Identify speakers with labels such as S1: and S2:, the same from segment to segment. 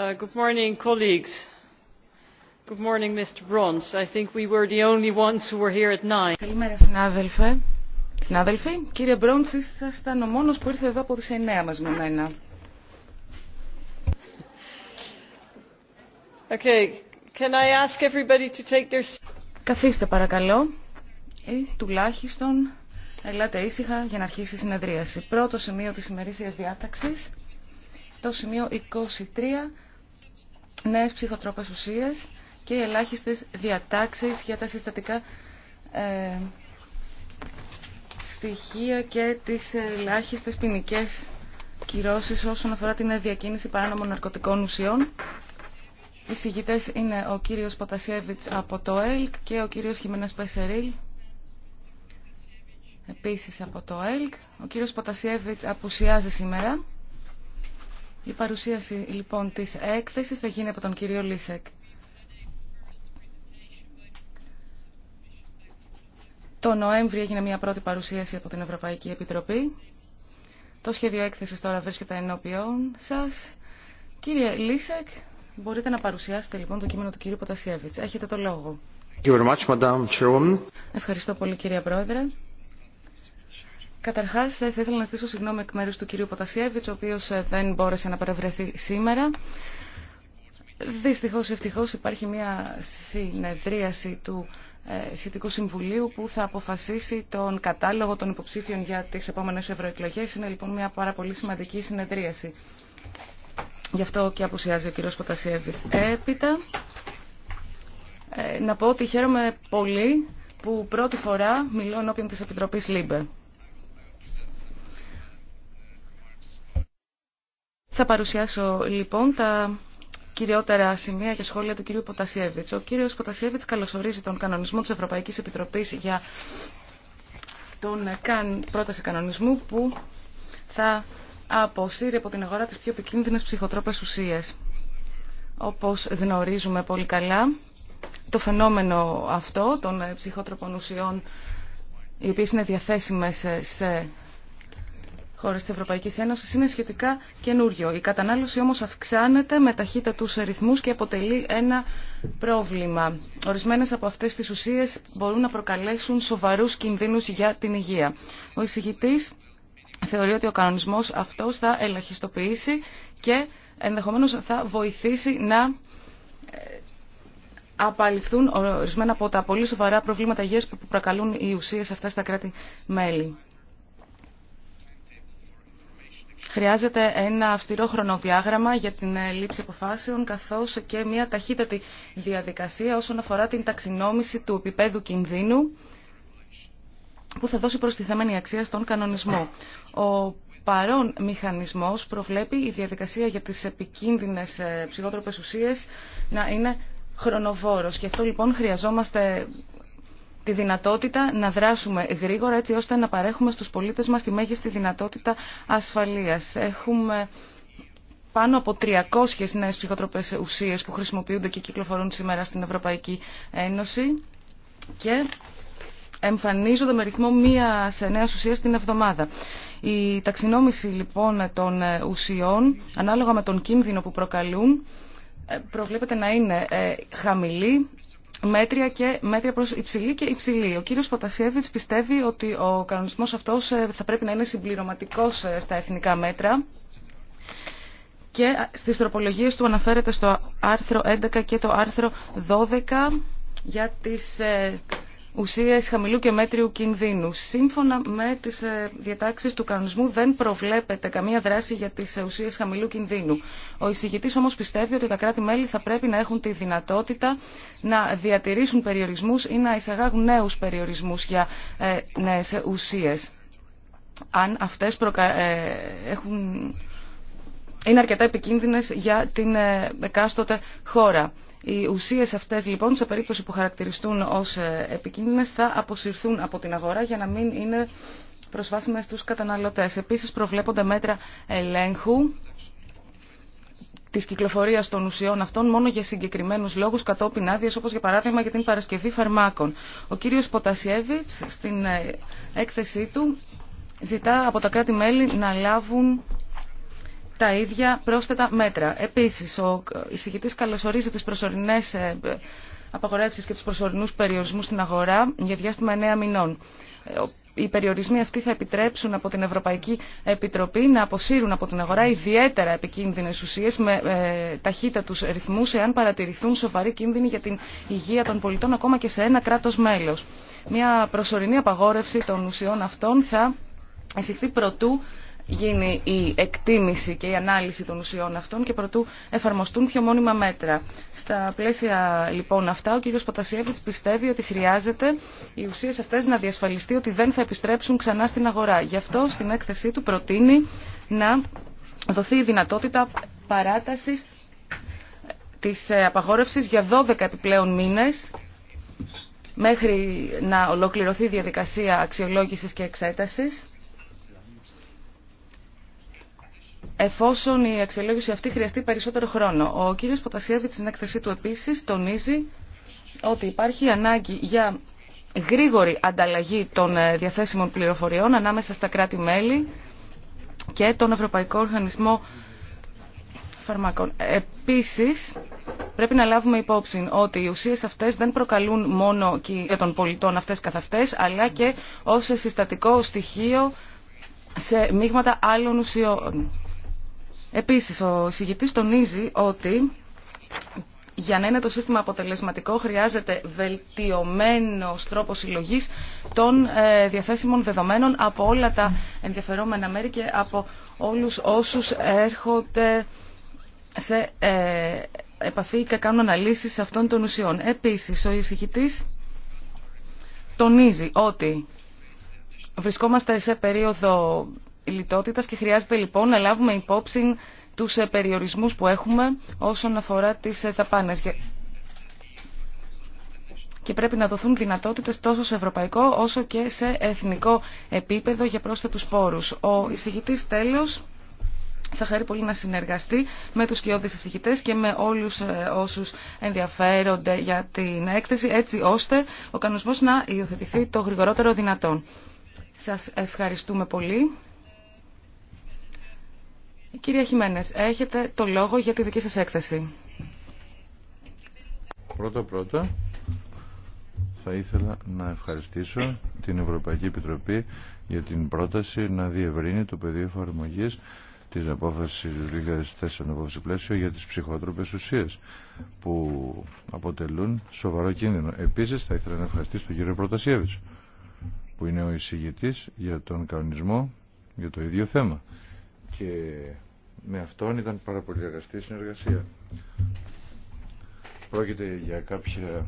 S1: Uh, good morning, colleagues. Good morning, Mr. Brons. I think we were the only ones who were here at nine. Καλημέρα,
S2: συνάδελφε. Συνάδελφοι, κύριε Μπρόντς, ήσασταν ο μόνος που ήρθε εδώ από τις 9 μας με μένα.
S1: Okay. Can I ask everybody to take their...
S2: Καθίστε παρακαλώ ή τουλάχιστον ελάτε ήσυχα για να αρχίσει η συνεδρίαση. Πρώτο σημείο της ημερήσιας διάταξης, το σημείο 23 νέες ψυχοτρόπες ουσίες και ελάχιστες διατάξεις για τα συστατικά ε, στοιχεία και τις ελάχιστες ποινικέ κυρώσεις όσον αφορά την διακίνηση παράνομων ναρκωτικών ουσιών. Οι συγητές είναι ο κύριος Ποτασιέβιτς από το ΕΛΚ και ο κύριος Χιμένας Πεσερίλ επίσης από το ΕΛΚ. Ο κύριος Ποτασιέβιτς απουσιάζει σήμερα. Η παρουσίαση λοιπόν της έκθεσης θα γίνει από τον κύριο Λίσεκ. Το Νοέμβριο έγινε μια πρώτη παρουσίαση από την Ευρωπαϊκή Επιτροπή. Το σχέδιο έκθεσης τώρα βρίσκεται ενώπιόν σας. Κύριε Λίσεκ, μπορείτε να παρουσιάσετε λοιπόν το κείμενο του κύριου Ποτασιέβιτς. Έχετε το λόγο.
S3: much,
S2: Ευχαριστώ πολύ κύριε Πρόεδρε. Καταρχά θα ήθελα να στήσω συγγνώμη εκ μέρου του κυρίου Ποτασιέβιτ, ο οποίο ε, δεν μπόρεσε να παρευρεθεί σήμερα. Δυστυχώς, ευτυχώ υπάρχει μια συνεδρίαση του ε, Σχετικού Συμβουλίου που θα αποφασίσει τον κατάλογο των υποψήφιων για τι επόμενε ευρωεκλογέ. Είναι λοιπόν μια πάρα πολύ σημαντική συνεδρίαση. Γι' αυτό και απουσιάζει ο κύριος Ποτασιέβιτ. Έπειτα, ε, να πω ότι χαίρομαι πολύ που πρώτη φορά μιλώ ενώπιον τη Επιτροπή ΛΥΜΠΕ. Θα παρουσιάσω λοιπόν τα κυριότερα σημεία και σχόλια του κυρίου Ποτασιέβιτς. Ο κύριος Ποτασιέβιτς καλωσορίζει τον κανονισμό της Ευρωπαϊκής Επιτροπής για τον καν πρόταση κανονισμού που θα αποσύρει από την αγορά τις πιο επικίνδυνες ψυχοτρόπες ουσίες. Όπως γνωρίζουμε πολύ καλά, το φαινόμενο αυτό των ψυχότροπων ουσιών οι οποίες είναι διαθέσιμες σε χώρες τη Ευρωπαϊκή Ένωση είναι σχετικά καινούριο. Η κατανάλωση όμως αυξάνεται με ταχύτητα τους και αποτελεί ένα πρόβλημα. Ορισμένες από αυτές τις ουσίες μπορούν να προκαλέσουν σοβαρούς κινδύνους για την υγεία. Ο εισηγητής θεωρεί ότι ο κανονισμός αυτός θα ελαχιστοποιήσει και ενδεχομένως θα βοηθήσει να ε, απαλληφθούν ορισμένα από τα πολύ σοβαρά προβλήματα υγείας που προκαλούν οι ουσίες αυτά στα κράτη-μέλη. Χρειάζεται ένα αυστηρό χρονοδιάγραμμα για την ε, λήψη αποφάσεων καθώς και μια ταχύτατη διαδικασία όσον αφορά την ταξινόμηση του επίπεδου κινδύνου που θα δώσει προστιθέμενη αξία στον κανονισμό. Ο παρόν μηχανισμός προβλέπει η διαδικασία για τις επικίνδυνες ε, ψυχότροπες ουσίες να είναι χρονοβόρος. Και αυτό λοιπόν χρειαζόμαστε τη δυνατότητα να δράσουμε γρήγορα έτσι ώστε να παρέχουμε στους πολίτες μας τη μέγιστη δυνατότητα ασφαλείας. Έχουμε πάνω από 300 νέες ψυχοτροπές ουσίες που χρησιμοποιούνται και κυκλοφορούν σήμερα στην Ευρωπαϊκή Ένωση και εμφανίζονται με ρυθμό μία νέα ουσία την εβδομάδα. Η ταξινόμηση λοιπόν των ουσιών, ανάλογα με τον κίνδυνο που προκαλούν, ε, προβλέπεται να είναι ε, χαμηλή, μέτρια και μέτρια προς υψηλή και υψηλή. Ο κύριος Ποτασιέβιτς πιστεύει ότι ο κανονισμός αυτός ε, θα πρέπει να είναι συμπληρωματικός ε, στα εθνικά μέτρα και στις τροπολογίες του αναφέρεται στο άρθρο 11 και το άρθρο 12 για τις ε, ουσίες χαμηλού και μέτριου κινδύνου. Σύμφωνα με τις ε, διατάξεις του κανονισμού δεν προβλέπεται καμία δράση για τις ε, ουσίες χαμηλού κινδύνου. Ο εισηγητής όμως πιστεύει ότι τα κράτη-μέλη θα πρέπει να έχουν τη δυνατότητα να διατηρήσουν περιορισμούς ή να εισαγάγουν νέους περιορισμούς για ε, νέες ουσίες. Αν αυτές προκα... έχουν... είναι αρκετά επικίνδυνες για την εκάστοτε χώρα. Οι ουσίες αυτές λοιπόν σε περίπτωση που χαρακτηριστούν ως ε, επικίνδυνες θα αποσυρθούν από την αγορά για να μην είναι προσβάσιμες στους καταναλωτές. Επίσης προβλέπονται μέτρα ελέγχου της κυκλοφορίας των ουσιών αυτών μόνο για συγκεκριμένους λόγους κατόπιν άδειας, όπως για παράδειγμα για την παρασκευή φαρμάκων. Ο κύριος Ποτασιέβιτς στην ε, έκθεσή του ζητά από τα κράτη-μέλη να λάβουν τα ίδια πρόσθετα μέτρα. Επίση, ο εισηγητή καλωσορίζει τι προσωρινέ ε, απαγορεύσεις και του προσωρινού περιορισμού στην αγορά για διάστημα 9 μηνών. Ε, οι περιορισμοί αυτοί θα επιτρέψουν από την Ευρωπαϊκή Επιτροπή να αποσύρουν από την αγορά ιδιαίτερα επικίνδυνες ουσίες με ε, ταχύτητα τους ρυθμούς εάν παρατηρηθούν σοβαροί κίνδυνοι για την υγεία των πολιτών ακόμα και σε ένα κράτος μέλος. Μια προσωρινή απαγόρευση των ουσιών αυτών θα εισηχθεί προτού γίνει η εκτίμηση και η ανάλυση των ουσιών αυτών και προτού εφαρμοστούν πιο μόνιμα μέτρα. Στα πλαίσια λοιπόν αυτά, ο κ. Ποτασιέβιτς πιστεύει ότι χρειάζεται οι ουσίες αυτές να διασφαλιστεί ότι δεν θα επιστρέψουν ξανά στην αγορά. Γι' αυτό στην έκθεσή του προτείνει να δοθεί η δυνατότητα παράτασης της ε, απαγόρευσης για 12 επιπλέον μήνες μέχρι να ολοκληρωθεί η διαδικασία αξιολόγησης και εξέτασης εφόσον η αξιολόγηση αυτή χρειαστεί περισσότερο χρόνο. Ο κύριος ποτασιέβιτς στην έκθεσή του επίσης τονίζει ότι υπάρχει ανάγκη για γρήγορη ανταλλαγή των ε, διαθέσιμων πληροφοριών ανάμεσα στα κράτη-μέλη και τον Ευρωπαϊκό Οργανισμό Φαρμακών. Επίσης, πρέπει να λάβουμε υπόψη ότι οι ουσίες αυτές δεν προκαλούν μόνο για τον πολιτών αυτές καθ' αυτές, αλλά και ως συστατικό στοιχείο σε μείγματα άλλων ουσιών. Επίσης, ο συγητής τονίζει ότι για να είναι το σύστημα αποτελεσματικό χρειάζεται βελτιωμένος τρόπος συλλογής των ε, διαθέσιμων δεδομένων από όλα τα ενδιαφερόμενα μέρη και από όλους όσους έρχονται σε ε, επαφή και κάνουν αναλύσεις αυτών των ουσιών. Επίσης, ο εισηγητής τονίζει ότι βρισκόμαστε σε περίοδο λιτότητας και χρειάζεται λοιπόν να λάβουμε υπόψη τους ε, περιορισμούς που έχουμε όσον αφορά τις ε, δαπάνες. Και πρέπει να δοθούν δυνατότητες τόσο σε ευρωπαϊκό όσο και σε εθνικό επίπεδο για πρόσθετους πόρους. Ο εισηγητής τέλος θα χαρεί πολύ να συνεργαστεί με τους κοιόδες εισηγητέ και με όλους ε, όσους ενδιαφέρονται για την έκθεση έτσι ώστε ο κανονισμός να υιοθετηθεί το γρηγορότερο δυνατόν. Σας ευχαριστούμε πολύ. Κυρία Χιμένες, έχετε το λόγο για τη δική σας έκθεση.
S3: Πρώτα πρώτα θα ήθελα να ευχαριστήσω την Ευρωπαϊκή Επιτροπή για την πρόταση να διευρύνει το πεδίο εφαρμογή της απόφασης του 2004 απόφαση πλαίσιο για τις ψυχότροπες ουσίες που αποτελούν σοβαρό κίνδυνο. Επίσης θα ήθελα να ευχαριστήσω τον κύριο Προτασιέβης που είναι ο εισηγητής για τον κανονισμό για το ίδιο θέμα και με αυτόν ήταν πάρα πολύ εργαστή συνεργασία. Πρόκειται για κάποια...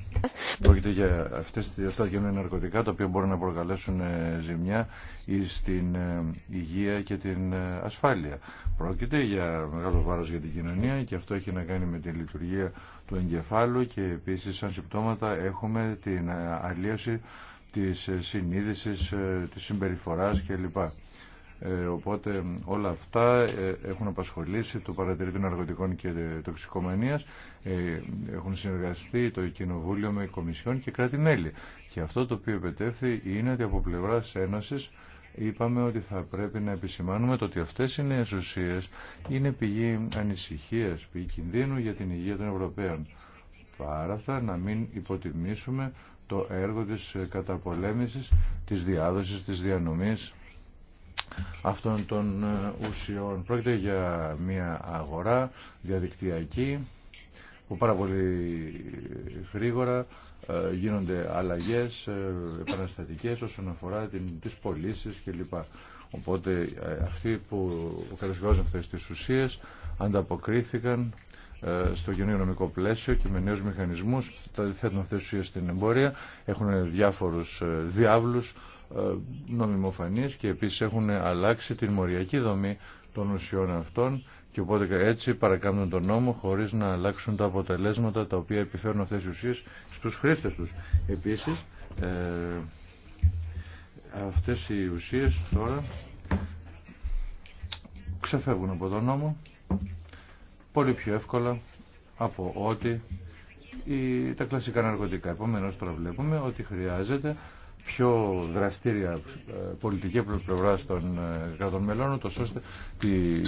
S3: Πρόκειται για αυτές αυτά τα ναρκωτικά τα οποία μπορούν να προκαλέσουν ε, ζημιά ή στην ε, υγεία και την ε, ασφάλεια. Πρόκειται για μεγάλο βάρος για την κοινωνία και αυτό έχει να κάνει με τη λειτουργία του εγκεφάλου και επίσης σαν συμπτώματα έχουμε την αλλίωση της συνείδησης, της συμπεριφοράς κλπ. Ε, οπότε όλα αυτά ε, έχουν απασχολήσει το παρατηρητή ναρκωτικών και ε, τοξικομανίας. έχουν συνεργαστεί το Κοινοβούλιο με Κομισιόν και κράτη-μέλη. Και αυτό το οποίο επετέφθη είναι ότι από πλευρά Ένωση είπαμε ότι θα πρέπει να επισημάνουμε το ότι αυτές οι νέε είναι πηγή ανησυχίας, πηγή κινδύνου για την υγεία των Ευρωπαίων. Πάρα αυτά να μην υποτιμήσουμε το έργο της καταπολέμησης, της διάδοσης, της διανομής αυτών των ε, ουσιών. Πρόκειται για μια αγορά διαδικτυακή που πάρα πολύ γρήγορα ε, γίνονται αλλαγές ε, επαναστατικές όσον αφορά την, τις πωλήσει κλπ. Οπότε αυτοί που κατασκευάζουν αυτές τις ουσίες ανταποκρίθηκαν στο κοινό νομικό πλαίσιο και με νέους μηχανισμούς τα θέτουν αυτές τις ουσίες στην εμπόρια, έχουν διάφορους διάβλους ε, νομιμοφανείς και επίσης έχουν αλλάξει την μοριακή δομή των ουσιών αυτών και οπότε έτσι παρακάμπτουν τον νόμο χωρίς να αλλάξουν τα αποτελέσματα τα οποία επιφέρουν αυτές οι ουσίες στους χρήστες τους. Επίσης, ε, αυτές οι ουσίες τώρα ξεφεύγουν από τον νόμο πολύ πιο εύκολα από ό,τι τα κλασικά ναρκωτικά. Επομένως τώρα βλέπουμε ότι χρειάζεται πιο δραστήρια ε, πολιτική πλευρά των ε, κρατών μελών, ώστε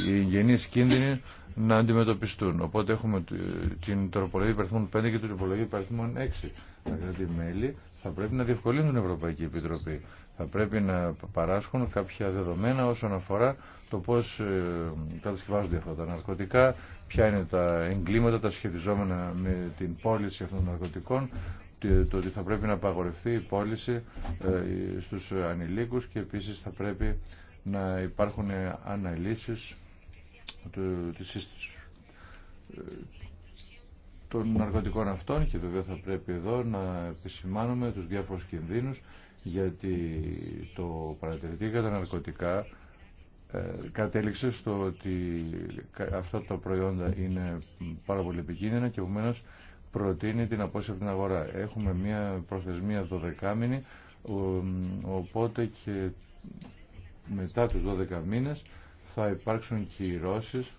S3: οι γενεί κίνδυνοι να αντιμετωπιστούν. Οπότε έχουμε την τροπολογία υπερθμών 5 και την τροπολογία υπερθμών 6. Τα κράτη-μέλη θα πρέπει να διευκολύνουν την Ευρωπαϊκή Επιτροπή. Θα πρέπει να παράσχουν κάποια δεδομένα όσον αφορά το πώ ε, κατασκευάζονται αυτά τα ναρκωτικά, ποια είναι τα εγκλήματα τα σχετιζόμενα με την πώληση αυτών των ναρκωτικών, το ότι θα πρέπει να απαγορευτεί η πώληση ε, στους ανηλίκους και επίσης θα πρέπει να υπάρχουν αναλύσεις ε, των ναρκωτικών αυτών και βέβαια θα πρέπει εδώ να επισημάνουμε τους διάφορους κινδύνους γιατί το παρατηρητή τα ναρκωτικά ε, κατέληξε στο ότι αυτά τα προϊόντα είναι πάρα πολύ επικίνδυνα και επομένως προτείνει την απόσυρση από την αγορά. Έχουμε μια προθεσμία 12 μήνη, οπότε και μετά τους 12 μήνες θα υπάρξουν κυρώσεις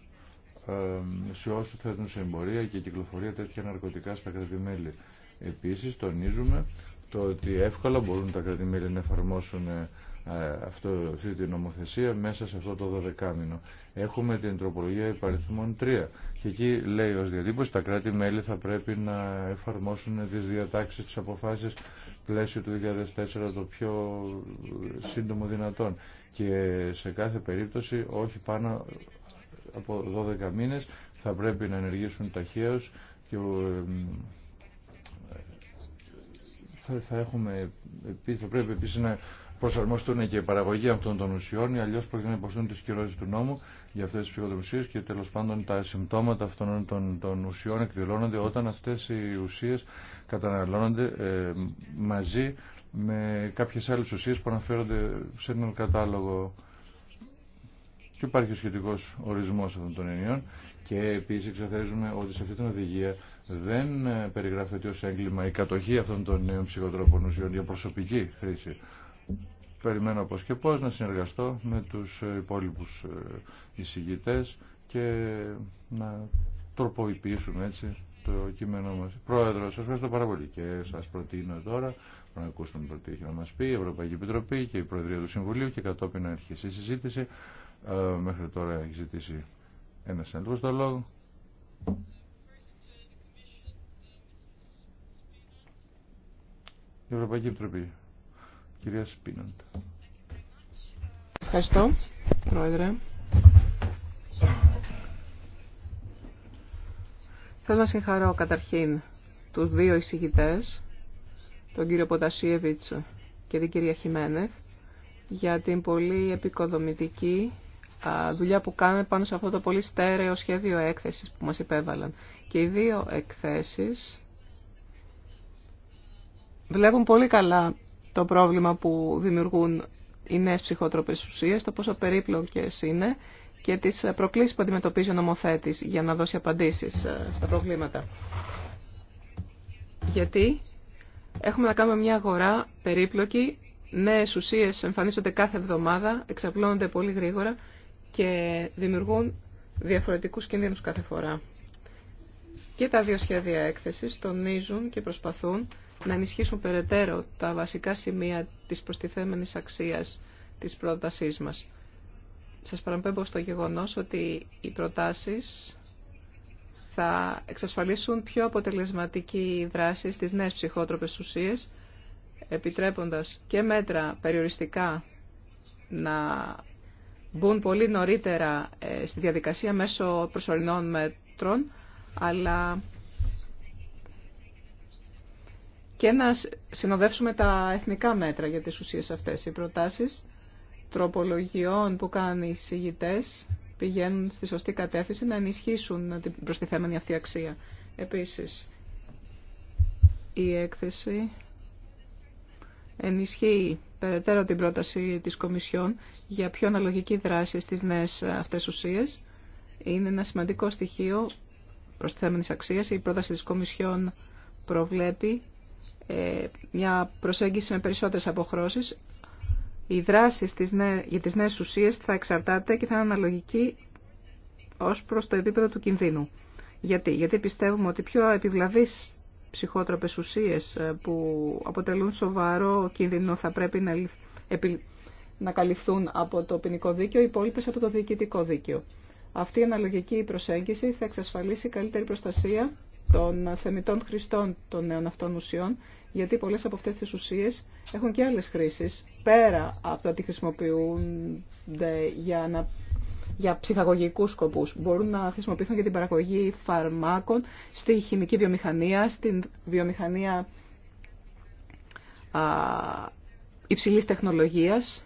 S3: σε όσους θέτουν σε εμπορία και κυκλοφορία τέτοια ναρκωτικά στα κρατημέλη. Επίσης τονίζουμε το ότι εύκολα μπορούν τα κρατημέλη να εφαρμόσουν ε, ε, αυτό, αυτή την νομοθεσία μέσα σε αυτό το 12 μήνο. Έχουμε την τροπολογία υπαριθμών 3 και εκεί λέει ως διατύπωση τα κράτη-μέλη θα πρέπει να εφαρμόσουν τις διατάξεις της αποφάσεις πλαίσιο του 2004 το πιο σύντομο δυνατόν και σε κάθε περίπτωση όχι πάνω από 12 μήνες θα πρέπει να ενεργήσουν ταχαίως και ε, θα, έχουμε, ε, θα πρέπει επίσης να προσαρμοστούν και η παραγωγή αυτών των ουσιών, ή αλλιώ πρέπει να υποστούν τι κυρώσει του νόμου για αυτέ τι ψυχοδοσίε και τέλο πάντων τα συμπτώματα αυτών των, των ουσιών εκδηλώνονται όταν αυτέ οι ουσίε καταναλώνονται ε, μαζί με κάποιε άλλε ουσίε που αναφέρονται σε έναν κατάλογο. Και υπάρχει ο σχετικό ορισμό αυτών των ενιών και επίση εξαθαρίζουμε ότι σε αυτή την οδηγία δεν ε, περιγράφεται ω έγκλημα η κατοχή αυτών των νέων ψυχοτρόπων ουσιών για προσωπική χρήση περιμένω πώς και πώς να συνεργαστώ με τους ε, υπόλοιπους ε, εισηγητές και να τροποποιήσουμε έτσι το κείμενό μας. Πρόεδρο, σας ευχαριστώ πάρα πολύ και σας προτείνω τώρα να ακούσουμε πρώτα τι έχει να μας πει η Ευρωπαϊκή Επιτροπή και η Προεδρία του Συμβουλίου και κατόπιν να αρχίσει η συζήτηση. Ε, μέχρι τώρα έχει ζητήσει ένα συνέντευξο το λόγο. Η Ευρωπαϊκή Επιτροπή κυρία Σπινόντα,
S1: Ευχαριστώ, Πρόεδρε. Θέλω να συγχαρώ καταρχήν τους δύο εισηγητές, τον κύριο Ποτασίεβιτς και την κυρία Χιμένεθ, για την πολύ επικοδομητική δουλειά που κάνανε πάνω σε αυτό το πολύ στέρεο σχέδιο έκθεσης που μας υπέβαλαν. Και οι δύο εκθέσεις βλέπουν πολύ καλά το πρόβλημα που δημιουργούν οι νέες ψυχότροπες ουσίες, το πόσο περίπλοκες είναι και τις προκλήσεις που αντιμετωπίζει ο νομοθέτης για να δώσει απαντήσεις ε, στα προβλήματα. Γιατί έχουμε να κάνουμε μια αγορά περίπλοκη, νέες ουσίες εμφανίζονται κάθε εβδομάδα, εξαπλώνονται πολύ γρήγορα και δημιουργούν διαφορετικούς κινδύνους κάθε φορά. Και τα δύο σχέδια έκθεσης τονίζουν και προσπαθούν να ενισχύσουν περαιτέρω τα βασικά σημεία της προστιθέμενης αξίας της πρότασής μας. Σας παραμπέμπω στο γεγονός ότι οι προτάσεις θα εξασφαλίσουν πιο αποτελεσματική δράση στις νέες ψυχότροπες ουσίες, επιτρέποντας και μέτρα περιοριστικά να μπουν πολύ νωρίτερα ε, στη διαδικασία μέσω προσωρινών μέτρων, αλλά και να συνοδεύσουμε τα εθνικά μέτρα για τις ουσίες αυτές. Οι προτάσεις τροπολογιών που κάνουν οι συγητές πηγαίνουν στη σωστή κατεύθυνση να ενισχύσουν την προστιθέμενη αυτή αξία. Επίσης, η έκθεση ενισχύει περαιτέρω την πρόταση της Κομισιόν για πιο αναλογική δράση στις νέες αυτές ουσίες. Είναι ένα σημαντικό στοιχείο προστιθέμενης αξίας. Η πρόταση της Κομισιόν προβλέπει ε, μια προσέγγιση με περισσότερες αποχρώσεις. Οι δράσεις για τις νέες ουσίες θα εξαρτάται και θα είναι αναλογική ως προς το επίπεδο του κινδύνου. Γιατί, Γιατί πιστεύουμε ότι πιο επιβλαβείς ψυχότροπες ουσίες ε, που αποτελούν σοβαρό κίνδυνο θα πρέπει να, να καλυφθούν από το ποινικό δίκαιο, οι υπόλοιπε από το διοικητικό δίκαιο. Αυτή η αναλογική προσέγγιση θα εξασφαλίσει καλύτερη προστασία των θεμητών χρηστών των νέων αυτών ουσιών, γιατί πολλές από αυτές τις ουσίες έχουν και άλλες χρήσεις, πέρα από το ότι χρησιμοποιούνται για, να, για ψυχαγωγικούς σκοπούς. Μπορούν να χρησιμοποιηθούν για την παραγωγή φαρμάκων στη χημική βιομηχανία, στην βιομηχανία α, υψηλής τεχνολογίας.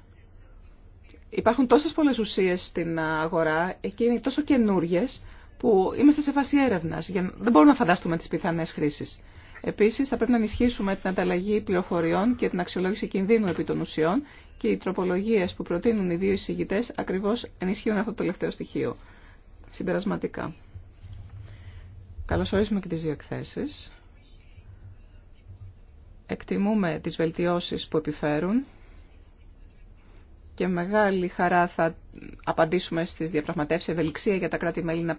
S1: Υπάρχουν τόσες πολλές ουσίες στην αγορά και είναι τόσο καινούργιες που είμαστε σε φάση έρευνα. Δεν μπορούμε να φανταστούμε τι πιθανέ χρήσει. Επίση, θα πρέπει να ενισχύσουμε την ανταλλαγή πληροφοριών και την αξιολόγηση κινδύνου επί των ουσιών και οι τροπολογίε που προτείνουν οι δύο εισηγητέ ακριβώ ενισχύουν αυτό το τελευταίο στοιχείο. Συμπερασματικά. Καλωσορίζουμε και τι δύο εκθέσει. Εκτιμούμε τις βελτιώσεις που επιφέρουν και μεγάλη χαρά θα απαντήσουμε στις διαπραγματεύσεις ευελιξία για τα κράτη-μέλη να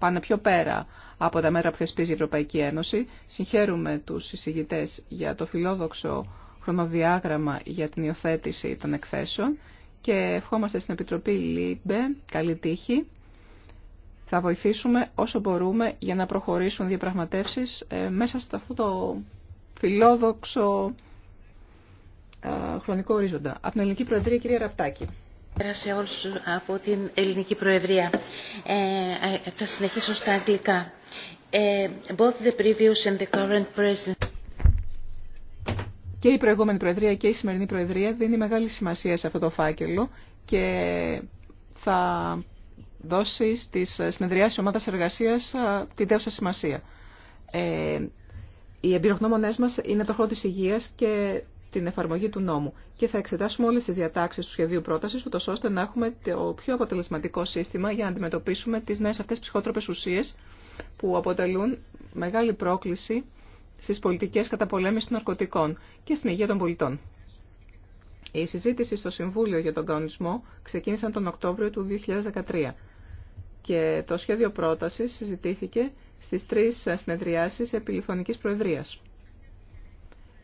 S1: πάνε πιο πέρα από τα μέτρα που θεσπίζει η Ευρωπαϊκή Ένωση. Συγχαίρουμε τους συζητητές για το φιλόδοξο χρονοδιάγραμμα για την υιοθέτηση των εκθέσεων και ευχόμαστε στην Επιτροπή ΛΥΜΠΕ καλή τύχη. Θα βοηθήσουμε όσο μπορούμε για να προχωρήσουν διαπραγματεύσεις ε, μέσα σε αυτό το φιλόδοξο ε, χρονικό ορίζοντα. Από την Ελληνική Προεδρία, κυρία Ραπτάκη σε όλους από την Ελληνική Προεδρία. Ε, ε θα συνεχίσω στα αγγλικά. Ε, both the previous and the current president... Και η προηγούμενη Προεδρία και η σημερινή Προεδρία δίνει μεγάλη σημασία σε αυτό το φάκελο και θα δώσει στις συνεδριάσεις ομάδα εργασία την τέουσα σημασία. Ε, οι εμπειρογνώμονέ μα είναι το χώρο τη υγεία και την εφαρμογή του νόμου και θα εξετάσουμε όλες τις διατάξεις του σχεδίου πρότασης, ούτως ώστε να έχουμε το πιο αποτελεσματικό σύστημα για να αντιμετωπίσουμε τις νέες αυτές ψυχότροπες ουσίες που αποτελούν μεγάλη πρόκληση στις πολιτικές καταπολέμησης των ναρκωτικών και στην υγεία των πολιτών. Η συζήτηση στο Συμβούλιο για τον Κανονισμό ξεκίνησαν τον Οκτώβριο του 2013 και το σχέδιο πρότασης συζητήθηκε στις τρει συνεδριάσεις επιληφωνικής προεδρίας.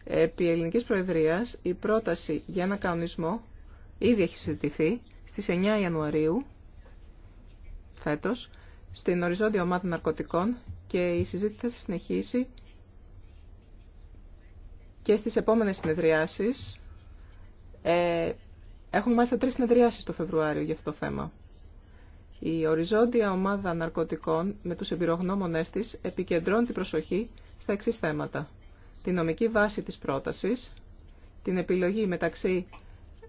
S1: Επί ελληνικής προεδρίας η πρόταση για ένα κανονισμό ήδη έχει συζητηθεί στις 9 Ιανουαρίου φέτος στην οριζόντια ομάδα ναρκωτικών και η συζήτηση θα συνεχίσει και στις επόμενες συνεδριάσεις. Ε, έχουμε μάλιστα τρεις συνεδριάσεις το Φεβρουάριο για αυτό το θέμα. Η οριζόντια ομάδα ναρκωτικών με τους εμπειρογνώμονές της επικεντρώνει την προσοχή στα εξή θέματα τη νομική βάση της πρότασης, την επιλογή μεταξύ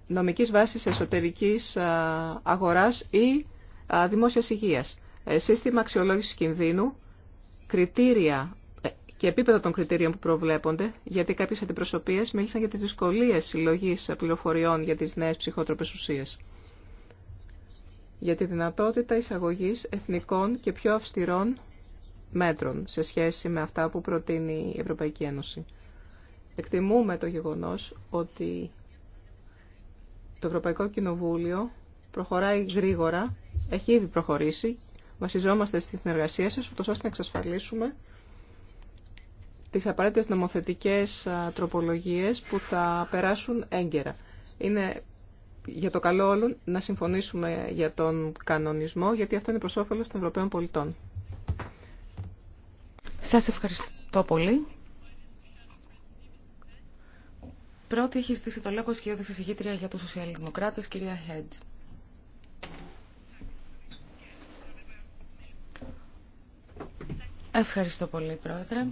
S1: νομικής βάσης εσωτερικής αγοράς ή δημόσιας υγείας, ε, σύστημα αξιολόγησης κινδύνου, κριτήρια ε, και επίπεδα των κριτήριων που προβλέπονται, γιατί κάποιες αντιπροσωπείες μίλησαν για τις δυσκολίες συλλογής πληροφοριών για τις νέες ψυχότροπες ουσίες. Για τη δυνατότητα εισαγωγής εθνικών και πιο αυστηρών μέτρων σε σχέση με αυτά που προτείνει η Ευρωπαϊκή Ένωση. Εκτιμούμε το γεγονός ότι το Ευρωπαϊκό Κοινοβούλιο προχωράει γρήγορα, έχει ήδη προχωρήσει, βασιζόμαστε στη συνεργασία σας, ούτως ώστε να εξασφαλίσουμε τις απαραίτητες νομοθετικές τροπολογίες που θα περάσουν έγκαιρα. Είναι για το καλό όλων να συμφωνήσουμε για τον κανονισμό, γιατί αυτό είναι προς όφελος των Ευρωπαίων πολιτών.
S2: Σας ευχαριστώ πολύ. Πρώτη έχει στήσει το λόγο σχεδόν εισηγήτρια για τους σοσιαλδημοκράτες, κυρία Χέντ. Ευχαριστώ πολύ, Πρόεδρε.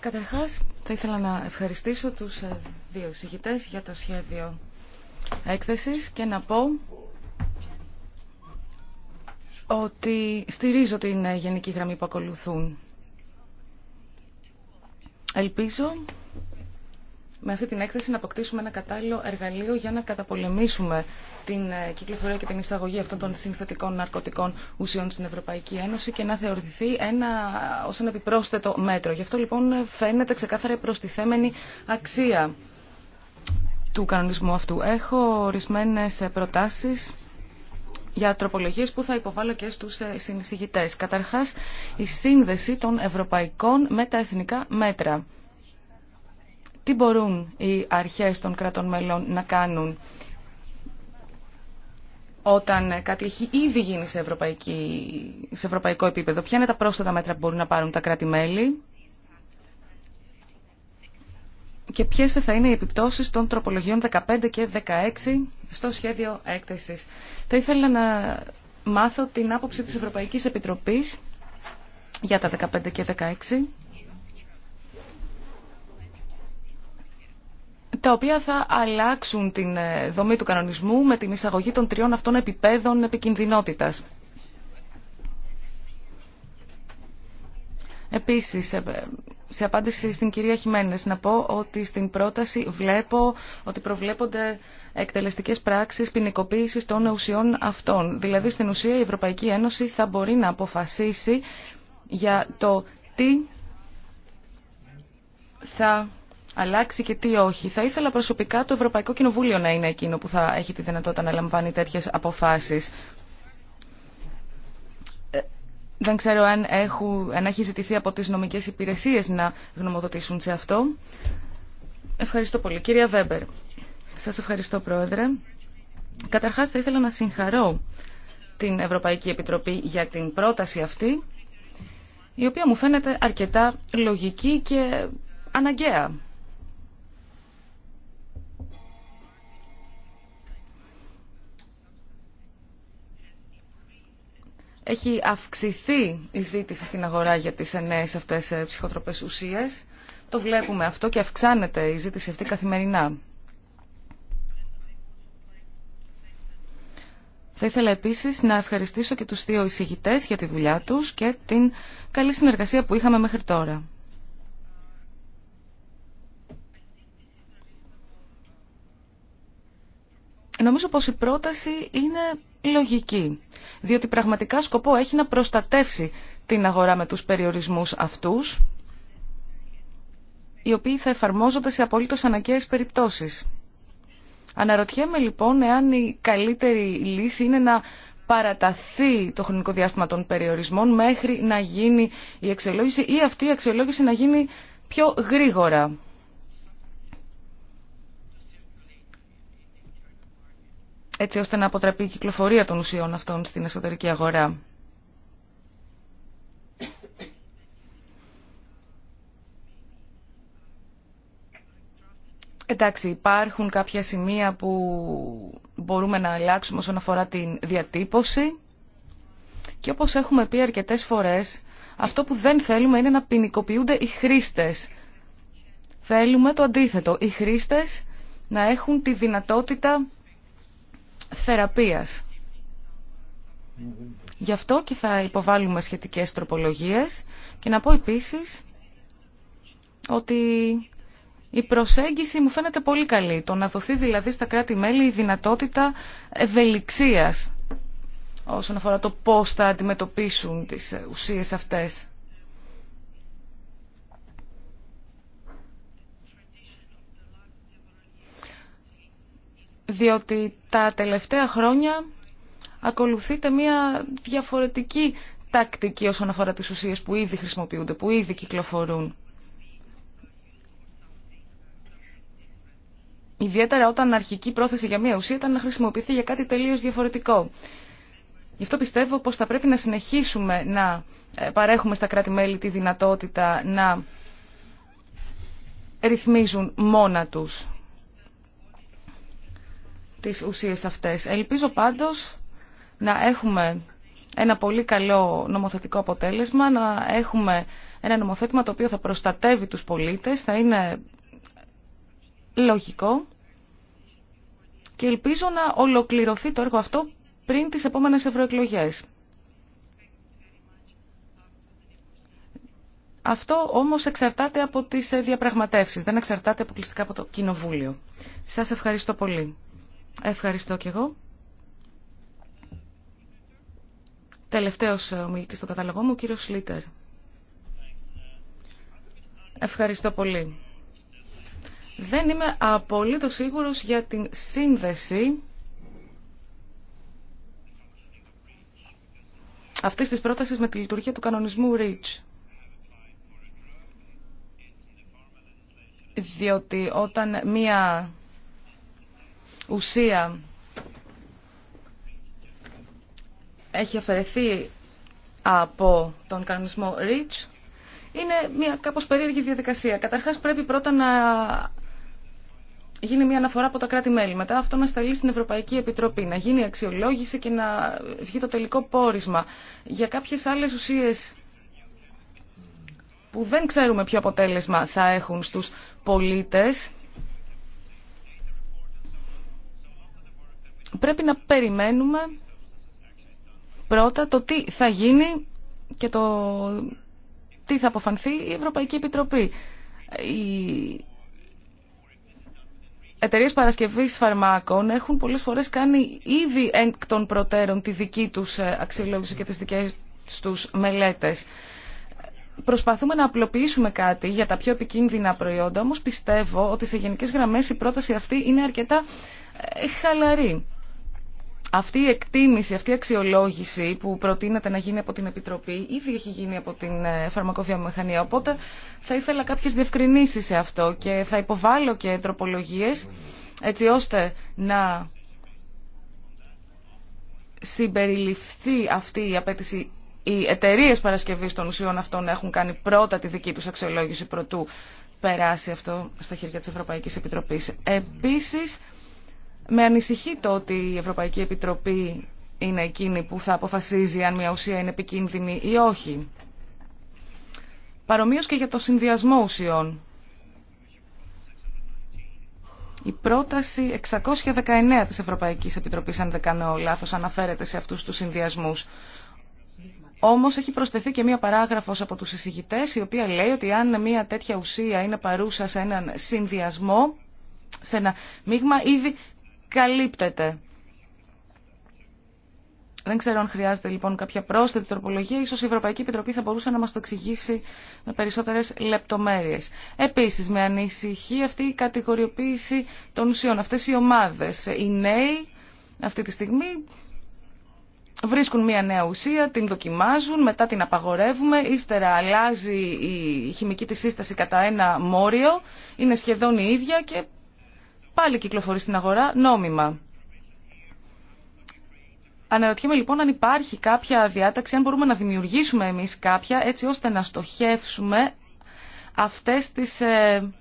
S2: Καταρχάς, θα ήθελα να ευχαριστήσω τους ε, δύο εισηγητές για το σχέδιο έκθεσης και να πω ότι στηρίζω την ε, γενική γραμμή που ακολουθούν. Ελπίζω με αυτή την έκθεση να αποκτήσουμε ένα κατάλληλο εργαλείο για να καταπολεμήσουμε την ε, κυκλοφορία και την εισαγωγή αυτών των συνθετικών ναρκωτικών ουσιών στην Ευρωπαϊκή Ένωση και να θεωρηθεί ένα, ως ένα επιπρόσθετο μέτρο. Γι' αυτό λοιπόν φαίνεται ξεκάθαρα προστιθέμενη αξία του κανονισμού αυτού. Έχω ορισμένες ε, προτάσεις για τροπολογίε που θα υποβάλω και στου ε, συνεισηγητέ. Καταρχάς, η σύνδεση των ευρωπαϊκών με τα εθνικά μέτρα. Τι μπορούν οι αρχές των κρατών μελών να κάνουν όταν κάτι έχει ήδη γίνει σε, σε ευρωπαϊκό επίπεδο. Ποια είναι τα πρόσθετα μέτρα που μπορούν να πάρουν τα κράτη-μέλη και ποιες θα είναι οι επιπτώσεις των τροπολογιών 15 και 16 στο σχέδιο έκθεσης. Θα ήθελα να μάθω την άποψη της Ευρωπαϊκής Επιτροπής για τα 15 και 16, τα οποία θα αλλάξουν την ε, δομή του κανονισμού με την εισαγωγή των τριών αυτών επιπέδων επικινδυνότητας. Επίσης, ε, ε, σε απάντηση στην κυρία Χιμένες να πω ότι στην πρόταση βλέπω ότι προβλέπονται εκτελεστικές πράξεις ποινικοποίηση των ουσιών αυτών. Δηλαδή στην ουσία η Ευρωπαϊκή Ένωση θα μπορεί να αποφασίσει για το τι θα αλλάξει και τι όχι. Θα ήθελα προσωπικά το Ευρωπαϊκό Κοινοβούλιο να είναι εκείνο που θα έχει τη δυνατότητα να λαμβάνει τέτοιες αποφάσεις. Δεν ξέρω αν, έχουν, αν έχει ζητηθεί από τις νομικές υπηρεσίες να γνωμοδοτήσουν σε αυτό. Ευχαριστώ πολύ. Κυρία Βέμπερ, σας ευχαριστώ Πρόεδρε. Καταρχάς θα ήθελα να συγχαρώ την Ευρωπαϊκή Επιτροπή για την πρόταση αυτή, η οποία μου φαίνεται αρκετά λογική και αναγκαία. έχει αυξηθεί η ζήτηση στην αγορά για τις νέες αυτές ε, ψυχοτροπές ουσίες. Το βλέπουμε αυτό και αυξάνεται η ζήτηση αυτή καθημερινά. Θα ήθελα επίσης να ευχαριστήσω και τους δύο εισηγητές για τη δουλειά τους και την καλή συνεργασία που είχαμε μέχρι τώρα. Νομίζω πως η πρόταση είναι λογική, διότι πραγματικά σκοπό έχει να προστατεύσει την αγορά με τους περιορισμούς αυτούς, οι οποίοι θα εφαρμόζονται σε απολύτως αναγκαίες περιπτώσεις. Αναρωτιέμαι λοιπόν εάν η καλύτερη λύση είναι να παραταθεί το χρονικό διάστημα των περιορισμών μέχρι να γίνει η αξιολόγηση ή αυτή η αξιολόγηση να γίνει πιο γρήγορα. έτσι ώστε να αποτραπεί η κυκλοφορία των ουσιών αυτών στην εσωτερική αγορά. Εντάξει, υπάρχουν κάποια σημεία που μπορούμε να αλλάξουμε όσον αφορά την διατύπωση και όπως έχουμε πει αρκετές φορές, αυτό που δεν θέλουμε είναι να ποινικοποιούνται οι χρήστες. Θέλουμε το αντίθετο, οι χρήστες να έχουν τη δυνατότητα θεραπείας. Γι' αυτό και θα υποβάλουμε σχετικές τροπολογίες και να πω επίσης ότι η προσέγγιση μου φαίνεται πολύ καλή. Το να δοθεί δηλαδή στα κράτη-μέλη η δυνατότητα ευελιξίας όσον αφορά το πώς θα αντιμετωπίσουν τις ε, ουσίες αυτές. διότι τα τελευταία χρόνια ακολουθείται μια διαφορετική τακτική όσον αφορά τις ουσίες που ήδη χρησιμοποιούνται, που ήδη κυκλοφορούν. Ιδιαίτερα όταν αρχική πρόθεση για μια ουσία ήταν να χρησιμοποιηθεί για κάτι τελείως διαφορετικό. Γι' αυτό πιστεύω πως θα πρέπει να συνεχίσουμε να ε, παρέχουμε στα κράτη-μέλη τη δυνατότητα να ρυθμίζουν μόνα τους τις ουσίες αυτές. Ελπίζω πάντως να έχουμε ένα πολύ καλό νομοθετικό αποτέλεσμα, να έχουμε ένα νομοθέτημα το οποίο θα προστατεύει τους πολίτες, θα είναι λογικό και ελπίζω να ολοκληρωθεί το έργο αυτό πριν τις επόμενες ευρωεκλογέ. Αυτό όμως εξαρτάται από τις ε, διαπραγματεύσεις, δεν εξαρτάται αποκλειστικά από το Κοινοβούλιο. Σας ευχαριστώ πολύ. Ευχαριστώ και εγώ. Τελευταίος ε, ομιλητή στο καταλογό μου, ο κύριος Σλίτερ. Ευχαριστώ πολύ. Δεν είμαι απολύτως σίγουρος για την σύνδεση αυτής τη πρότασης με τη λειτουργία του κανονισμού REACH. Διότι όταν μία ουσία έχει αφαιρεθεί από τον κανονισμό REACH είναι μια κάπως περίεργη διαδικασία. Καταρχάς πρέπει πρώτα να γίνει μια αναφορά από τα κράτη-μέλη. Μετά αυτό να σταλεί στην Ευρωπαϊκή Επιτροπή, να γίνει αξιολόγηση και να βγει το τελικό πόρισμα. Για κάποιες άλλες ουσίες που δεν ξέρουμε ποιο αποτέλεσμα θα έχουν στους πολίτες, πρέπει να περιμένουμε πρώτα το τι θα γίνει και το τι θα αποφανθεί η Ευρωπαϊκή Επιτροπή. Οι εταιρείε παρασκευής φαρμάκων έχουν πολλές φορές κάνει ήδη εκ των προτέρων τη δική τους ε, αξιολόγηση και τις δικές τους μελέτες. Προσπαθούμε να απλοποιήσουμε κάτι για τα πιο επικίνδυνα προϊόντα, όμως πιστεύω ότι σε γενικές γραμμές η πρόταση αυτή είναι αρκετά ε, χαλαρή αυτή η εκτίμηση, αυτή η αξιολόγηση που προτείνεται να γίνει από την Επιτροπή ήδη έχει γίνει από την ε, φαρμακοβιομηχανία, οπότε θα ήθελα κάποιες διευκρινήσεις σε αυτό και θα υποβάλω και τροπολογίες έτσι ώστε να συμπεριληφθεί αυτή η απέτηση οι εταιρείε παρασκευή των ουσιών αυτών έχουν κάνει πρώτα τη δική του αξιολόγηση προτού περάσει αυτό στα χέρια τη Ευρωπαϊκή Επιτροπή. Επίση, με ανησυχεί το ότι η Ευρωπαϊκή Επιτροπή είναι εκείνη που θα αποφασίζει αν μια ουσία είναι επικίνδυνη ή όχι. Παρομοίως και για το συνδυασμό ουσιών. Η πρόταση 619 της Ευρωπαϊκής Επιτροπής, αν δεν κάνω λάθος, αναφέρεται σε αυτούς τους συνδυασμούς. Όμως έχει προσθεθεί και μία παράγραφος από τους εισηγητές, η οποία λέει ότι αν μία τέτοια ουσία είναι παρούσα σε έναν συνδυασμό, σε ένα μείγμα, ήδη καλύπτεται. Δεν ξέρω αν χρειάζεται λοιπόν κάποια πρόσθετη τροπολογία. Ίσως η Ευρωπαϊκή Επιτροπή θα μπορούσε να μας το εξηγήσει με περισσότερες λεπτομέρειες. Επίσης, με ανησυχεί αυτή η κατηγοριοποίηση των ουσιών. Αυτές οι ομάδες, οι νέοι αυτή τη στιγμή βρίσκουν μια νέα ουσία, την δοκιμάζουν, μετά την απαγορεύουμε, ύστερα αλλάζει η χημική της σύσταση κατά ένα μόριο, είναι σχεδόν η ίδια και πάλι κυκλοφορεί στην αγορά νόμιμα. Αναρωτιέμαι λοιπόν αν υπάρχει κάποια διάταξη, αν μπορούμε να δημιουργήσουμε εμείς κάποια έτσι ώστε να στοχεύσουμε αυτές τις ε,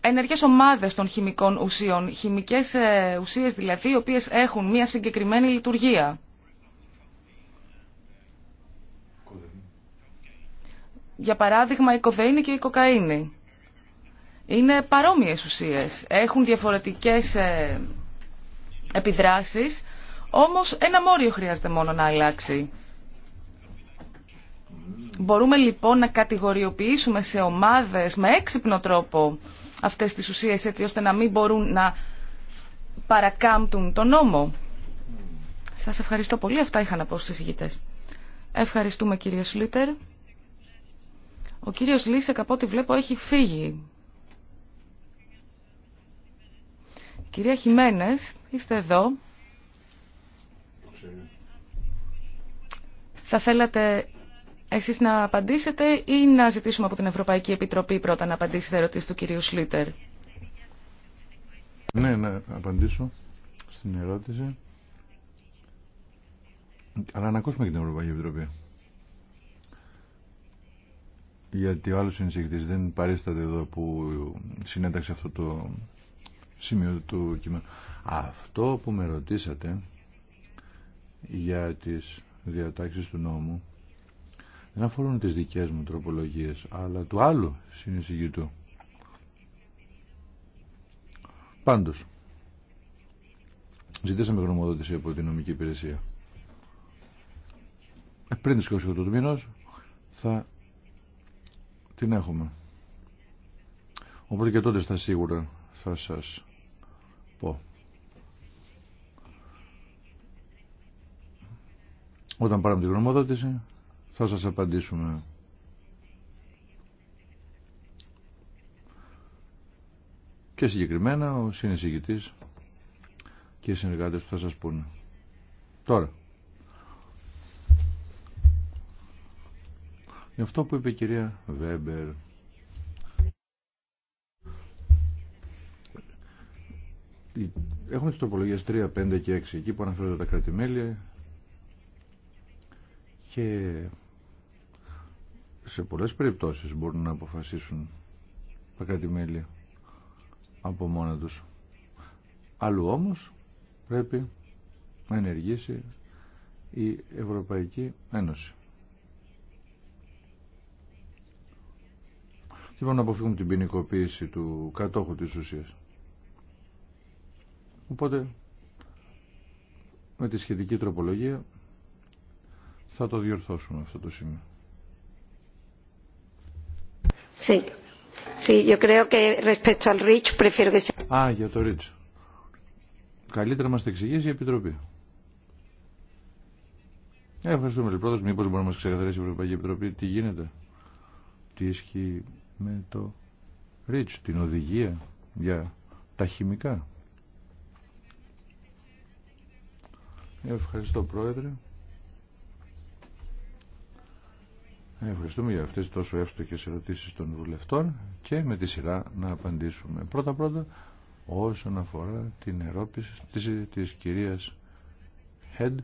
S2: ενεργές ομάδες των χημικών ουσιών, χημικές ε, ουσίες δηλαδή, οι οποίες έχουν μια συγκεκριμένη λειτουργία. Για παράδειγμα η κοβέινη και η κοκαίνη είναι παρόμοιες ουσίες. Έχουν διαφορετικές ε, επιδράσεις, όμως ένα μόριο χρειάζεται μόνο να αλλάξει. Μπορούμε λοιπόν να κατηγοριοποιήσουμε σε ομάδες με έξυπνο τρόπο αυτές τις ουσίες έτσι ώστε να μην μπορούν να παρακάμπτουν τον νόμο. Σας ευχαριστώ πολύ. Αυτά είχα να πω στις Ευχαριστούμε κύριε Σλίτερ. Ο κύριος Λίσεκ από ό,τι βλέπω έχει φύγει. Κυρία Χιμένες, είστε εδώ. Θα θέλατε εσείς να απαντήσετε ή να ζητήσουμε από την Ευρωπαϊκή Επιτροπή πρώτα να απαντήσει σε ερωτήσεις του κυρίου Σλίτερ.
S3: Ναι, να απαντήσω στην ερώτηση. Αλλά να ακούσουμε και την Ευρωπαϊκή Επιτροπή. Γιατί ο άλλος συνεισηγητής δεν παρίσταται εδώ που συνέταξε αυτό το σημείο του κειμένου. Αυτό που με ρωτήσατε για τις διατάξεις του νόμου δεν αφορούν τις δικές μου τροπολογίες, αλλά του άλλου συνεισηγητού. Πάντως, ζητήσαμε γνωμοδότηση από την νομική υπηρεσία. Ε, πριν τις 28 του μήνος θα την έχουμε. Οπότε και τότε στα σίγουρα θα σας πω. Όταν πάρουμε την γνωμοδότηση θα σας απαντήσουμε. Και συγκεκριμένα ο συνεισηγητής και οι συνεργάτες που θα σας πούνε. Τώρα. Γι' αυτό που είπε η κυρία Βέμπερ Έχουμε τις τροπολογίες 3, 5 και 6 εκεί που αναφέρονται τα κρατημέλια και σε πολλές περιπτώσεις μπορούν να αποφασίσουν τα κρατημέλια από μόνα τους. Αλλού όμως πρέπει να ενεργήσει η Ευρωπαϊκή Ένωση. Λοιπόν, να αποφύγουμε την ποινικοποίηση του κατόχου της ουσίας. Οπότε με τη σχετική τροπολογία θα το διορθώσουμε αυτό το σημείο.
S4: Sí. Sí, yo creo que respecto al Rich prefiero que
S3: Α, για το Rich. Καλύτερα μας τα εξηγήσει η Επιτροπή. Ε, ευχαριστούμε λοιπόν. Μήπως μπορεί να μας ξεκαθαρίσει η Ευρωπαϊκή Επιτροπή τι γίνεται. Τι ισχύει με το Rich, την οδηγία για τα χημικά. Ευχαριστώ Πρόεδρε. Ευχαριστούμε για αυτές τόσο εύστοχες ερωτήσεις των βουλευτών και με τη σειρά να απαντήσουμε. Πρώτα-πρώτα όσον αφορά την ερώτηση της, της κυρίας Head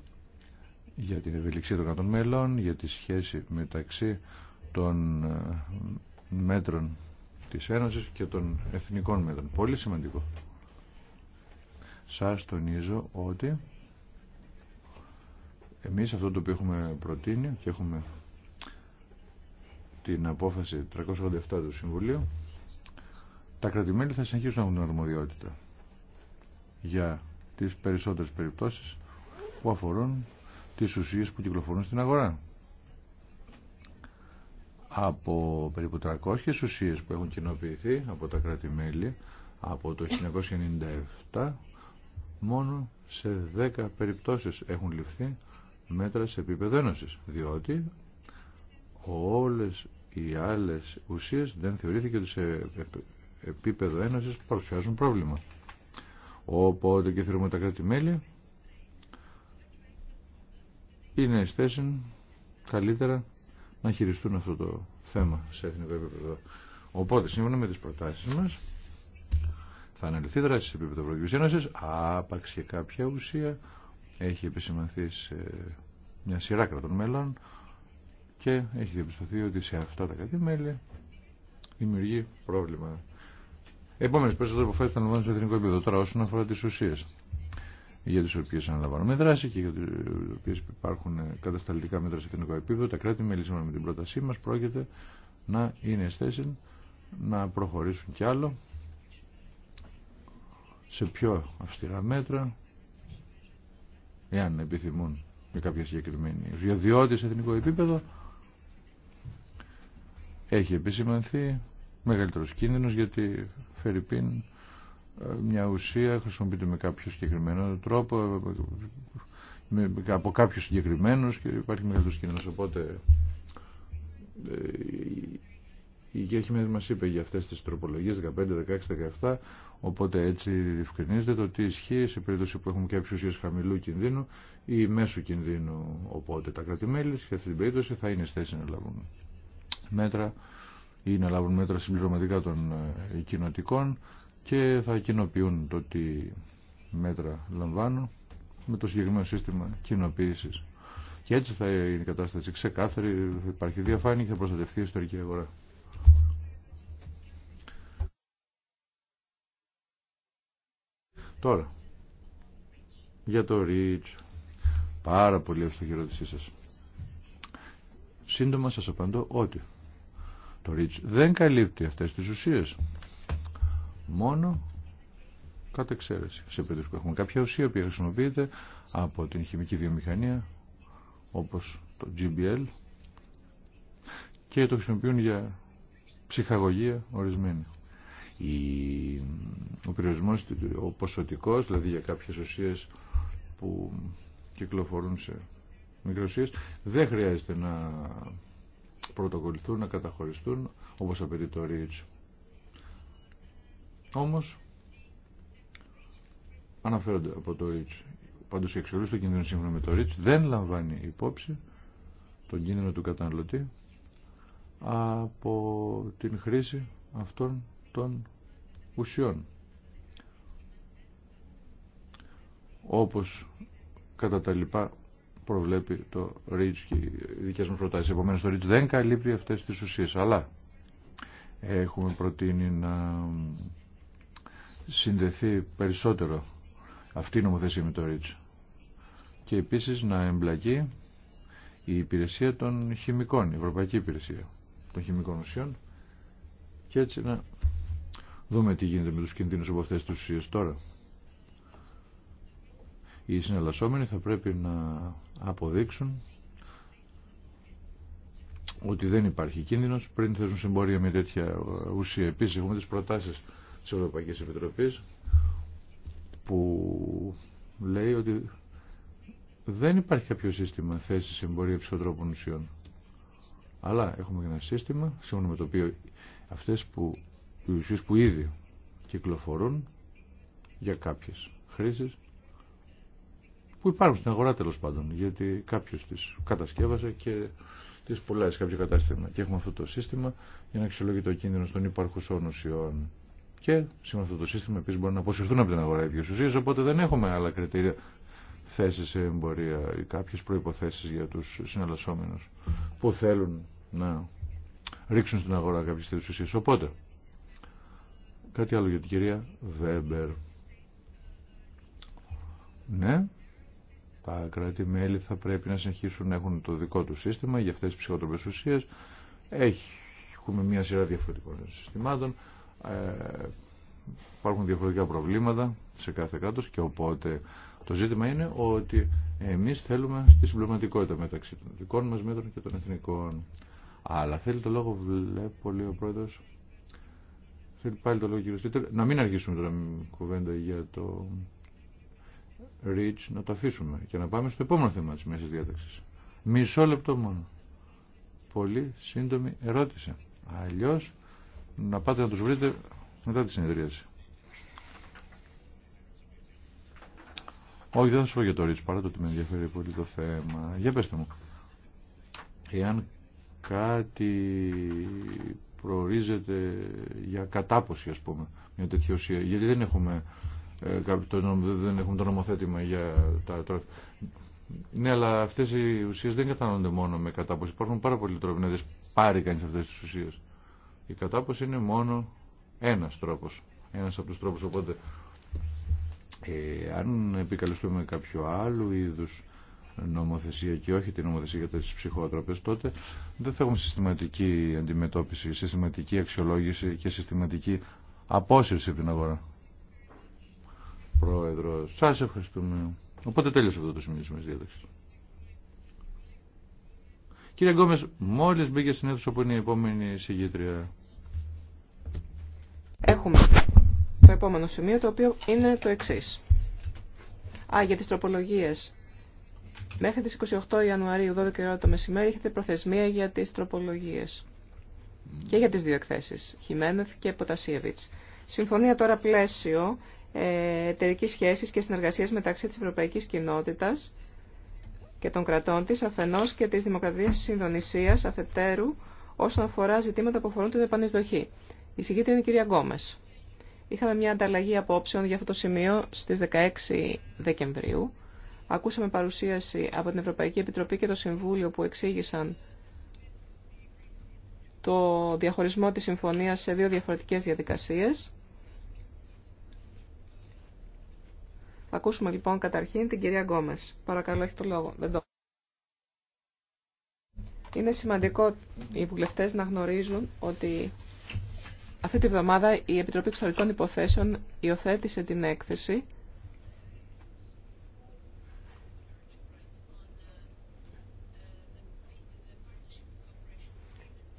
S3: για την ευελιξία των κρατών μελών, για τη σχέση μεταξύ των ε, μέτρων της Ένωσης και των εθνικών μέτρων. Πολύ σημαντικό. Σας τονίζω ότι εμείς αυτό το οποίο έχουμε προτείνει και έχουμε την απόφαση 387 του Συμβουλίου, τα κρατημέλη θα συνεχίσουν να έχουν την αρμοδιότητα για τις περισσότερες περιπτώσεις που αφορούν τις ουσίες που κυκλοφορούν στην αγορά. Από περίπου 300 ουσίες που έχουν κοινοποιηθεί από τα κρατημέλη από το 1997 μόνο σε 10 περιπτώσεις έχουν ληφθεί μέτρα σε επίπεδο ένωσης, διότι όλες οι άλλες ουσίες δεν θεωρήθηκε ότι σε επίπεδο ένωσης παρουσιάζουν πρόβλημα. Οπότε και θεωρούμε τα κράτη-μέλη είναι θέση καλύτερα να χειριστούν αυτό το θέμα σε εθνικό επίπεδο. Οπότε, σύμφωνα με τις προτάσεις μας, θα αναλυθεί δράση σε επίπεδο Ευρωπαϊκή Ένωσης, άπαξ κάποια ουσία έχει επισημανθεί σε μια σειρά κρατών μέλων και έχει διαπιστωθεί ότι σε αυτά τα κράτη-μέλη δημιουργεί πρόβλημα. Επόμενε περισσότερε αποφάσει θα λαμβάνουν σε εθνικό επίπεδο τώρα όσον αφορά τι ουσίε για τι οποίε αναλαμβάνουμε δράση και για τι οποίε υπάρχουν κατασταλτικά μέτρα σε εθνικό επίπεδο. Τα κράτη-μέλη σύμφωνα με την πρότασή μα πρόκειται να είναι θέση να προχωρήσουν κι άλλο σε πιο αυστηρά μέτρα εάν επιθυμούν με κάποια συγκεκριμένη ουσία, διότι σε εθνικό επίπεδο έχει επισημανθεί μεγαλύτερο κίνδυνο γιατί πίν ε, μια ουσία χρησιμοποιείται με κάποιο συγκεκριμένο τρόπο από κάποιους συγκεκριμένους και υπάρχει μεγαλύτερος κίνδυνος οπότε ε, η Γερχημένη μα είπε για αυτές τις τροπολογίε, 15, 16, 17 Οπότε έτσι διευκρινίζεται το τι ισχύει σε περίπτωση που έχουμε και ουσίε χαμηλού κινδύνου ή μέσου κινδύνου. Οπότε τα κρατημέλη σε αυτή την περίπτωση θα είναι στέση να λάβουν μέτρα ή να λάβουν μέτρα συμπληρωματικά των ε, κοινοτικών και θα κοινοποιούν το τι μέτρα λαμβάνουν με το συγκεκριμένο σύστημα κοινοποίηση. Και έτσι θα είναι η κατάσταση ξεκάθαρη, θα υπάρχει διαφάνεια και θα προστατευτεί η ιστορική αγορά. Τώρα, για το REACH, πάρα πολύ εύστοχη ερώτησή σας. Σύντομα σας απαντώ ότι το REACH δεν καλύπτει αυτές τις ουσίες. Μόνο κατά εξαίρεση. Σε περίπτωση που έχουμε κάποια ουσία που χρησιμοποιείται από την χημική βιομηχανία, όπως το GBL, και το χρησιμοποιούν για ψυχαγωγία ορισμένη ο περιορισμός ο ποσοτικός, δηλαδή για κάποιες ουσίες που κυκλοφορούν σε μικροσίες, δεν χρειάζεται να πρωτοκολληθούν, να καταχωριστούν, όπως απαιτεί το REACH. Όμως, αναφέρονται από το REACH. Πάντως η εξορία στο κίνδυνο σύμφωνα με το REACH δεν λαμβάνει υπόψη τον κίνδυνο του καταναλωτή από την χρήση αυτών των ουσιών. Όπως κατά τα λοιπά προβλέπει το Ριτς και οι δικές μας προτάσεις. Επομένως το Ριτς δεν καλύπτει αυτές τις ουσίες, αλλά έχουμε προτείνει να συνδεθεί περισσότερο αυτή η νομοθεσία με το Ριτς. και επίσης να εμπλακεί η υπηρεσία των χημικών, η Ευρωπαϊκή Υπηρεσία των Χημικών Ουσιών και έτσι να δούμε τι γίνεται με τους κινδύνους από αυτές τις ουσίες τώρα. Οι συναλλασσόμενοι θα πρέπει να αποδείξουν ότι δεν υπάρχει κίνδυνος πριν θέσουν συμπορία με τέτοια ουσία. Επίσης έχουμε τις προτάσεις της Ευρωπαϊκής Επιτροπής που λέει ότι δεν υπάρχει κάποιο σύστημα θέση συμπορία ψυχοτρόπων ουσιών. Αλλά έχουμε ένα σύστημα σύμφωνα με το οποίο αυτές που οι ουσίε που ήδη κυκλοφορούν για κάποιες χρήσεις που υπάρχουν στην αγορά τέλος πάντων γιατί κάποιος τις κατασκεύασε και τις πουλάει σε κάποιο κατάστημα και έχουμε αυτό το σύστημα για να αξιολογεί το κίνδυνο των υπάρχουσών ουσιών και σήμερα αυτό το σύστημα επίσης μπορεί να αποσυρθούν από την αγορά ίδιες ουσίες οπότε δεν έχουμε άλλα κριτήρια θέσεις σε εμπορία ή κάποιες προϋποθέσεις για τους συναλλασσόμενους που θέλουν να ρίξουν στην αγορά κάποιες τέτοιες οπότε Κάτι άλλο για την κυρία Βέμπερ. Ναι, τα κράτη-μέλη θα πρέπει να συνεχίσουν να έχουν το δικό του σύστημα για αυτές τις ψυχοτροπές ουσίες. Έχουμε μια σειρά διαφορετικών συστημάτων. Ε, υπάρχουν διαφορετικά προβλήματα σε κάθε κράτος και οπότε το ζήτημα είναι ότι εμείς θέλουμε τη συμπληρωματικότητα μεταξύ των δικών μας μέτρων και των εθνικών. Αλλά θέλει το λόγο, βλέπω, λέει ο πρόεδρος. Θέλει πάλι το λόγο κύριο Να μην αρχίσουμε τώρα με κουβέντα για το Ρίτς, να το αφήσουμε και να πάμε στο επόμενο θέμα της μέσης διάταξης. Μισό λεπτό μόνο. Πολύ σύντομη ερώτηση. Αλλιώς να πάτε να τους βρείτε μετά τη συνεδρίαση. Όχι, δεν θα σου πω για το Ρίτς, παρά το ότι με ενδιαφέρει πολύ το θέμα. Για πέστε μου. Εάν κάτι προορίζεται για κατάποση ας πούμε μια τέτοια ουσία γιατί δεν έχουμε ε, το, δεν έχουμε το νομοθέτημα για τα τρόφιμα. Ναι, αλλά αυτές οι ουσίες δεν κατανοούνται μόνο με κατάποση. Υπάρχουν πάρα πολλοί τρόποι να πάρει κανείς αυτές τις ουσίες. Η κατάποση είναι μόνο ένας τρόπος. Ένας από τους τρόπους. Οπότε, ε, αν επικαλεστούμε κάποιο άλλο είδους νομοθεσία και όχι την νομοθεσία για τις ψυχότροπες, τότε δεν θα έχουμε συστηματική αντιμετώπιση, συστηματική αξιολόγηση και συστηματική απόσυρση από την αγορά. Πρόεδρο, σας ευχαριστούμε. Οπότε τέλειωσε αυτό το σημείο της διάταξης. Κύριε Γκόμες, μόλις μπήκε στην αίθουσα που είναι η επόμενη συγγήτρια.
S1: Έχουμε το επόμενο σημείο το οποίο είναι το εξής. Α, για τις τροπολογίες Μέχρι τις 28 Ιανουαρίου, 12 ώρα το μεσημέρι, έχετε προθεσμία για τις τροπολογίες. Και για τις δύο εκθέσεις, Χιμένεθ και Ποτασίεβιτς. Συμφωνία τώρα πλαίσιο ε, εταιρική σχέσης και συνεργασίας μεταξύ της Ευρωπαϊκής Κοινότητας και των κρατών της, αφενός και της Δημοκρατίας της Ινδονησίας, αφετέρου, όσον αφορά ζητήματα που αφορούν την επανεισδοχή. Η συγκίτρια είναι η κυρία Γκόμες. Είχαμε μια ανταλλαγή απόψεων για αυτό το σημείο στις 16 Δεκεμβρίου Ακούσαμε παρουσίαση από την Ευρωπαϊκή Επιτροπή και το Συμβούλιο που εξήγησαν το διαχωρισμό της συμφωνίας σε δύο διαφορετικές διαδικασίες. Θα ακούσουμε λοιπόν καταρχήν την κυρία Γκόμες. Παρακαλώ, έχει το λόγο. Είναι σημαντικό οι βουλευτέ να γνωρίζουν ότι αυτή τη βδομάδα η Επιτροπή Εξωτερικών Υποθέσεων υιοθέτησε την έκθεση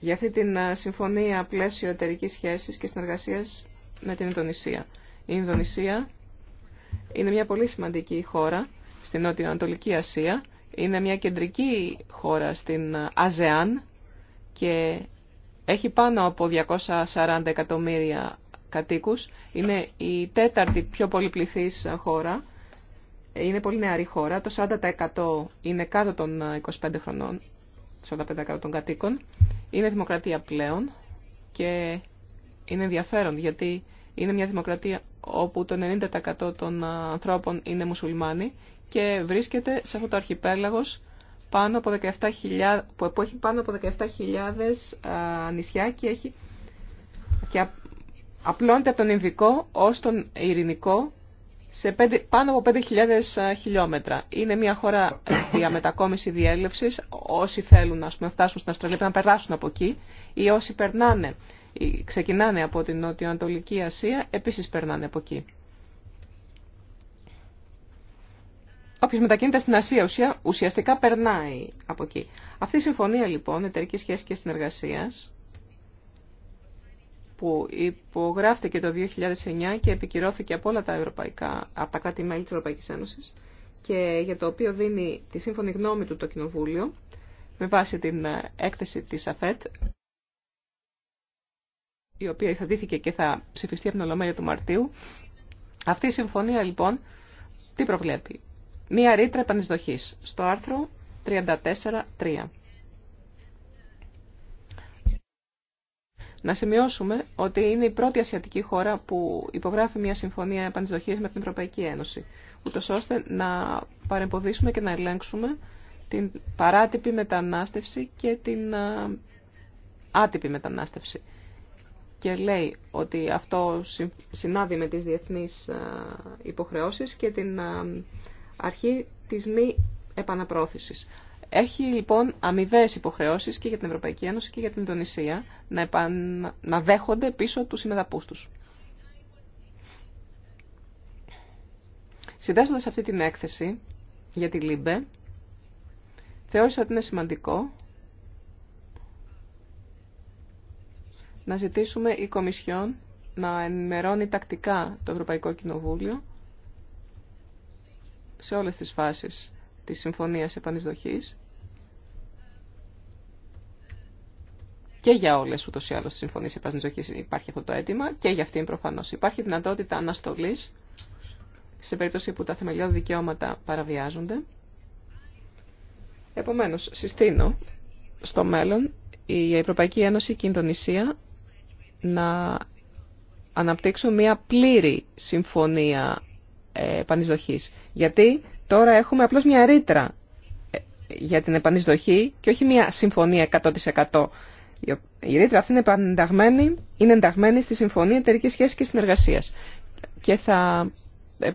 S1: για αυτή την ε, συμφωνία πλαίσιο εταιρική σχέση και συνεργασία με την Ινδονησία. Η Ινδονησία είναι μια πολύ σημαντική χώρα στην Νότιο-Ανατολική Ασία. Είναι μια κεντρική χώρα στην ε, ΑΖΕΑΝ και έχει πάνω από 240 εκατομμύρια κατοίκους. Είναι η τέταρτη πιο πολυπληθής ε, χώρα. Είναι πολύ νεαρή χώρα. Το 40% είναι κάτω των 25 χρονών, 45% των κατοίκων. Είναι δημοκρατία πλέον και είναι ενδιαφέρον γιατί είναι μια δημοκρατία όπου το 90% των ανθρώπων είναι μουσουλμάνοι και βρίσκεται σε αυτό το αρχιπέλαγος πάνω από 17.000, που έχει πάνω από 17.000 νησιά και, έχει, και απλώνεται από τον Ινδικό ως τον Ειρηνικό σε πάνω από 5.000 χιλιόμετρα. Είναι μια χώρα ε, διαμετακόμιση διέλευση. Όσοι θέλουν να φτάσουν στην Αυστραλία πρέπει να περάσουν από εκεί ή όσοι περνάνε, ξεκινάνε από την Νοτιοανατολική Ασία, επίσης περνάνε από εκεί. Όποιο μετακινείται στην Ασία ουσιαστικά περνάει από εκεί. Αυτή η συμφωνία λοιπόν εταιρική σχέση και συνεργασία που υπογράφτηκε το 2009 και επικυρώθηκε από όλα τα, ευρωπαϊκά, από τα κράτη-μέλη της Ευρωπαϊκής Ένωσης και για το οποίο δίνει τη σύμφωνη γνώμη του το Κοινοβούλιο με βάση την ε, έκθεση της ΑΦΕΤ η οποία υφαντήθηκε και θα ψηφιστεί από την Ολομέλεια του Μαρτίου. Αυτή η συμφωνία λοιπόν τι προβλέπει. Μία ρήτρα επανεισδοχής στο άρθρο 34.3. Να σημειώσουμε ότι είναι η πρώτη ασιατική χώρα που υπογράφει μια συμφωνία επανεισδοχής με την Ευρωπαϊκή Ένωση, ούτω ώστε να παρεμποδίσουμε και να ελέγξουμε την παράτυπη μετανάστευση και την άτυπη μετανάστευση. Και λέει ότι αυτό συνάδει με τις διεθνείς υποχρεώσεις και την αρχή της μη επαναπρόθεσης. Έχει λοιπόν αμοιβέ υποχρεώσει και για την Ευρωπαϊκή Ένωση και για την Ινδονησία να, επαν... να δέχονται πίσω του συμμεταπού του. Συνδέοντα αυτή την έκθεση για τη ΛΥΜΠΕ, θεώρησα ότι είναι σημαντικό να ζητήσουμε η Κομισιόν να ενημερώνει τακτικά το Ευρωπαϊκό Κοινοβούλιο σε όλες τις φάσεις της Συμφωνίας Επανεισδοχής και για όλε ούτω ή άλλω τι συμφωνίε επανεισδοχή υπάρχει αυτό το αίτημα και για αυτήν προφανώ. Υπάρχει δυνατότητα αναστολή σε περίπτωση που τα θεμελιώδη δικαιώματα παραβιάζονται. Επομένω, συστήνω στο μέλλον η Ευρωπαϊκή Ένωση και η Ινδονησία να αναπτύξουν μια πλήρη συμφωνία ε, επανεισδοχής. Γιατί τώρα έχουμε απλώς μια ρήτρα ε, για την επανεισδοχή και όχι μια συμφωνία 100% η ρήτρα αυτή είναι ενταγμένη, είναι ενταγμένη στη Συμφωνία Εταιρική Σχέση και Συνεργασία και θα ε,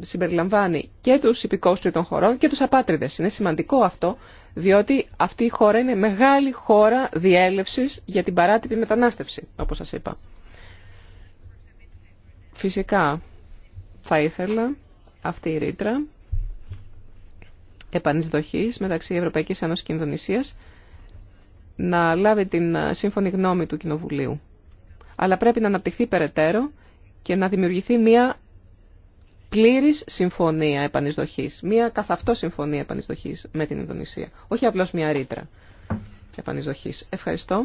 S1: συμπεριλαμβάνει και του υπηκόου τρίτων χωρών και του απάτριδε. Είναι σημαντικό αυτό, διότι αυτή η χώρα είναι μεγάλη χώρα διέλευση για την παράτυπη μετανάστευση, όπω σα είπα. Φυσικά θα ήθελα αυτή η ρήτρα επανεισδοχής μεταξύ Ευρωπαϊκής Ένωσης και Ινδονησίας να λάβει την σύμφωνη γνώμη του Κοινοβουλίου. Αλλά πρέπει να αναπτυχθεί περαιτέρω και να δημιουργηθεί μια πλήρης συμφωνία επανεισδοχής, μια καθαυτό συμφωνία επανεισδοχής με την Ινδονησία, όχι απλώς μια ρήτρα επανεισδοχής. Ευχαριστώ.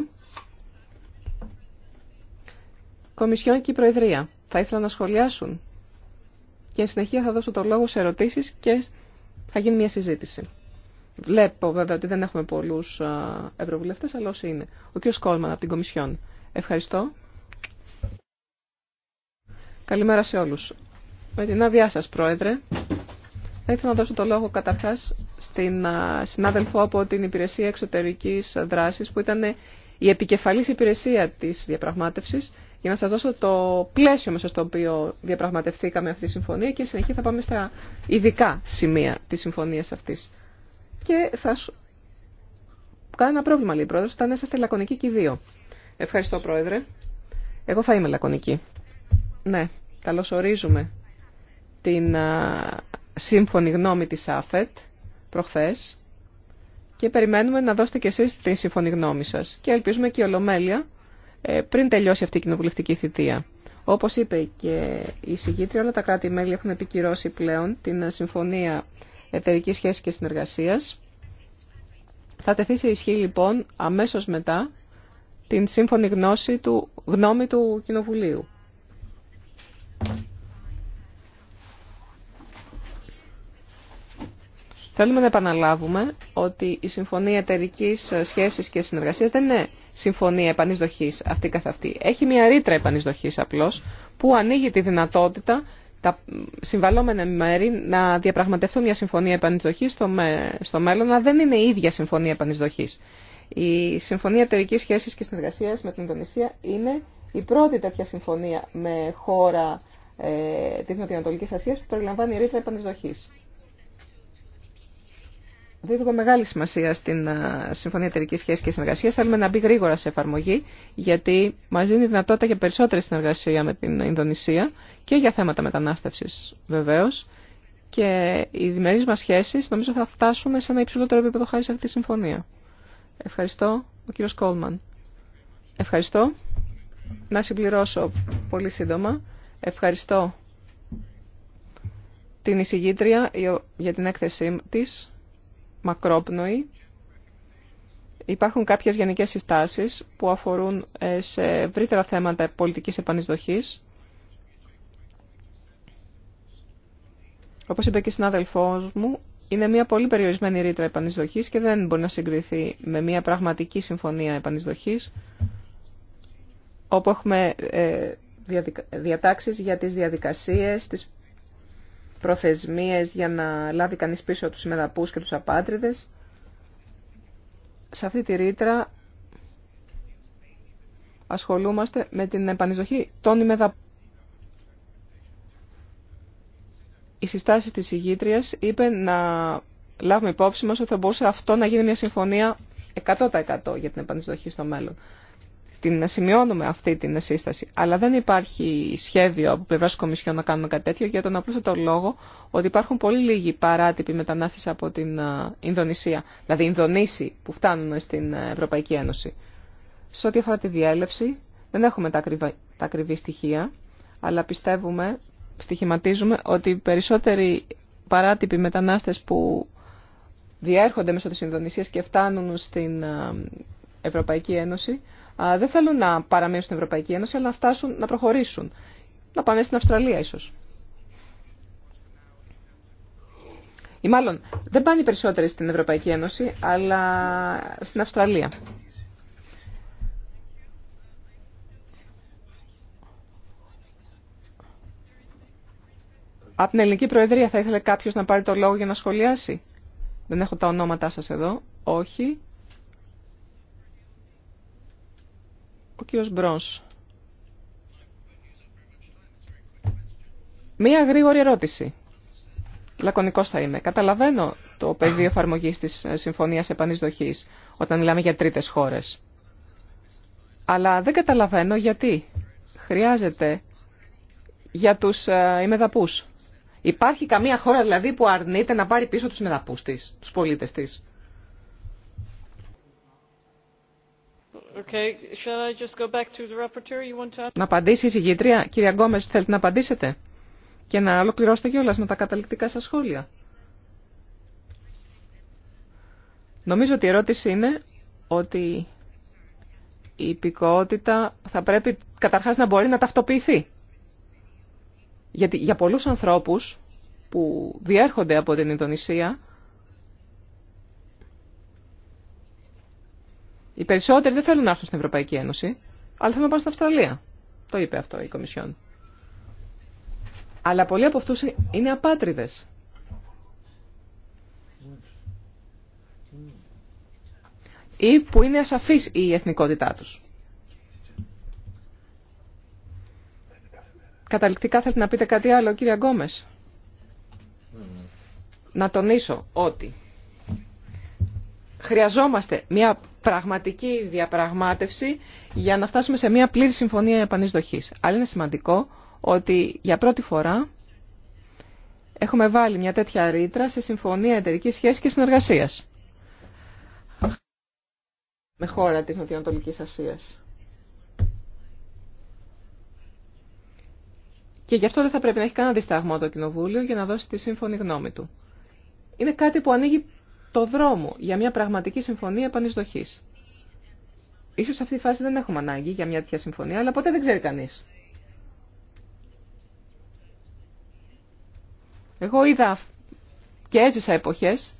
S1: Κομισιόν και η Προεδρία θα ήθελα να σχολιάσουν και εν συνεχεία θα δώσω το λόγο σε ερωτήσεις και θα γίνει μια συζήτηση. Βλέπω βέβαια ότι δεν έχουμε πολλού ευρωβουλευτέ, αλλά όσοι είναι. Ο κ. Κόλμαν από την Κομισιόν. Ευχαριστώ. Καλημέρα σε όλου. Με την άδειά σα, Πρόεδρε, θα ήθελα να δώσω το λόγο καταρχά στην συνάδελφο από την Υπηρεσία Εξωτερική Δράση, που ήταν η επικεφαλή υπηρεσία τη διαπραγμάτευση, για να σα δώσω το πλαίσιο μέσα στο οποίο διαπραγματευθήκαμε αυτή τη συμφωνία και συνεχεία θα πάμε στα ειδικά σημεία τη συμφωνία αυτή και θα σου κάνω ένα πρόβλημα, λέει πρόεδρος, όταν είσαστε λακωνικοί και οι δύο. Ευχαριστώ, πρόεδρε. Εγώ θα είμαι λακωνική. Ναι, καλωσορίζουμε την σύμφωνη γνώμη της ΑΦΕΤ προχθές και περιμένουμε να δώσετε κι εσείς τη σύμφωνη γνώμη σας. Και ελπίζουμε και η Ολομέλεια ε, πριν τελειώσει αυτή η κοινοβουλευτική θητεία. Όπως είπε και η συγκήτρια, όλα τα κράτη-μέλη έχουν επικυρώσει πλέον την συμφωνία εταιρική σχέση και συνεργασίας. Θα τεθεί σε ισχύ λοιπόν αμέσως μετά την σύμφωνη γνώση του, γνώμη του Κοινοβουλίου. Θέλουμε να επαναλάβουμε ότι η Συμφωνία εταιρική Σχέσης και Συνεργασίας δεν είναι Συμφωνία Επανεισδοχής αυτή καθ' αυτή. Έχει μια ρήτρα επανεισδοχής απλώς που ανοίγει τη δυνατότητα τα συμβαλόμενα μέρη να διαπραγματευτούν μια συμφωνία επανεισδοχής στο, στο μέλλον, αλλά δεν είναι η ίδια συμφωνία επανεισδοχής. Η Συμφωνία Εταιρικής Σχέσης και Συνεργασίας με την Ινδονησία είναι η πρώτη τέτοια συμφωνία με χώρα ε, της Νοτιοανατολικής Ασίας που περιλαμβάνει ρήτρα επανεισδοχής. Δίδουμε μεγάλη σημασία στην ε, Συμφωνία Εταιρική Σχέση και Συνεργασία. Θέλουμε να μπει γρήγορα σε εφαρμογή, γιατί μα δίνει δυνατότητα για περισσότερη συνεργασία με την Ινδονησία και για θέματα μετανάστευσης βεβαίως και οι διμερείς μας σχέσεις νομίζω θα φτάσουν σε ένα υψηλότερο επίπεδο χάρη σε αυτή τη συμφωνία. Ευχαριστώ, ο κύριος Κόλμαν. Ευχαριστώ. Να συμπληρώσω πολύ σύντομα. Ευχαριστώ την εισηγήτρια για την έκθεσή της, μακρόπνοη. Υπάρχουν κάποιες γενικές συστάσεις που αφορούν ε, σε ευρύτερα θέματα πολιτικής επανεισδοχής Όπω είπε και συνάδελφό μου, είναι μια πολύ περιορισμένη ρήτρα επανεισδοχή και δεν μπορεί να συγκριθεί με μια πραγματική συμφωνία επανεισδοχή, όπου έχουμε ε, διατάξεις για τις διαδικασίες, τις προθεσμίες για να λάβει κανείς πίσω τους συμμεταπούς και τους απάτριδες. Σε αυτή τη ρήτρα ασχολούμαστε με την επανεισδοχή των ημεδαπών. οι συστάσει τη ηγήτρια είπε να λάβουμε υπόψη μα ότι θα μπορούσε αυτό να γίνει μια συμφωνία 100% για την επανεισδοχή στο μέλλον. Την σημειώνουμε αυτή την σύσταση. Αλλά δεν υπάρχει σχέδιο από πλευρά Κομισιόν να κάνουμε κάτι τέτοιο για τον απλούστατο λόγο ότι υπάρχουν πολύ λίγοι παράτυποι μετανάστε από την ε, Ινδονησία, δηλαδή Ινδονήσοι που φτάνουν στην ε, Ευρωπαϊκή Ένωση. Σε ό,τι αφορά τη διέλευση, δεν έχουμε τα ακριβή στοιχεία, αλλά πιστεύουμε στοιχηματίζουμε ότι οι περισσότεροι παράτυποι μετανάστες που διέρχονται μέσω της Ινδονησίας και φτάνουν στην Ευρωπαϊκή Ένωση δεν θέλουν να παραμείνουν στην Ευρωπαϊκή Ένωση αλλά να φτάσουν να προχωρήσουν, να πάνε στην Αυστραλία ίσως. Ή μάλλον δεν πάνε οι περισσότεροι στην Ευρωπαϊκή Ένωση αλλά στην Αυστραλία. Από την Ελληνική Προεδρία θα ήθελε κάποιος να πάρει το λόγο για να σχολιάσει. Δεν έχω τα ονόματά σας εδώ. Όχι. Ο κύριος Μπρόνς. Μία γρήγορη ερώτηση. Λακωνικός θα είμαι. Καταλαβαίνω το πεδίο εφαρμογή της ε, Συμφωνίας Επανεισδοχής όταν μιλάμε για τρίτες χώρες. Αλλά δεν καταλαβαίνω γιατί χρειάζεται για τους ε, ημεδαπούς Υπάρχει καμία χώρα δηλαδή που αρνείται να πάρει πίσω τους μεταπούς της, τους πολίτες της. Να απαντήσει η συγγήτρια. Κυρία Γκόμες, θέλετε να απαντήσετε και να ολοκληρώσετε κιόλα με τα καταληκτικά σας σχόλια. Νομίζω ότι η ερώτηση είναι ότι η υπηκότητα θα πρέπει καταρχάς να μπορεί να ταυτοποιηθεί. Γιατί για πολλούς ανθρώπους που διέρχονται από την Ινδονησία, οι περισσότεροι δεν θέλουν να έρθουν στην Ευρωπαϊκή Ένωση, αλλά θέλουν να πάνε στην Αυστραλία. Το είπε αυτό η Κομισιόν. Αλλά πολλοί από αυτούς είναι απάτριδες. Ή που είναι ασαφής η εθνικότητά τους. Καταληκτικά θέλετε να πείτε κάτι άλλο, κύριε Γκόμες. Mm. Να τονίσω ότι χρειαζόμαστε μια πραγματική διαπραγμάτευση για να φτάσουμε σε μια πλήρη συμφωνία δοχής. Αλλά είναι σημαντικό ότι για πρώτη φορά έχουμε βάλει μια τέτοια ρήτρα σε συμφωνία εταιρικής σχέσης και συνεργασίας με χώρα της Νοτιοανατολικής Ασίας. Και γι' αυτό δεν θα πρέπει να έχει κανένα δισταγμό το Κοινοβούλιο για να δώσει τη σύμφωνη γνώμη του. Είναι κάτι που ανοίγει το δρόμο για μια πραγματική συμφωνία επανεισδοχή. σω σε αυτή τη φάση δεν έχουμε ανάγκη για μια τέτοια συμφωνία, αλλά ποτέ δεν ξέρει κανεί. Εγώ είδα και έζησα εποχές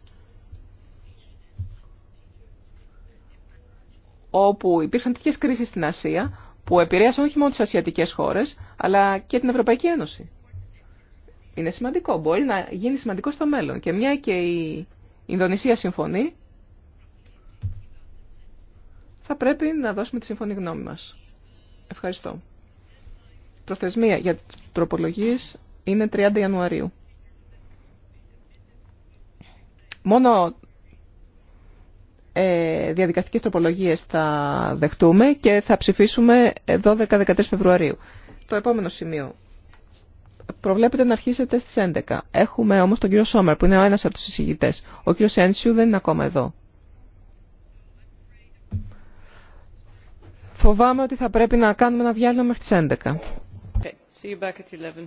S1: όπου υπήρξαν τέτοιες κρίσει στην Ασία που επηρέασαν όχι μόνο τις ασιατικές χώρες, αλλά και την Ευρωπαϊκή Ένωση. Είναι σημαντικό, μπορεί να γίνει σημαντικό στο μέλλον. Και μια και η Ινδονησία συμφωνεί, θα πρέπει να δώσουμε τη συμφωνή γνώμη μας. Ευχαριστώ. Προθεσμία για τροπολογίες είναι 30 Ιανουαρίου. Μόνο ε, διαδικαστικές τροπολογίες θα δεχτούμε και θα ψηφίσουμε 12-13 Φεβρουαρίου. Το επόμενο σημείο προβλέπετε να αρχίσετε στις 11. Έχουμε όμως τον κύριο Σόμερ που είναι ο ένας από τους εισηγητές. Ο κύριος Ένσιου δεν είναι ακόμα εδώ. Φοβάμαι ότι θα πρέπει να κάνουμε ένα διάλειμμα μέχρι τις 11. Okay. See you back at 11.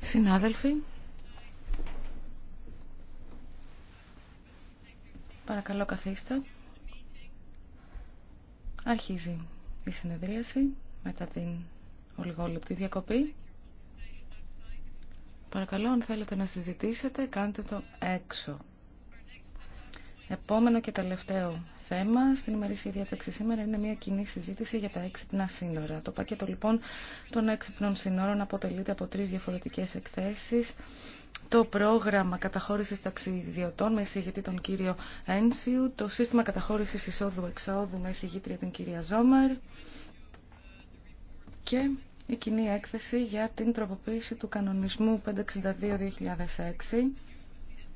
S2: Συνάδελφοι, παρακαλώ καθίστε. Αρχίζει η συνεδρίαση μετά την ολιγόλεπτη διακοπή. Παρακαλώ, αν θέλετε να συζητήσετε, κάντε το έξω. Επόμενο και τελευταίο θέμα στην ημερήσια διάταξη σήμερα είναι μια κοινή συζήτηση για τα έξυπνα σύνορα. Το πακέτο λοιπόν των έξυπνων σύνορων αποτελείται από τρεις διαφορετικές εκθέσεις. Το πρόγραμμα καταχώρηση ταξιδιωτών με εισηγητή τον κύριο Ένσιου, το συστημα καταχώρηση καταχώρησης εισόδου-εξόδου με εισηγήτρια την κυρία Ζόμαρ και η κοινή έκθεση για την τροποποίηση του κανονισμού 562-2006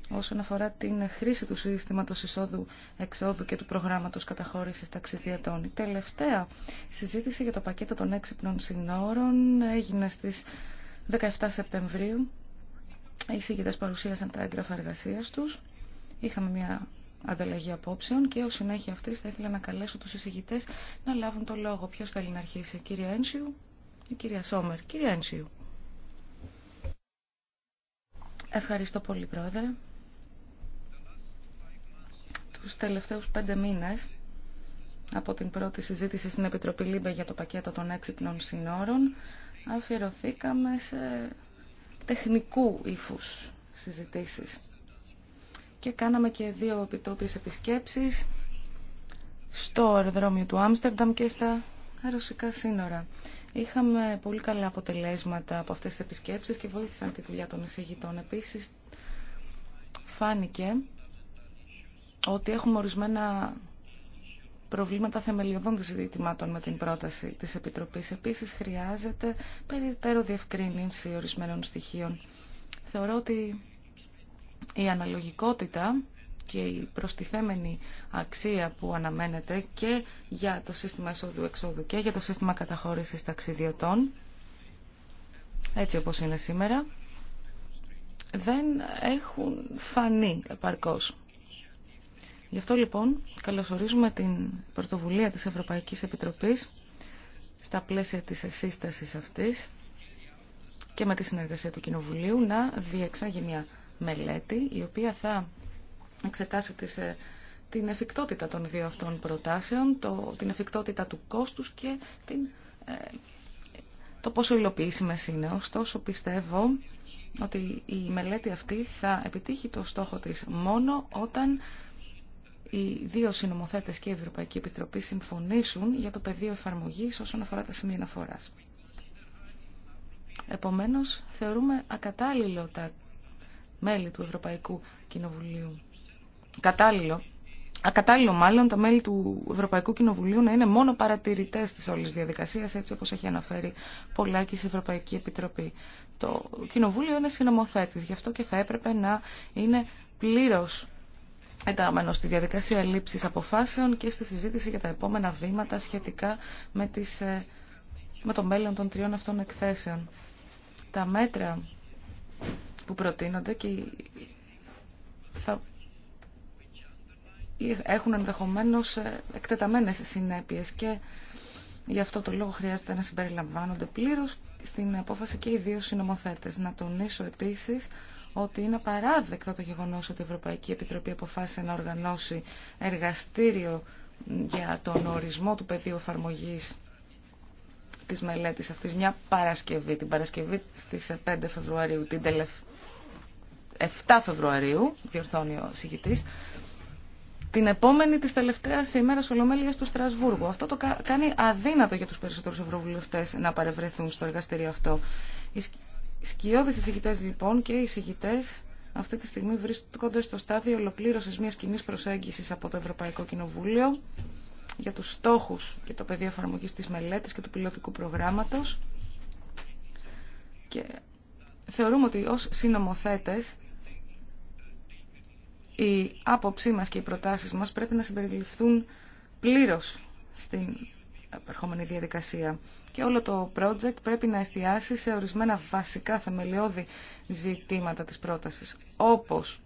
S2: όσον αφορά την χρήση του συστήματος εισόδου-εξόδου και του προγράμματος καταχώρησης ταξιδιωτών. Η τελευταία συζήτηση για το πακέτο των έξυπνων συνόρων έγινε στις 17 Σεπτεμβρίου. Οι συγκεκριτές παρουσίασαν τα έγγραφα εργασίας τους. Είχαμε μια ανταλλαγή απόψεων και ως συνέχεια αυτή θα ήθελα να καλέσω τους εισηγητές να λάβουν το λόγο. Ποιο θέλει να αρχίσει, η κυρία Ένσιου ή η κυρία Σόμερ. Κυρία Ένσιου. Ευχαριστώ πολύ, Πρόεδρε τους τελευταίους πέντε μήνες από την πρώτη συζήτηση στην Επιτροπή Λίμπε για το πακέτο των έξυπνων συνόρων αφιερωθήκαμε σε τεχνικού ύφους συζητήσεις. Και κάναμε και δύο επιτόπιες επισκέψεις στο αεροδρόμιο του Άμστερνταμ και στα ρωσικά σύνορα. Είχαμε πολύ καλά αποτελέσματα από αυτές τις επισκέψεις και βοήθησαν τη δουλειά των εισηγητών. Επίσης, φάνηκε ότι έχουμε ορισμένα προβλήματα θεμελιωδών ζητημάτων με την πρόταση της Επιτροπής. Επίσης χρειάζεται περιττέρω διευκρίνηση ορισμένων στοιχείων. Θεωρώ ότι η αναλογικότητα και η προστιθέμενη αξία που αναμένεται και για το σύστημα εισόδου-εξόδου και για το σύστημα καταχώρησης ταξιδιωτών, έτσι όπως είναι σήμερα, δεν έχουν φανεί επαρκώς. Γι' αυτό λοιπόν καλωσορίζουμε την πρωτοβουλία της Ευρωπαϊκής Επιτροπής στα πλαίσια της εσύστασης αυτής και με τη συνεργασία του Κοινοβουλίου να διεξάγει μια μελέτη η οποία θα εξετάσει ε, την εφικτότητα των δύο αυτών προτάσεων, το, την εφικτότητα του κόστους και την, ε, το πόσο υλοποιήσιμες είναι. Ωστόσο πιστεύω ότι η μελέτη αυτή θα επιτύχει το στόχο της μόνο όταν οι δύο συνομοθέτε και η Ευρωπαϊκή Επιτροπή συμφωνήσουν για το πεδίο εφαρμογή όσον αφορά τα σημεία αναφοράς. Επομένως, θεωρούμε ακατάλληλο τα μέλη του Ευρωπαϊκού Κοινοβουλίου. Κατάλληλο. Ακατάλληλο μάλλον τα μέλη του Ευρωπαϊκού Κοινοβουλίου να είναι μόνο παρατηρητές τη όλη διαδικασία, έτσι όπω έχει αναφέρει πολλά και η Ευρωπαϊκή Επιτροπή. Το Κοινοβούλιο είναι συνομοθέτη, γι' αυτό και θα έπρεπε να είναι πλήρω εντάμενο στη διαδικασία λήψης αποφάσεων και στη συζήτηση για τα επόμενα βήματα σχετικά με, τις, ε, το μέλλον των τριών αυτών εκθέσεων. Τα μέτρα που προτείνονται και θα έχουν ενδεχομένως ε, εκτεταμένες συνέπειες και γι' αυτό το λόγο χρειάζεται να συμπεριλαμβάνονται πλήρως στην απόφαση και οι δύο συνομοθέτες. Να τονίσω επίσης ότι είναι παράδεκτο το γεγονός ότι η Ευρωπαϊκή Επιτροπή αποφάσισε να οργανώσει εργαστήριο για τον ορισμό του πεδίου εφαρμογή της μελέτης αυτής μια Παρασκευή, την Παρασκευή στις 5 Φεβρουαρίου, την 7 Φεβρουαρίου, διορθώνει ο συγητής, την επόμενη της τελευταίας ημέρας ολομέλειας του Στρασβούργου. Αυτό το κάνει αδύνατο για τους περισσότερους ευρωβουλευτές να παρευρεθούν στο εργαστήριο αυτό. Οι εισηγητέ, λοιπόν και οι εισηγητέ αυτή τη στιγμή βρίσκονται στο στάδιο ολοκλήρωση μιας κοινή προσέγγισης από το Ευρωπαϊκό Κοινοβούλιο για τους στόχους και το πεδίο εφαρμογή της μελέτης και του πιλωτικού προγράμματος και θεωρούμε ότι ως συνομοθέτες η άποψή μας και οι προτάσεις μας πρέπει να συμπεριληφθούν πλήρως στην επερχόμενη διαδικασία. Και όλο το project πρέπει να εστιάσει σε ορισμένα βασικά θεμελιώδη ζητήματα της πρότασης, όπως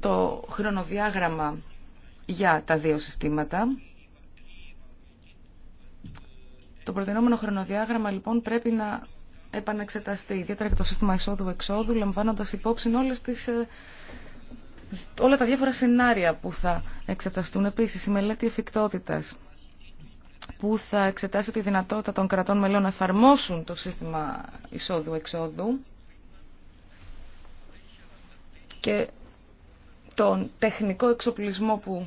S2: το χρονοδιάγραμμα για τα δύο συστήματα. Το προτινόμενο χρονοδιάγραμμα λοιπόν πρέπει να επανεξεταστεί, ιδιαίτερα και το σύστημα εισόδου-εξόδου, λαμβάνοντας υπόψη όλες τις ε, όλα τα διάφορα σενάρια που θα εξεταστούν. Επίσης, η μελέτη εφικτότητας που θα εξετάσει τη δυνατότητα των κρατών μελών να εφαρμόσουν το σύστημα εισόδου-εξόδου και τον τεχνικό εξοπλισμό που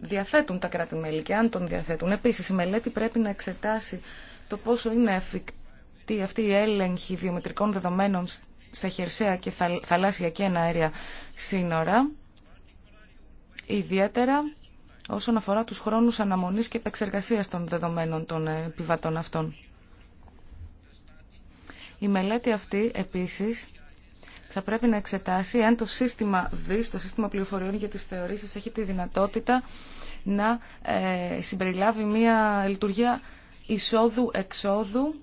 S2: διαθέτουν τα κράτη-μέλη και αν τον διαθέτουν. Επίσης, η μελέτη πρέπει να εξετάσει το πόσο είναι εφικτή αυτή η έλεγχη βιομετρικών δεδομένων στα χερσαία και θαλάσσια και αέρια σύνορα, ιδιαίτερα όσον αφορά τους χρόνους αναμονής και επεξεργασίας των δεδομένων των επιβατών αυτών. Η μελέτη αυτή, επίσης, θα πρέπει να εξετάσει αν το σύστημα ΒΙΣ, το σύστημα πληροφοριών για τις θεωρήσεις, έχει τη δυνατότητα να ε, συμπεριλάβει μια λειτουργία εισόδου-εξόδου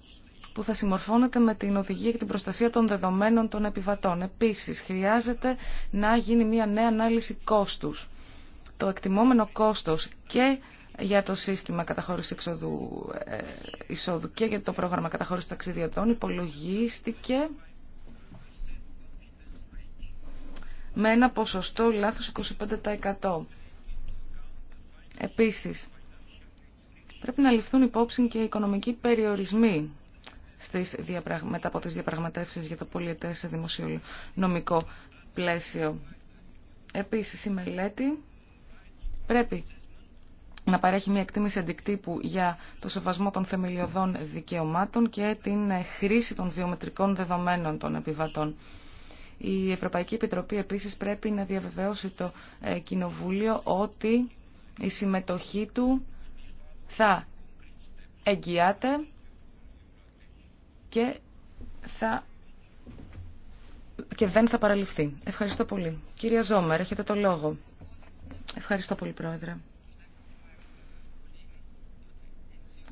S2: που θα συμμορφώνεται με την οδηγία και την προστασία των δεδομένων των επιβατών. Επίσης, χρειάζεται να γίνει μια νέα ανάλυση κόστους. Το εκτιμόμενο κόστος και για το σύστημα καταχώρηση εξοδου, ε, εισόδου και για το πρόγραμμα καταχώρηση ταξιδιωτών υπολογίστηκε με ένα ποσοστό λάθος 25%. Επίσης, πρέπει να ληφθούν υπόψη και οι οικονομικοί περιορισμοί στις μετά από τις διαπραγματεύσεις για το πολιετές δημοσιονομικό πλαίσιο. Επίσης η μελέτη πρέπει να παρέχει μια εκτίμηση αντικτύπου για το σεβασμό των θεμελιωδών δικαιωμάτων και την ε, χρήση των βιομετρικών δεδομένων των επιβατών. Η Ευρωπαϊκή Επιτροπή επίσης πρέπει να διαβεβαιώσει το ε, Κοινοβούλιο ότι η συμμετοχή του θα εγγυάται και, θα... και δεν θα παραλυφθεί. Ευχαριστώ πολύ. Κυρία Ζόμερ, έχετε το λόγο. Ευχαριστώ πολύ, Πρόεδρε.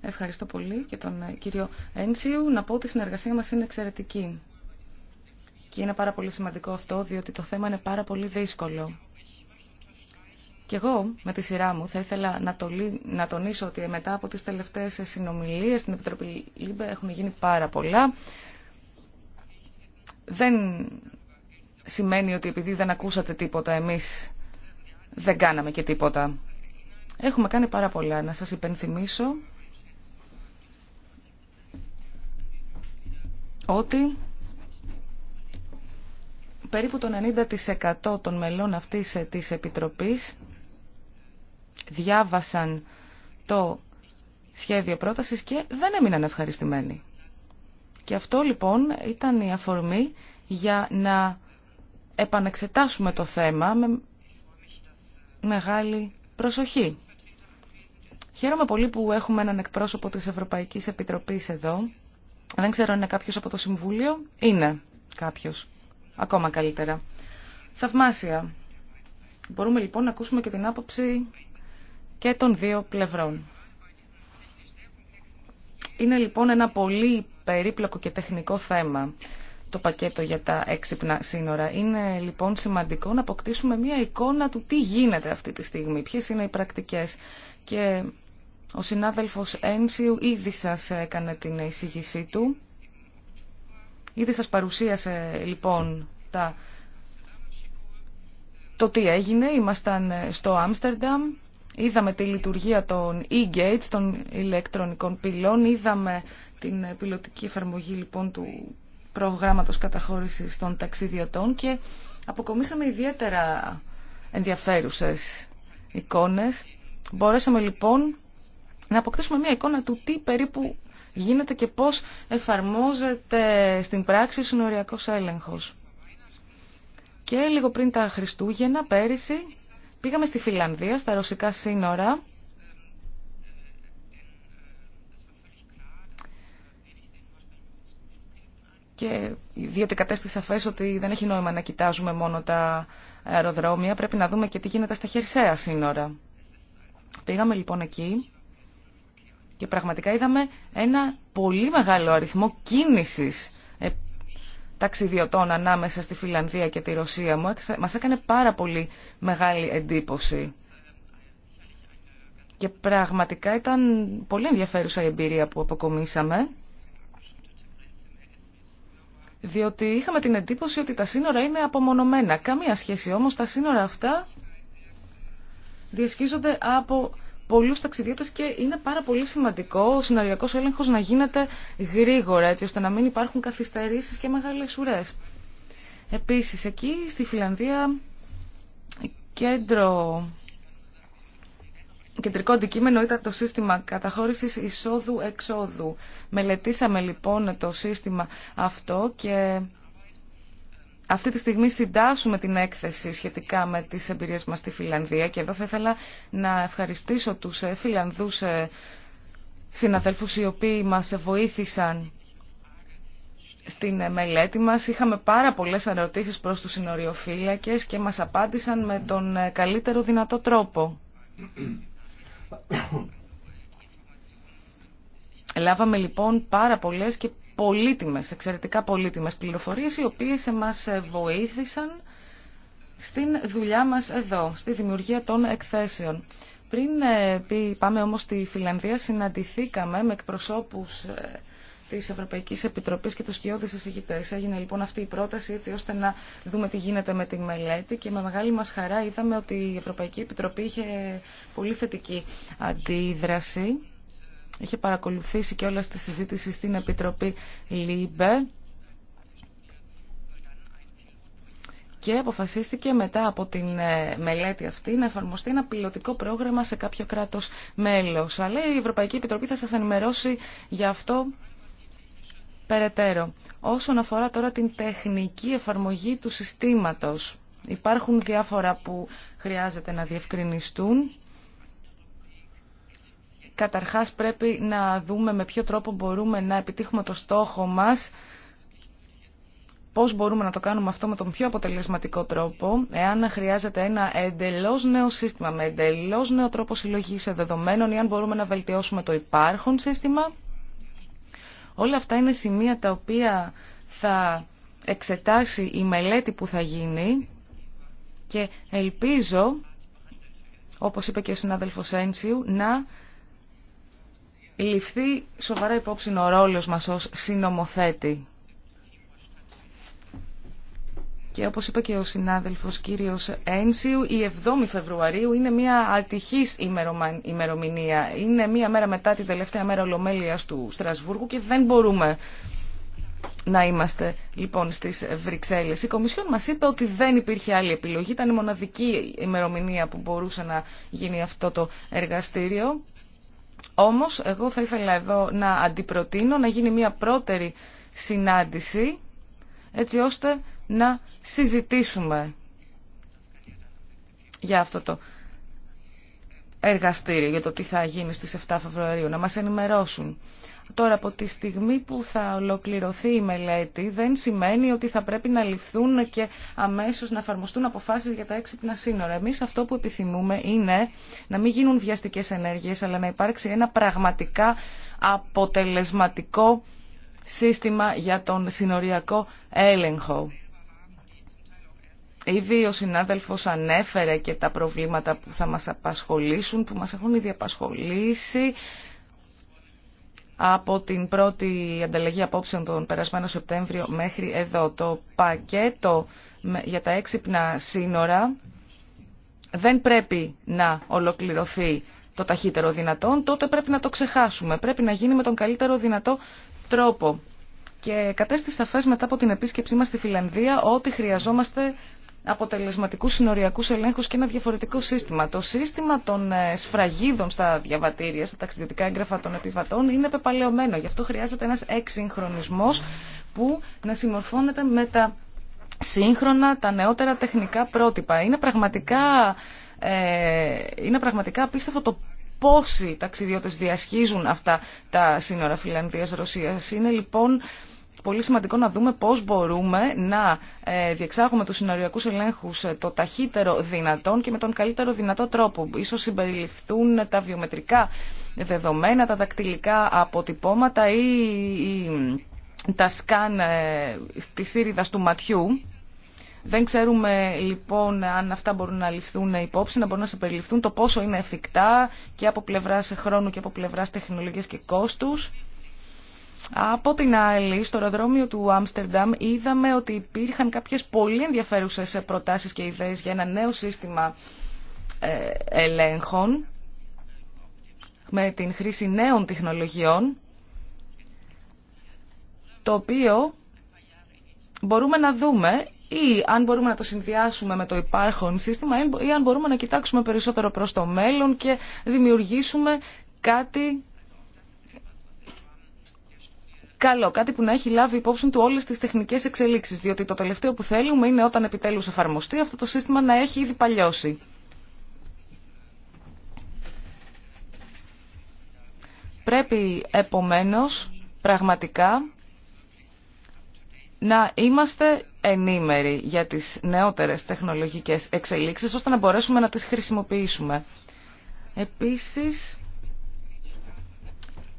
S2: Ευχαριστώ πολύ και τον ε, κύριο Έντσιου. Να πω ότι η συνεργασία μας είναι εξαιρετική. Και είναι πάρα πολύ σημαντικό αυτό, διότι το θέμα είναι πάρα πολύ δύσκολο. Και εγώ, με τη σειρά μου, θα ήθελα να, να τονίσω ότι μετά από τις τελευταίες συνομιλίες στην Επιτροπή ΛΥΜΠΕ έχουν γίνει πάρα πολλά. Δεν σημαίνει ότι επειδή δεν ακούσατε τίποτα εμείς δεν κάναμε και τίποτα. Έχουμε κάνει πάρα πολλά. Να σας υπενθυμίσω ότι περίπου το 90% των μελών αυτής της Επιτροπής διάβασαν το σχέδιο πρότασης και δεν έμειναν ευχαριστημένοι. Και αυτό λοιπόν ήταν η αφορμή για να επανεξετάσουμε το θέμα με μεγάλη προσοχή. Χαίρομαι πολύ που έχουμε έναν εκπρόσωπο της Ευρωπαϊκής Επιτροπής εδώ. Δεν ξέρω αν είναι κάποιος από το Συμβούλιο. Είναι κάποιος. Ακόμα καλύτερα. Θαυμάσια. Μπορούμε λοιπόν να ακούσουμε και την άποψη και των δύο πλευρών. Είναι λοιπόν ένα πολύ περίπλοκο και τεχνικό θέμα το πακέτο για τα έξυπνα σύνορα. Είναι λοιπόν σημαντικό να αποκτήσουμε μια εικόνα του τι γίνεται αυτή τη στιγμή, ποιες είναι οι πρακτικές. Και ο συνάδελφος Ένσιου ήδη σας έκανε την εισήγησή του. Ήδη σας παρουσίασε λοιπόν τα... το τι έγινε. Ήμασταν στο Άμστερνταμ Είδαμε τη λειτουργία των e-gates, των ηλεκτρονικών πυλών, είδαμε την πιλωτική εφαρμογή λοιπόν του προγράμματος καταχώρησης των ταξιδιωτών και αποκομίσαμε ιδιαίτερα ενδιαφέρουσες εικόνες. Μπορέσαμε λοιπόν να αποκτήσουμε μια εικόνα του τι περίπου γίνεται και πώς εφαρμόζεται στην πράξη ο συνοριακός έλεγχος. Και λίγο πριν τα Χριστούγεννα πέρυσι Πήγαμε στη Φιλανδία, στα ρωσικά σύνορα. Και διότι κατέστησα σαφέ ότι δεν έχει νόημα να κοιτάζουμε μόνο τα αεροδρόμια, πρέπει να δούμε και τι γίνεται στα χερσαία σύνορα. Πήγαμε λοιπόν εκεί και πραγματικά είδαμε ένα πολύ μεγάλο αριθμό κίνησης ταξιδιωτών ανάμεσα στη Φιλανδία και τη Ρωσία μου μας έκανε πάρα πολύ μεγάλη εντύπωση. Και πραγματικά ήταν πολύ ενδιαφέρουσα η εμπειρία που αποκομίσαμε, διότι είχαμε την εντύπωση ότι τα σύνορα είναι απομονωμένα. Καμία σχέση όμως τα σύνορα αυτά διασχίζονται από πολλού ταξιδιώτε και είναι πάρα πολύ σημαντικό ο συνοριακό έλεγχος να γίνεται γρήγορα έτσι ώστε να μην υπάρχουν καθυστερήσεις και μεγάλες ουρές. Επίσης εκεί στη Φιλανδία κέντρο... Κεντρικό αντικείμενο ήταν το σύστημα καταχώρησης εισόδου-εξόδου. Μελετήσαμε λοιπόν το σύστημα αυτό και αυτή τη στιγμή συντάσσουμε την έκθεση σχετικά με τις εμπειρίες μας στη Φιλανδία και εδώ θα ήθελα να ευχαριστήσω τους ε, Φιλανδούς ε, συναδέλφους οι οποίοι μας βοήθησαν στην ε, μελέτη μας. Είχαμε πάρα πολλές ερωτήσεις προς τους συνοριοφύλακες και μας απάντησαν με τον καλύτερο δυνατό τρόπο. Λάβαμε λοιπόν πάρα πολλές πολύτιμες, εξαιρετικά πολύτιμες πληροφορίες οι οποίες μας βοήθησαν στην δουλειά μας εδώ, στη δημιουργία των εκθέσεων. Πριν ε, πάμε όμως στη Φιλανδία συναντηθήκαμε με εκπροσώπους ε, της Ευρωπαϊκής Επιτροπής και τους κοιόδης εισηγητές. Έγινε λοιπόν αυτή η πρόταση έτσι ώστε να δούμε τι γίνεται με τη μελέτη και με μεγάλη μας χαρά είδαμε ότι η Ευρωπαϊκή Επιτροπή είχε πολύ θετική αντίδραση είχε παρακολουθήσει και όλα στη συζήτηση στην Επιτροπή ΛΥΜΠΕ και αποφασίστηκε μετά από την ε, μελέτη αυτή να εφαρμοστεί ένα πιλωτικό πρόγραμμα σε κάποιο κράτος μέλος. Αλλά η Ευρωπαϊκή Επιτροπή θα σας ενημερώσει για αυτό περαιτέρω. Όσον αφορά τώρα την τεχνική εφαρμογή του συστήματος, υπάρχουν διάφορα που χρειάζεται να διευκρινιστούν. Καταρχάς πρέπει να δούμε με ποιο τρόπο μπορούμε να επιτύχουμε το στόχο μας, πώς μπορούμε να το κάνουμε αυτό με τον πιο αποτελεσματικό τρόπο, εάν χρειάζεται ένα εντελώς νέο σύστημα με εντελώς νέο τρόπο συλλογής δεδομένων ή αν μπορούμε να βελτιώσουμε το υπάρχον σύστημα. Όλα αυτά είναι σημεία τα οποία θα εξετάσει η μελέτη που θα γίνει και ελπίζω, όπως είπε και ο συνάδελφος Ένσιου, να ληφθεί σοβαρά υπόψη ο ρόλος μας ως συνομοθέτη. Και όπως είπε και ο συνάδελφος κύριος Ένσιου, η 7η Φεβρουαρίου είναι μια ατυχής ημερομηνία. Είναι μια μέρα μετά την τελευταία μέρα ολομέλειας του Στρασβούργου και δεν μπορούμε να είμαστε λοιπόν στις Βρυξέλλες. Η Κομισιόν μας είπε ότι δεν υπήρχε άλλη επιλογή. Ήταν η μοναδική ημερομηνία που μπορούσε να γίνει αυτό το εργαστήριο. Όμως, εγώ θα ήθελα εδώ να αντιπροτείνω να γίνει μια πρώτερη συνάντηση, έτσι ώστε να συζητήσουμε για αυτό το εργαστήριο, για το τι θα γίνει στις 7 Φεβρουαρίου, να μας ενημερώσουν. Τώρα από τη στιγμή που θα ολοκληρωθεί η μελέτη δεν σημαίνει ότι θα πρέπει να ληφθούν και αμέσως να εφαρμοστούν αποφάσεις για τα έξυπνα σύνορα. Εμείς αυτό που επιθυμούμε είναι να μην γίνουν βιαστικές ενέργειες αλλά να υπάρξει ένα πραγματικά αποτελεσματικό σύστημα για τον συνοριακό έλεγχο. Ήδη ο συνάδελφος ανέφερε και τα προβλήματα που θα μας απασχολήσουν, που μας έχουν ήδη απασχολήσει από την πρώτη ανταλλαγή απόψεων τον περασμένο Σεπτέμβριο μέχρι εδώ. Το πακέτο για τα έξυπνα σύνορα δεν πρέπει να ολοκληρωθεί το ταχύτερο δυνατόν, τότε πρέπει να το ξεχάσουμε. Πρέπει να γίνει με τον καλύτερο δυνατό τρόπο. Και κατέστη σαφέ μετά από την επίσκεψή μας στη Φιλανδία ότι χρειαζόμαστε αποτελεσματικούς συνοριακούς ελέγχους και ένα διαφορετικό σύστημα. Το σύστημα των ε, σφραγίδων στα διαβατήρια, στα ταξιδιωτικά έγγραφα των επιβατών είναι πεπαλαιωμένο. Γι' αυτό χρειάζεται ένας εξυγχρονισμός που να συμμορφώνεται με τα σύγχρονα, τα νεότερα τεχνικά πρότυπα. Είναι πραγματικά, ε, είναι πραγματικά το πόσοι ταξιδιώτες διασχίζουν αυτά τα σύνορα Φιλανδίας-Ρωσίας. Είναι λοιπόν πολύ σημαντικό να δούμε πώς μπορούμε να ε, διεξάγουμε τους συνοριακούς ελέγχους ε, το ταχύτερο δυνατόν και με τον καλύτερο δυνατό τρόπο. Ίσως συμπεριληφθούν τα βιομετρικά δεδομένα, τα δακτυλικά αποτυπώματα ή τα σκάν ε, της σύριδας του ματιού. Δεν ξέρουμε λοιπόν αν αυτά μπορούν να ληφθούν υπόψη, να μπορούν να συμπεριληφθούν το πόσο είναι εφικτά και από πλευράς χρόνου και από πλευράς τεχνολογίας και κόστους. Από την άλλη, στο αεροδρόμιο του Άμστερνταμ είδαμε ότι υπήρχαν κάποιες πολύ ενδιαφέρουσες προτάσεις και ιδέες για ένα νέο σύστημα ε, ελέγχων με την χρήση νέων τεχνολογιών το οποίο μπορούμε να δούμε ή αν μπορούμε να το συνδυάσουμε με το υπάρχον σύστημα ή αν μπορούμε να κοιτάξουμε περισσότερο προς το μέλλον και δημιουργήσουμε κάτι καλό, κάτι που να έχει λάβει υπόψη του όλε τις τεχνικές εξελίξεις, διότι το τελευταίο που θέλουμε είναι όταν επιτέλους εφαρμοστεί αυτό το σύστημα να έχει ήδη παλιώσει. Πρέπει επομένως πραγματικά να είμαστε ενήμεροι για τις νεότερες τεχνολογικές εξελίξεις ώστε να μπορέσουμε να τις χρησιμοποιήσουμε. Επίσης,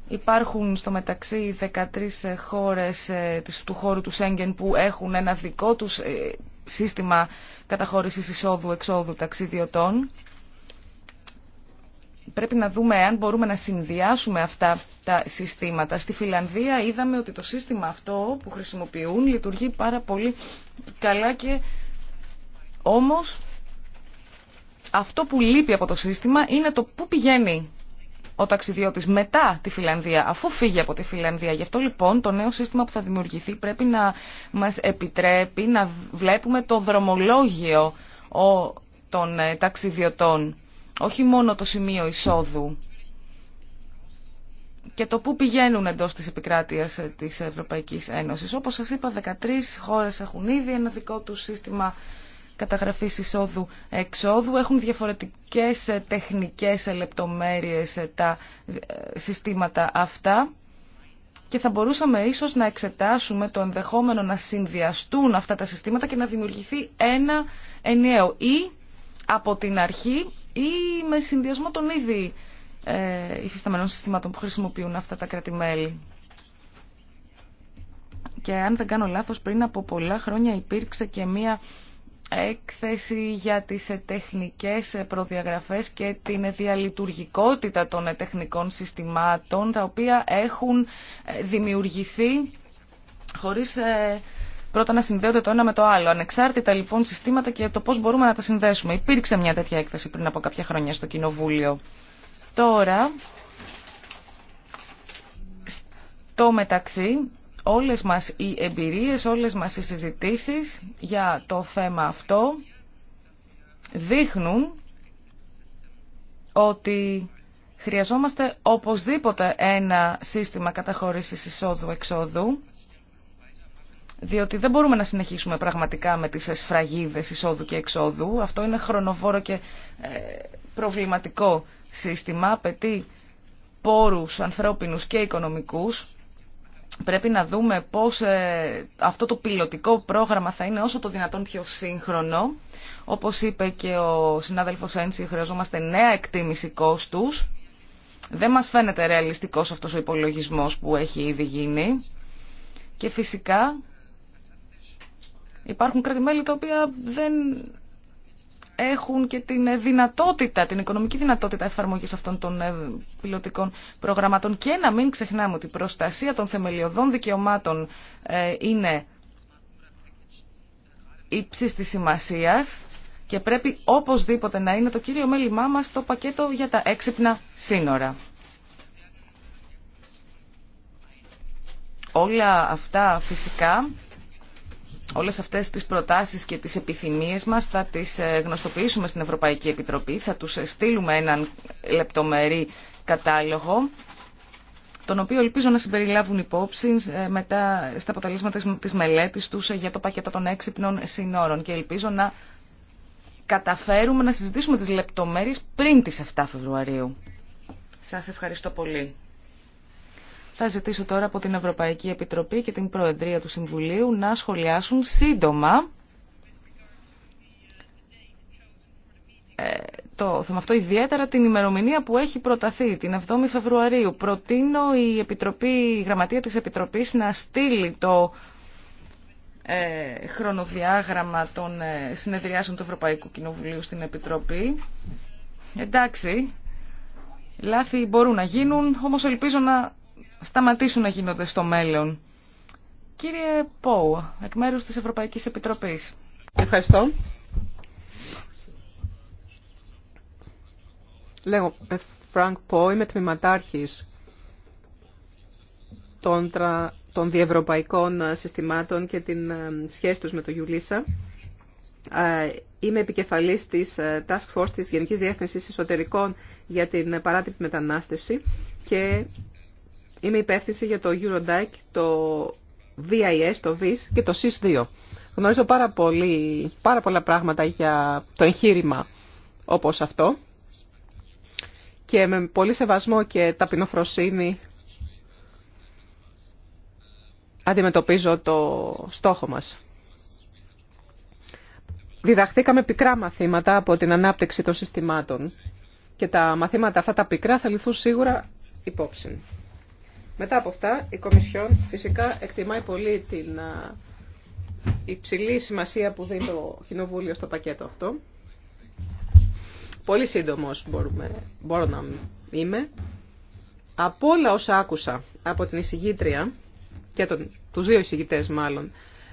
S2: Υπάρχουν στο μεταξύ 13 ε, χώρες ε, του χώρου του Σέγγεν που έχουν ένα δικό τους ε, σύστημα καταχώρησης εισόδου-εξόδου ταξιδιωτών. Πρέπει να δούμε αν μπορούμε να συνδυάσουμε αυτά τα συστήματα. Στη Φιλανδία είδαμε ότι το σύστημα αυτό που χρησιμοποιούν λειτουργεί πάρα πολύ καλά και όμως αυτό που λείπει από το σύστημα είναι το πού πηγαίνει ο ταξιδιώτη μετά τη Φιλανδία, αφού φύγει από τη Φιλανδία. Γι' αυτό λοιπόν το νέο σύστημα που θα δημιουργηθεί πρέπει να μας επιτρέπει να βλέπουμε το δρομολόγιο των ε, ταξιδιωτών, όχι μόνο το σημείο εισόδου και το πού πηγαίνουν εντό της επικράτειας ε, της Ευρωπαϊκής Ένωσης. Όπως σα είπα, 13 χώρες έχουν ήδη ένα δικό του σύστημα καταγραφής εισόδου-εξόδου. Έχουν διαφορετικές ε, τεχνικές ε, λεπτομέρειες ε, τα συστήματα αυτά και θα μπορούσαμε ίσως να εξετάσουμε το ενδεχόμενο να συνδυαστούν αυτά τα συστήματα και να δημιουργηθεί ένα ενιαίο ή από την αρχή ή με συνδυασμό των ήδη υφισταμένων συστήματων που χρησιμοποιούν αυτά τα κρατημέλη. Και αν δεν κάνω λάθος, πριν από πολλά χρόνια υπήρξε και μία έκθεση για τις τεχνικές προδιαγραφές και την διαλειτουργικότητα των τεχνικών συστημάτων τα οποία έχουν ε, δημιουργηθεί χωρίς ε, πρώτα να συνδέονται το ένα με το άλλο. Ανεξάρτητα λοιπόν συστήματα και το πώς μπορούμε να τα συνδέσουμε. Υπήρξε μια τέτοια έκθεση πριν από κάποια χρόνια στο Κοινοβούλιο. Τώρα, στο μεταξύ, όλες μας οι εμπειρίες, όλες μας οι συζητήσεις για το θέμα αυτό δείχνουν ότι χρειαζόμαστε οπωσδήποτε ένα σύστημα καταχώρησης εισόδου-εξόδου, διότι δεν μπορούμε να συνεχίσουμε πραγματικά με τις σφραγίδες εισόδου και εξόδου. Αυτό είναι χρονοβόρο και ε, προβληματικό σύστημα, απαιτεί πόρους ανθρώπινους και οικονομικούς πρέπει να δούμε πώς ε, αυτό το πιλωτικό πρόγραμμα θα είναι όσο το δυνατόν πιο σύγχρονο. Όπως είπε και ο συνάδελφος Έντσι, χρειαζόμαστε νέα εκτίμηση κόστους. Δεν μας φαίνεται ρεαλιστικός αυτός ο υπολογισμός που έχει ήδη γίνει. Και φυσικά υπάρχουν κράτη-μέλη τα οποία δεν έχουν και την ε, δυνατότητα, την οικονομική δυνατότητα εφαρμογής αυτών των ε, πιλωτικών προγραμμάτων και να μην ξεχνάμε ότι η προστασία των θεμελιωδών δικαιωμάτων ε, είναι υψή της σημασίας και πρέπει οπωσδήποτε να είναι το κύριο μέλημά μας το πακέτο για τα έξυπνα σύνορα. Όλα αυτά φυσικά όλες αυτές τις προτάσεις και τις επιθυμίες μας θα τις ε, γνωστοποιήσουμε στην Ευρωπαϊκή Επιτροπή, θα τους ε, στείλουμε έναν λεπτομερή κατάλογο τον οποίο ελπίζω να συμπεριλάβουν υπόψη ε, μετά στα αποτελέσματα της μελέτης τους για το πακέτο των έξυπνων συνόρων και ελπίζω να καταφέρουμε να συζητήσουμε τις λεπτομέρειες πριν τις 7 Φεβρουαρίου. Σας ευχαριστώ πολύ. Θα ζητήσω τώρα από την Ευρωπαϊκή Επιτροπή και την Προεδρία του Συμβουλίου να σχολιάσουν σύντομα ε, το θέμα αυτό, ιδιαίτερα την ημερομηνία που έχει προταθεί, την 7η Φεβρουαρίου. Προτείνω η, Επιτροπή, η Γραμματεία της Επιτροπής να στείλει το ε, χρονοδιάγραμμα των ε, συνεδριάσεων του Ευρωπαϊκού Κοινοβουλίου στην Επιτροπή. Εντάξει, λάθη μπορούν να γίνουν, όμως ελπίζω να σταματήσουν να γίνονται στο μέλλον. Κύριε Πόου, εκ μέρου της Ευρωπαϊκής Επιτροπής.
S1: Ευχαριστώ. Λέγω Φρανκ ε, Πό, είμαι τμήματάρχη των, των διευρωπαϊκών ε, συστημάτων και την ε, σχέση του με το Γιουλίσα. Είμαι επικεφαλής της Task Force της Γενικής Διεύθυνσης Εσωτερικών για την παράτυπη μετανάστευση και Είμαι υπεύθυνη για το Eurodac, το VIS, το VIS και το SIS2. Γνωρίζω πάρα, πολύ, πάρα πολλά πράγματα για το εγχείρημα όπως αυτό και με πολύ σεβασμό και ταπεινοφροσύνη αντιμετωπίζω το στόχο μας. Διδαχθήκαμε πικρά μαθήματα από την ανάπτυξη των συστημάτων και τα μαθήματα αυτά τα πικρά θα λυθούν σίγουρα υπόψη. Μετά από αυτά, η Κομισιόν φυσικά εκτιμάει πολύ την υψηλή σημασία που δίνει το Κοινοβούλιο στο πακέτο αυτό. Πολύ σύντομο μπορούμε, μπορώ να είμαι. Από όλα όσα άκουσα από την εισηγήτρια και τον, τους δύο εισηγητές μάλλον,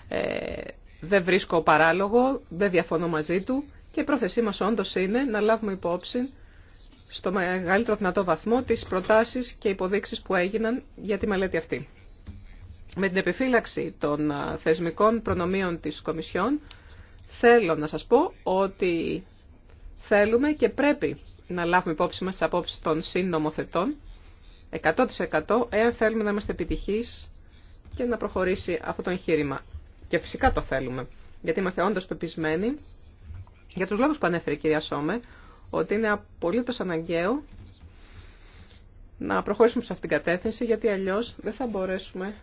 S1: ε, δεν βρίσκω παράλογο, δεν διαφωνώ μαζί του και η πρόθεσή μας όντως είναι να λάβουμε υπόψη στο μεγαλύτερο δυνατό βαθμό τις προτάσεις και υποδείξεις που έγιναν για τη μελέτη αυτή. Με την επιφύλαξη των θεσμικών προνομίων της Κομισιόν, θέλω να σας πω ότι θέλουμε και πρέπει να λάβουμε υπόψη μας τις απόψεις των συνομοθετών 100% εάν θέλουμε να είμαστε επιτυχείς και να προχωρήσει αυτό το εγχείρημα. Και φυσικά το θέλουμε, γιατί είμαστε όντως πεπισμένοι για τους λόγους που ανέφερε η κυρία Σόμε, ότι είναι απολύτως αναγκαίο να προχωρήσουμε σε αυτήν την κατεύθυνση, γιατί αλλιώς δεν θα μπορέσουμε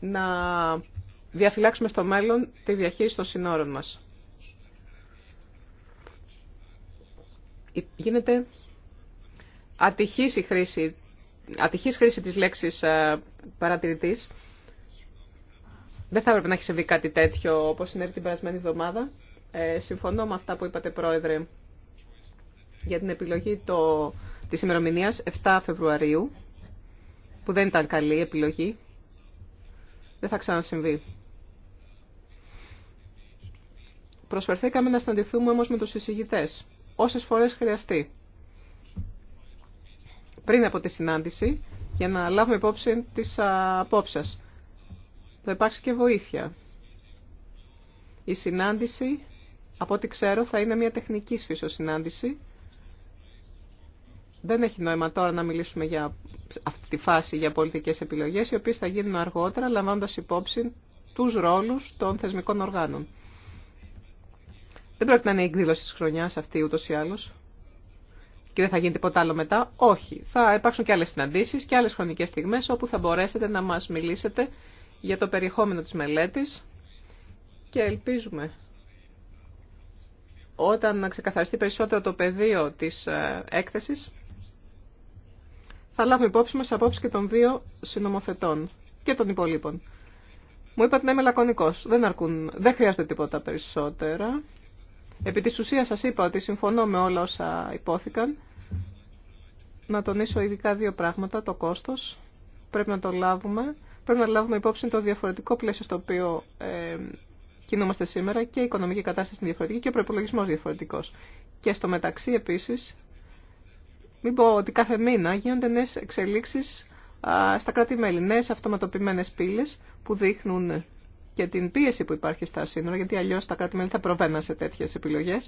S1: να διαφυλάξουμε στο μέλλον τη διαχείριση των συνόρων μας. Γίνεται ατυχής, η χρήση, ατυχής χρήση της λέξης ε, παρατηρητής. Δεν θα έπρεπε να έχει συμβεί κάτι τέτοιο όπως συνέβη την περασμένη εβδομάδα. Ε, συμφωνώ με αυτά που είπατε, Πρόεδρε, για την επιλογή το, της ημερομηνία 7 Φεβρουαρίου, που δεν ήταν καλή επιλογή. Δεν θα ξανασυμβεί. Προσφερθήκαμε να συναντηθούμε όμως με τους εισηγητές, όσες φορές χρειαστεί. Πριν από τη συνάντηση, για να λάβουμε υπόψη της απόψας. Θα υπάρξει και βοήθεια. Η συνάντηση, από ό,τι ξέρω, θα είναι μια τεχνική φύσεως συνάντηση, δεν έχει νόημα τώρα να μιλήσουμε για αυτή τη φάση για πολιτικές επιλογές, οι οποίες θα γίνουν αργότερα, λαμβάνοντας υπόψη τους ρόλους των θεσμικών οργάνων. Δεν πρέπει να είναι η εκδήλωση της χρονιάς αυτή ούτως ή άλλως. Και δεν θα γίνει τίποτα άλλο μετά. Όχι. Θα υπάρξουν και άλλες συναντήσεις και άλλες χρονικές στιγμές όπου θα μπορέσετε να μας μιλήσετε για το περιεχόμενο της μελέτης και ελπίζουμε όταν να ξεκαθαριστεί περισσότερο το πεδίο της ε, έκθεσης θα λάβουμε υπόψη μας απόψη και των δύο συνομοθετών και των υπολείπων. Μου είπατε να είμαι λακωνικό. Δεν, αρκούν, δεν χρειάζεται τίποτα περισσότερα. Επί τη ουσία σας είπα ότι συμφωνώ με όλα όσα υπόθηκαν. Να τονίσω ειδικά δύο πράγματα. Το κόστο, πρέπει να το λάβουμε. Πρέπει να λάβουμε υπόψη το διαφορετικό πλαίσιο στο οποίο ε, κινούμαστε σήμερα και η οικονομική κατάσταση είναι διαφορετική και ο προπολογισμό διαφορετικό. Και στο μεταξύ επίση μην πω ότι κάθε μήνα γίνονται νέε εξελίξει στα κράτη-μέλη. Νέε αυτοματοποιημένε πύλε που δείχνουν και την πίεση που υπάρχει στα σύνορα, γιατί αλλιώ τα κράτη-μέλη θα προβαίνουν σε τέτοιε επιλογέ.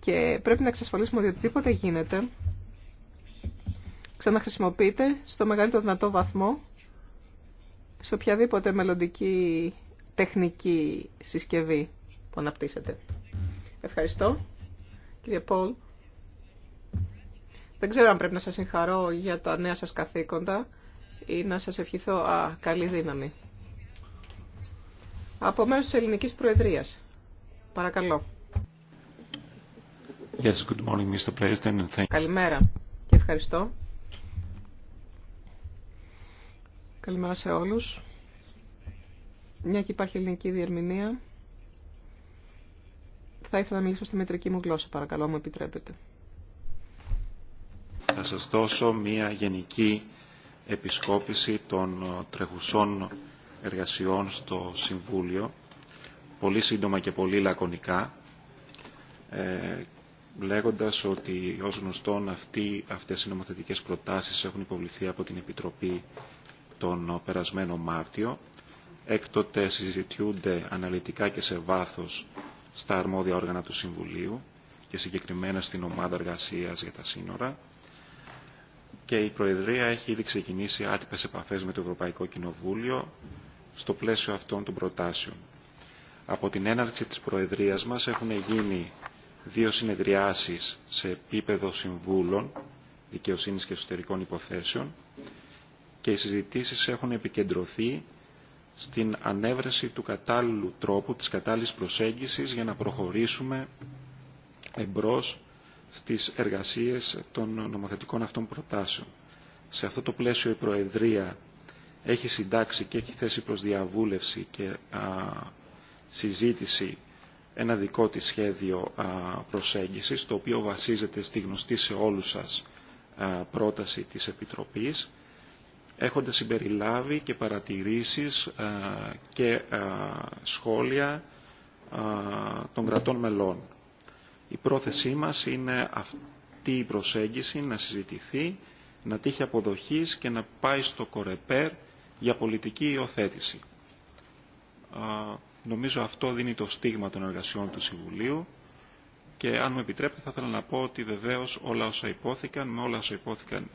S1: Και πρέπει να εξασφαλίσουμε ότι οτιδήποτε γίνεται ξαναχρησιμοποιείται στο μεγαλύτερο δυνατό βαθμό σε οποιαδήποτε μελλοντική τεχνική συσκευή που αναπτύσσεται. Ευχαριστώ, κύριε Πολ. Δεν ξέρω αν πρέπει να σας συγχαρώ για τα νέα σας καθήκοντα ή να σας ευχηθώ α, καλή δύναμη. Από μέρους της Ελληνικής Προεδρίας. Παρακαλώ.
S4: Yes, good morning, Mr. President, thank
S1: Καλημέρα και ευχαριστώ. Καλημέρα σε όλους. Μια και υπάρχει ελληνική διερμηνία, θα ήθελα να μιλήσω στη μετρική μου γλώσσα, παρακαλώ, μου επιτρέπετε
S4: θα σας δώσω μία γενική επισκόπηση των ε, τρεχουσών εργασιών στο Συμβούλιο, πολύ σύντομα και πολύ λακωνικά, ε, λέγοντας ότι ως γνωστόν αυτοί, αυτές οι νομοθετικές προτάσεις έχουν υποβληθεί από την Επιτροπή τον ε, περασμένο Μάρτιο. Έκτοτε συζητιούνται αναλυτικά και σε βάθος στα αρμόδια όργανα του Συμβουλίου και συγκεκριμένα στην ομάδα εργασίας για τα σύνορα και η Προεδρία έχει ήδη ξεκινήσει άτυπες επαφές με το Ευρωπαϊκό Κοινοβούλιο στο πλαίσιο αυτών των προτάσεων. Από την έναρξη της Προεδρίας μας έχουν γίνει δύο συνεδριάσεις σε επίπεδο συμβούλων δικαιοσύνης και εσωτερικών υποθέσεων και οι συζητήσεις έχουν επικεντρωθεί στην ανέβρεση του κατάλληλου τρόπου, της κατάλληλης προσέγγισης για να προχωρήσουμε εμπρός στις εργασίες των νομοθετικών αυτών προτάσεων. Σε αυτό το πλαίσιο η Προεδρία έχει συντάξει και έχει θέσει προς διαβούλευση και συζήτηση ένα δικό της σχέδιο α, προσέγγισης, το οποίο βασίζεται στη γνωστή σε όλους σας πρόταση της Επιτροπής, έχοντας συμπεριλάβει και παρατηρήσεις και σχόλια των κρατών μελών. Η πρόθεσή μας είναι αυτή η προσέγγιση να συζητηθεί, να τύχει αποδοχής και να πάει στο κορεπέρ για πολιτική υιοθέτηση. Νομίζω αυτό δίνει το στίγμα των εργασιών του Συμβουλίου και αν μου επιτρέπετε θα ήθελα να πω ότι βεβαίως όλα όσα υπόθηκαν, με όλα όσα υπόθηκαν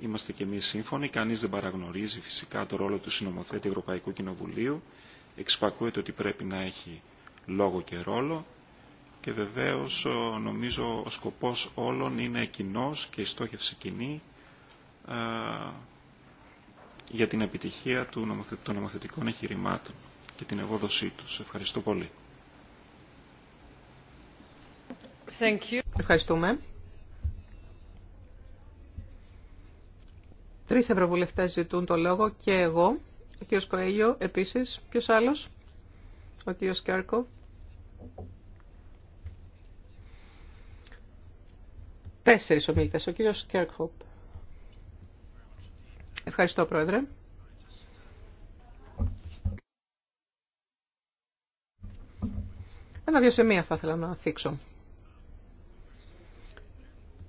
S4: είμαστε και εμείς σύμφωνοι. Κανείς δεν παραγνωρίζει φυσικά το ρόλο του συνομοθέτη Ευρωπαϊκού Κοινοβουλίου. Εξυπακούεται ότι πρέπει να έχει λόγο και ρόλο και βεβαίως νομίζω ο σκοπός όλων είναι κοινό και η στόχευση κοινή ε, για την επιτυχία των νομοθετικών εγχειρημάτων και την ευόδοσή τους. Ευχαριστώ πολύ.
S1: Thank you. Ευχαριστούμε. Τρεις ευρωβουλευτές ζητούν το λόγο και εγώ. Ο κ. Κοέλιο επίσης. Ποιος άλλος? Ο κ. Κέρκο. Τέσσερις ομιλητές. Ο κύριος Κέρκχοπ. Ευχαριστώ, Πρόεδρε. Ένα-δύο σημεία θα ήθελα να θίξω.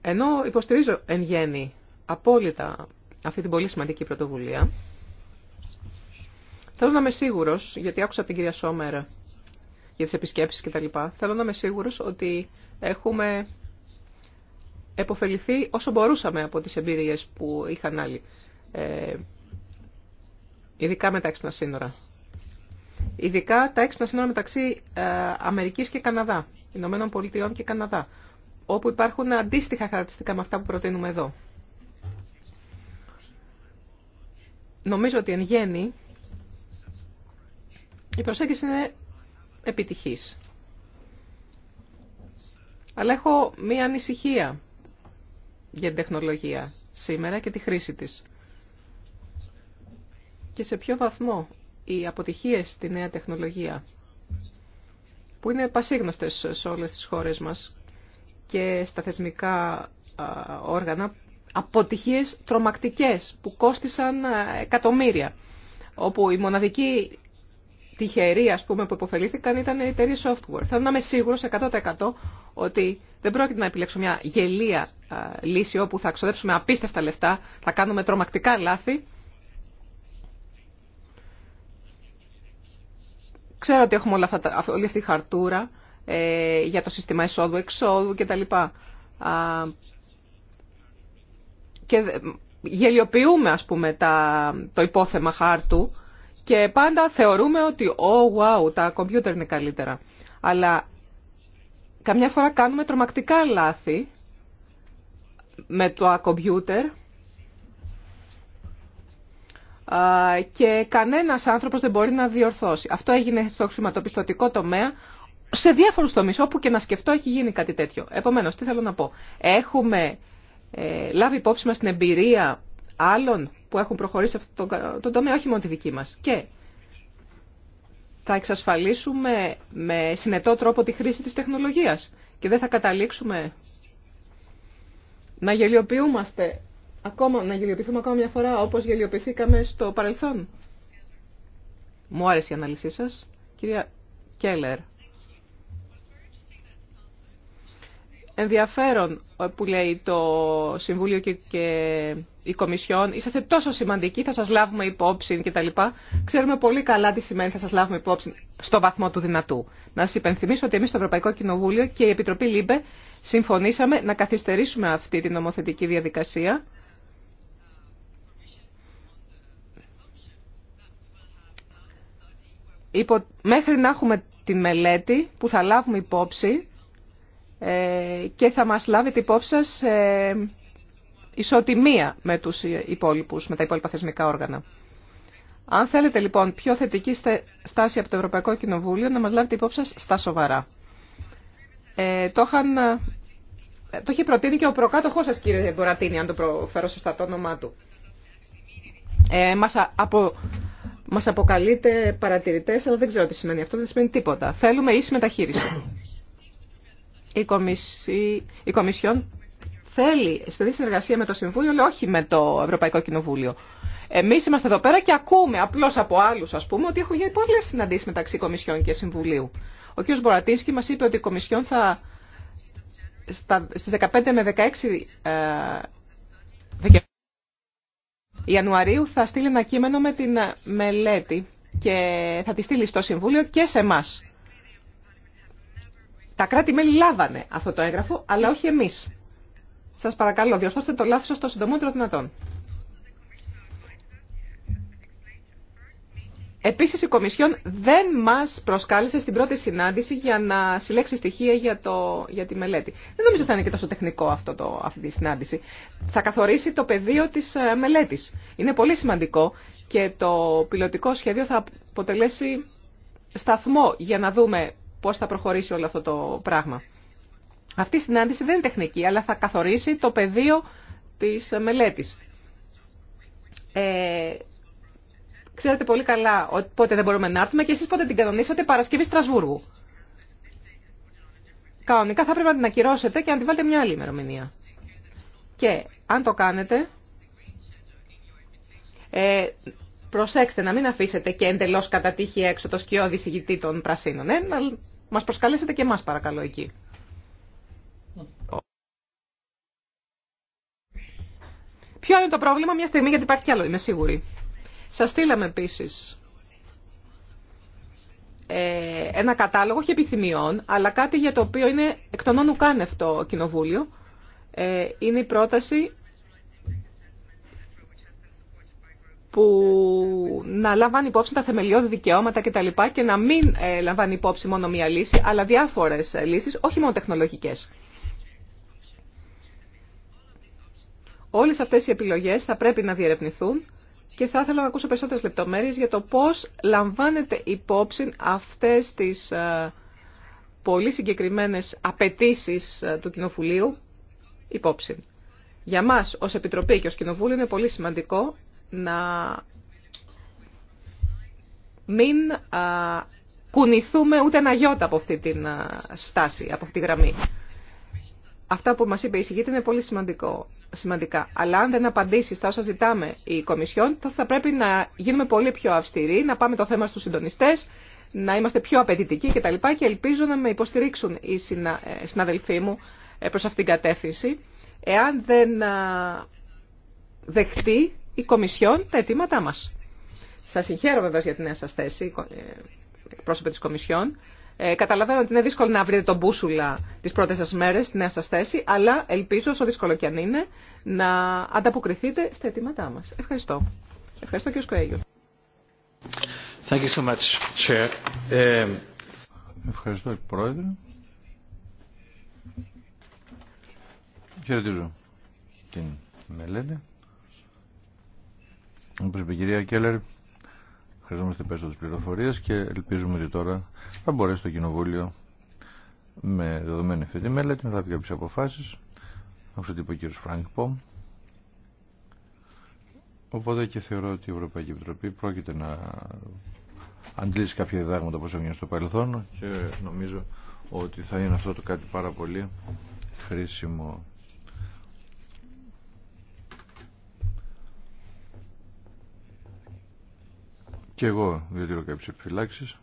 S1: Ενώ υποστηρίζω εν γέννη απόλυτα αυτή την πολύ σημαντική πρωτοβουλία, θέλω να είμαι σίγουρος, γιατί άκουσα την κυρία Σόμερ για τις επισκέψεις κτλ. Θέλω να είμαι σίγουρος ότι έχουμε επωφεληθεί όσο μπορούσαμε από τις εμπειρίες που είχαν άλλοι, ε, ειδικά με τα έξυπνα σύνορα. Ειδικά τα έξυπνα σύνορα μεταξύ ε, Αμερικής και Καναδά, Ηνωμένων Πολιτειών και Καναδά, όπου υπάρχουν αντίστοιχα χαρακτηριστικά με αυτά που προτείνουμε εδώ. Νομίζω ότι εν γέννη η προσέγγιση είναι επιτυχής. Αλλά έχω μία ανησυχία για την τεχνολογία σήμερα και τη χρήση της. Και σε ποιο βαθμό οι αποτυχίες στη νέα τεχνολογία, που είναι πασίγνωστες σε όλες τις χώρες μας και στα θεσμικά όργανα, αποτυχίες τρομακτικές που κόστησαν εκατομμύρια, όπου η μοναδική τυχερία που υποφελήθηκαν ήταν η εταιρεία software. Θέλω να είμαι σίγουρος 100% ότι δεν πρόκειται να επιλέξω μια γελία λύση όπου θα ξοδέψουμε απίστευτα λεφτά, θα κάνουμε τρομακτικά λάθη. Ξέρω ότι έχουμε όλα αυτά, όλη αυτή η χαρτούρα ε, για το σύστημα εισόδου-εξόδου και τα κτλ. Και γελιοποιούμε, ας πούμε, τα, το υπόθεμα χάρτου και πάντα θεωρούμε ότι «Oh, wow, τα κομπιούτερ είναι καλύτερα». Αλλά Καμιά φορά κάνουμε τρομακτικά λάθη με το κομπιούτερ και κανένας άνθρωπος δεν μπορεί να διορθώσει. Αυτό έγινε στο χρηματοπιστωτικό τομέα, σε διάφορους τομείς, όπου και να σκεφτώ έχει γίνει κάτι τέτοιο. Επομένως, τι θέλω να πω. Έχουμε ε, λάβει υπόψη μας την εμπειρία άλλων που έχουν προχωρήσει σε αυτόν τον τομέα, όχι μόνο τη δική μας. Και θα εξασφαλίσουμε με συνετό τρόπο τη χρήση της τεχνολογίας και δεν θα καταλήξουμε να γελιοποιούμαστε ακόμα, να γελιοποιηθούμε ακόμα μια φορά όπως γελιοποιηθήκαμε στο παρελθόν. Μου άρεσε η αναλυσή σας, κυρία Κέλλερ. ενδιαφέρον που λέει το Συμβούλιο και, και η Κομισιόν. Είσαστε τόσο σημαντικοί, θα σας λάβουμε υπόψη κτλ. Ξέρουμε πολύ καλά τι σημαίνει θα σας λάβουμε υπόψη στο βαθμό του δυνατού. Να σας υπενθυμίσω ότι εμείς στο Ευρωπαϊκό Κοινοβούλιο και η Επιτροπή ΛΥΜΠΕ συμφωνήσαμε να καθυστερήσουμε αυτή την νομοθετική διαδικασία. Υπό... Μέχρι να έχουμε τη μελέτη που θα λάβουμε υπόψη ε, και θα μας λάβετε υπόψη σας ε, ισοτιμία με τους υπόλοιπους, με τα υπόλοιπα θεσμικά όργανα. Αν θέλετε λοιπόν πιο θετική στάση από το Ευρωπαϊκό Κοινοβούλιο, να μας λάβετε υπόψη σας στα σοβαρά. Ε, το, είχαν, ε, το είχε προτείνει και ο προκάτοχός σας κύριε Μπορατίνη, αν το προφέρω σωστά το όνομά του. Ε, μας, απο, μας αποκαλείτε παρατηρητές, αλλά δεν ξέρω τι σημαίνει αυτό, δεν σημαίνει τίποτα. Θέλουμε ίση μεταχείριση η, Κομισι... η Κομισιόν θέλει στενή συνεργασία με το Συμβούλιο, αλλά όχι με το Ευρωπαϊκό Κοινοβούλιο. Εμεί είμαστε εδώ πέρα και ακούμε απλώ από άλλου, α πούμε, ότι έχουν γίνει πολλέ συναντήσει μεταξύ Κομισιόν και Συμβουλίου. Ο κ. Μπορατίνσκι μα είπε ότι η Κομισιόν θα στι 15 με 16 ε, Ιανουαρίου θα στείλει ένα κείμενο με την μελέτη και θα τη στείλει στο Συμβούλιο και σε εμάς. Τα κράτη-μέλη λάβανε αυτό το έγγραφο, αλλά όχι εμεί. Σα παρακαλώ, διορθώστε το λάθο στο το συντομότερο δυνατόν. Επίση, η Κομισιόν δεν μα προσκάλεσε στην πρώτη συνάντηση για να συλλέξει στοιχεία για, το, για τη μελέτη. Δεν νομίζω ότι θα είναι και τόσο τεχνικό αυτό το, αυτή τη συνάντηση. Θα καθορίσει το πεδίο της ε, μελέτη. Είναι πολύ σημαντικό και το πιλωτικό σχέδιο θα αποτελέσει σταθμό για να δούμε Πώ θα προχωρήσει όλο αυτό το πράγμα. Αυτή η συνάντηση δεν είναι τεχνική, αλλά θα καθορίσει το πεδίο της μελέτης. Ε, ξέρετε πολύ καλά ότι πότε δεν μπορούμε να έρθουμε και εσεί πότε την κανονίσατε Παρασκευή Στρασβούργου. Κανονικά θα πρέπει να την ακυρώσετε και να την βάλετε μια άλλη ημερομηνία. Και αν το κάνετε, ε, προσέξτε να μην αφήσετε και εντελώ κατά τύχη έξω το σκιώδη ηγητή των πρασίνων. Ε, να μας προσκαλέσετε και εμά, παρακαλώ εκεί. Ποιο είναι το πρόβλημα μια στιγμή γιατί υπάρχει κι άλλο, είμαι σίγουρη. Σας στείλαμε επίσης ε, ένα κατάλογο, όχι επιθυμιών, αλλά κάτι για το οποίο είναι εκ των όνων κάνευτο κοινοβούλιο. Ε, είναι η πρόταση που να λαμβάνει υπόψη τα θεμελιώδη δικαιώματα τα Και, και να μην ε, λαμβάνει υπόψη μόνο μία λύση, αλλά διάφορες λύσεις, όχι μόνο τεχνολογικές. Όλες αυτές οι επιλογές θα πρέπει να διερευνηθούν και θα ήθελα να ακούσω περισσότερες λεπτομέρειες για το πώς λαμβάνεται υπόψη αυτές τις ε, πολύ συγκεκριμένες απαιτήσει ε, του Κοινοβουλίου υπόψη. Για μας ως Επιτροπή και ως Κοινοβούλιο είναι πολύ σημαντικό να μην κουνηθούμε ούτε ένα γιώτα από αυτή τη στάση, από αυτή τη γραμμή. Αυτά που μας είπε η συγκίτη είναι πολύ σημαντικό, σημαντικά. Αλλά αν δεν απαντήσει στα όσα ζητάμε η Κομισιόν, θα πρέπει να γίνουμε πολύ πιο αυστηροί, να πάμε το θέμα στους συντονιστές, να είμαστε πιο απαιτητικοί κτλ. Και ελπίζω να με υποστηρίξουν οι ε, συναδελφοί μου ε, προς αυτήν την κατεύθυνση. Εάν δεν δεχτεί η Κομισιόν τα αιτήματά μας. Σας συγχαίρω βέβαια για την νέα σας θέση, ε, πρόσωπε της Κομισιόν. Ε, καταλαβαίνω ότι είναι δύσκολο να βρείτε τον μπούσουλα τις πρώτες σας μέρες, τη νέα σας θέση, αλλά ελπίζω, όσο δύσκολο και αν είναι, να ανταποκριθείτε στα αιτήματά μας. Ευχαριστώ. Ευχαριστώ κύριο Σκοέγιο.
S3: Thank you ε, Ευχαριστώ, Πρόεδρε. Χαιρετίζω την μελέτη. Όπως είπε η κυρία Κέλλερ, χρειαζόμαστε περισσότερες πληροφορίες και ελπίζουμε ότι τώρα θα μπορέσει το Κοινοβούλιο με δεδομένη αυτή τη μελέτη να λάβει κάποιες αποφάσεις. Όπως είπε ο κύριος Φρανκ Πομ. Οπότε και θεωρώ ότι η Ευρωπαϊκή Επιτροπή πρόκειται να αντλήσει κάποια διδάγματα όπως έγινε στο παρελθόν και νομίζω ότι θα είναι αυτό το κάτι πάρα πολύ χρήσιμο. Και εγώ διατηρώ κάποιες επιφυλάξεις.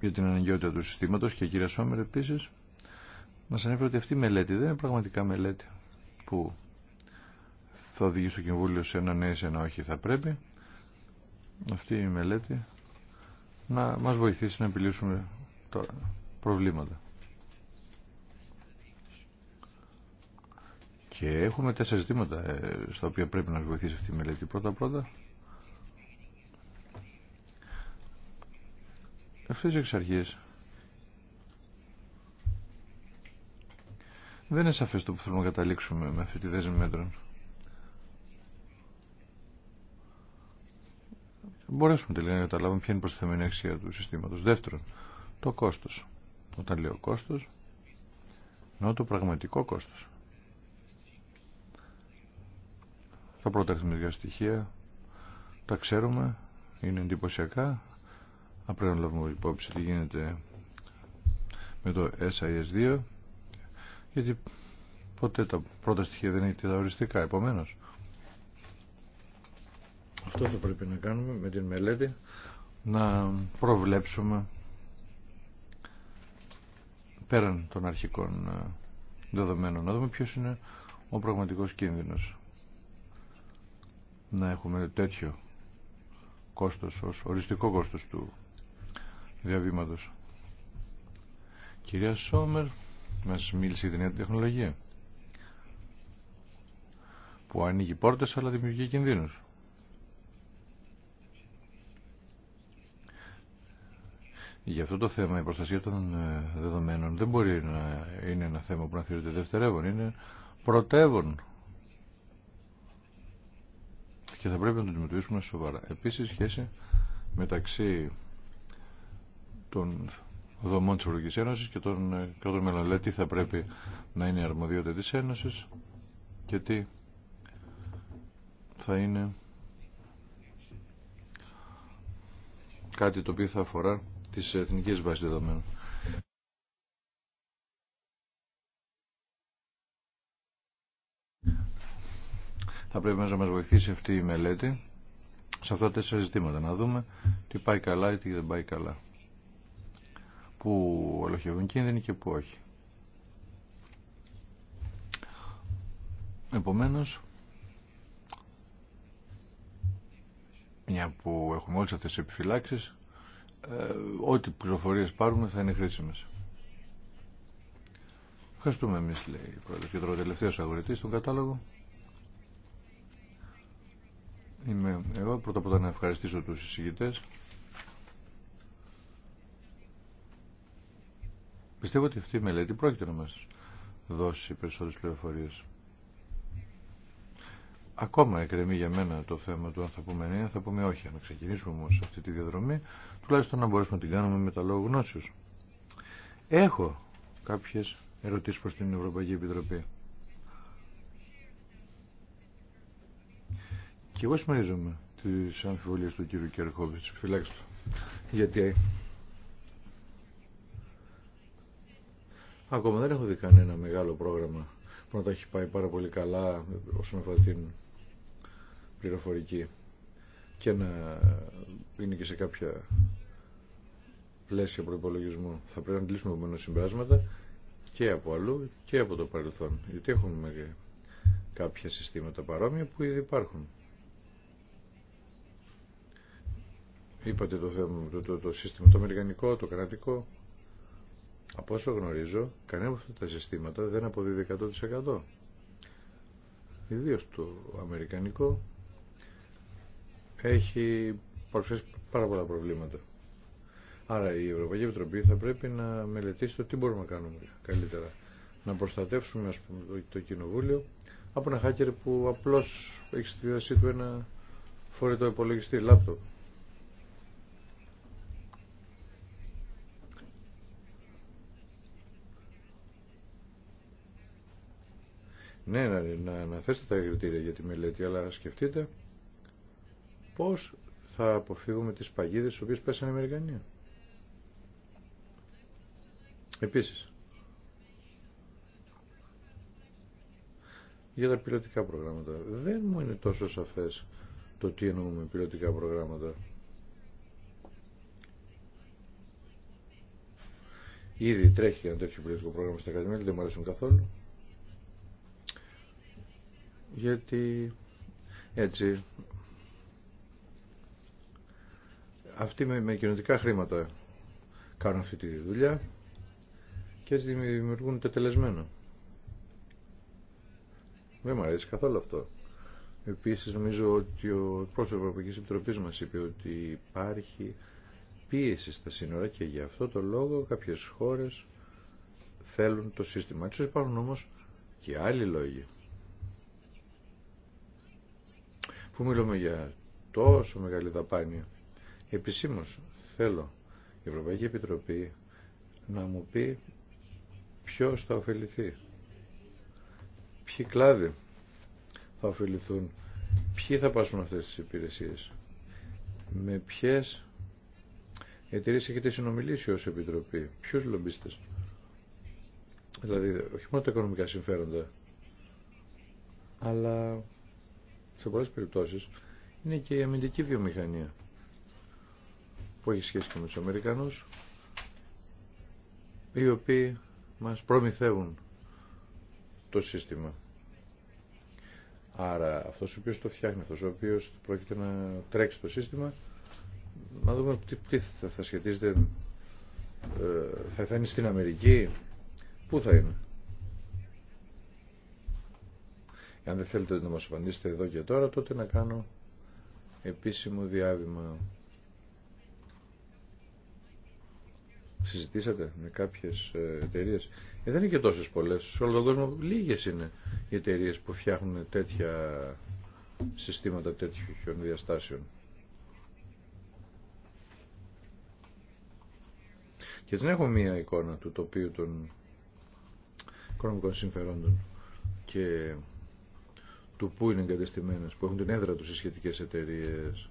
S3: για την αναγκαιότητα του συστήματος και η κυρία Σόμερ επίσης μας ανέφερε ότι αυτή η μελέτη δεν είναι πραγματικά μελέτη που θα οδηγήσει το Κοινοβούλιο σε ένα ναι ή σε ένα όχι θα πρέπει αυτή η μελέτη να μας βοηθήσει να επιλύσουμε τα προβλήματα. Και έχουμε τέσσερα ζητήματα ε, στα οποία πρέπει να βοηθήσει αυτή η μελέτη. Πρώτα-πρώτα, Αυτέ οι εξαρχίες δεν είναι σαφέ το που θέλουμε να καταλήξουμε με αυτή τη δέσμη μέτρων. Μπορέσουμε τελικά να καταλάβουμε ποια είναι η προσθεμένη αξία του συστήματος. Δεύτερον, το κόστος. Όταν λέω κόστο, εννοώ το πραγματικό κόστο. Τα πρώτα αριθμητικά στοιχεία. Τα ξέρουμε, είναι εντυπωσιακά. Απρέπει να λάβουμε υπόψη τι γίνεται με το SIS2 γιατί ποτέ τα πρώτα στοιχεία δεν είναι τα οριστικά. Επομένως, αυτό θα πρέπει να κάνουμε με την μελέτη να προβλέψουμε πέραν των αρχικών δεδομένων να δούμε ποιος είναι ο πραγματικός κίνδυνος να έχουμε τέτοιο κόστος ως οριστικό κόστος του διαβήματος. κυρία Σόμερ μας μίλησε για την νέα τεχνολογία που ανοίγει πόρτες αλλά δημιουργεί κινδύνους. Για αυτό το θέμα η προστασία των ε, δεδομένων δεν μπορεί να είναι ένα θέμα που να θεωρείται δευτερεύον, είναι πρωτεύον και θα πρέπει να το αντιμετωπίσουμε σοβαρά. Επίσης, σχέση μεταξύ των δομών της Ευρωπαϊκής Ένωσης και των ε, κρατών μελών. τι θα πρέπει να είναι η αρμοδιότητα της Ένωσης και τι θα είναι κάτι το οποίο θα αφορά τις εθνικές βάσεις δεδομένων. θα πρέπει να μας βοηθήσει αυτή η μελέτη σε αυτά τα τέσσερα ζητήματα. Να δούμε τι πάει καλά ή τι δεν πάει καλά. Που ολοχεύουν κίνδυνοι και που όχι. Επομένως, μια που έχουμε όλες αυτές τις επιφυλάξεις, ε, ό,τι πληροφορίες πάρουμε θα είναι χρήσιμες. Ευχαριστούμε εμείς, λέει η Πρόεδρος, και τώρα ο στον κατάλογο είμαι εγώ. Πρώτα απ' όλα να ευχαριστήσω τους εισηγητές. Πιστεύω ότι αυτή η μελέτη πρόκειται να μας δώσει περισσότερες πληροφορίες. Ακόμα εκρεμεί για μένα το θέμα του αν θα πούμε ναι, θα πούμε όχι. Αν ξεκινήσουμε όμως αυτή τη διαδρομή, τουλάχιστον να μπορέσουμε να την κάνουμε με τα λόγω γνώσεως. Έχω κάποιες ερωτήσεις προς την Ευρωπαϊκή Επιτροπή. Και εγώ συμμερίζομαι τις αμφιβολίες του κύριου Κερχόβιτς. Φυλάξτε το. Γιατί ε, ακόμα δεν έχω δει κανένα μεγάλο πρόγραμμα που να το έχει πάει πάρα πολύ καλά όσον αφορά την πληροφορική και να είναι και σε κάποια πλαίσια προπολογισμού. Θα πρέπει να κλείσουμε επομένω συμπράσματα και από αλλού και από το παρελθόν. Γιατί έχουμε κάποια συστήματα παρόμοια που ήδη υπάρχουν. Είπατε το, θέμα, το, το, το σύστημα το αμερικανικό, το κρατικό. Από όσο γνωρίζω, κανένα από αυτά τα συστήματα δεν αποδίδει 100%. Ιδίω το αμερικανικό έχει παρουσιάσει πάρα πολλά προβλήματα. Άρα η Ευρωπαϊκή Επιτροπή θα πρέπει να μελετήσει το τι μπορούμε να κάνουμε καλύτερα. Να προστατεύσουμε ας πούμε, το, κοινοβούλιο από ένα hacker που απλώς έχει στη διάθεσή του ένα φορητό υπολογιστή, λάπτοπ. Ναι, να, να αναθέσετε τα κριτήρια για τη μελέτη, αλλά σκεφτείτε πώς θα αποφύγουμε τις παγίδες στις οποίες πέσανε οι Αμερικανοί. Επίσης, για τα πιλωτικά προγράμματα. Δεν μου είναι τόσο σαφές το τι εννοούμε πιλωτικά προγράμματα. Ήδη τρέχει ένα τέτοιο πιλωτικό πρόγραμμα στα Ακαδημία δεν μου αρέσουν καθόλου γιατί έτσι αυτοί με, με κοινωτικά χρήματα κάνουν αυτή τη δουλειά και έτσι δημιουργούν τελεσμένο. Δεν μου αρέσει καθόλου αυτό. Επίσης νομίζω ότι ο πρόσωπος Ευρωπαϊκής Επιτροπής μας είπε ότι υπάρχει πίεση στα σύνορα και γι' αυτό το λόγο κάποιες χώρες θέλουν το σύστημα. Έτσι υπάρχουν όμως και άλλοι λόγοι. που μιλούμε για τόσο μεγάλη δαπάνη. Επισήμως θέλω η Ευρωπαϊκή Επιτροπή να μου πει ποιος θα ωφεληθεί, ποιοι κλάδοι θα ωφεληθούν, ποιοι θα πάσουν αυτές τις υπηρεσίες, με ποιες εταιρείε έχετε συνομιλήσει ως Επιτροπή, ποιους λομπίστες. Δηλαδή, όχι μόνο τα οικονομικά συμφέροντα, αλλά σε πολλές περιπτώσεις είναι και η αμυντική βιομηχανία που έχει σχέση και με τους Αμερικανούς οι οποίοι μας προμηθεύουν το σύστημα. Άρα αυτός ο οποίος το φτιάχνει, αυτός ο οποίος πρόκειται να τρέξει το σύστημα να δούμε τι, θα, θα σχετίζεται ε, θα, θα είναι στην Αμερική πού θα είναι. Αν δεν θέλετε να μας απαντήσετε εδώ και τώρα, τότε να κάνω επίσημο διάβημα. Συζητήσατε με κάποιες ε, εταιρείε. Ε, δεν είναι και τόσες πολλές. Σε όλο τον κόσμο λίγες είναι οι εταιρείε που φτιάχνουν τέτοια συστήματα τέτοιων διαστάσεων. Και δεν έχω μία εικόνα του τοπίου των οικονομικών συμφερόντων. Και του πού είναι εγκατεστημένες, που έχουν την έδρα τους οι σχετικές εταιρείες.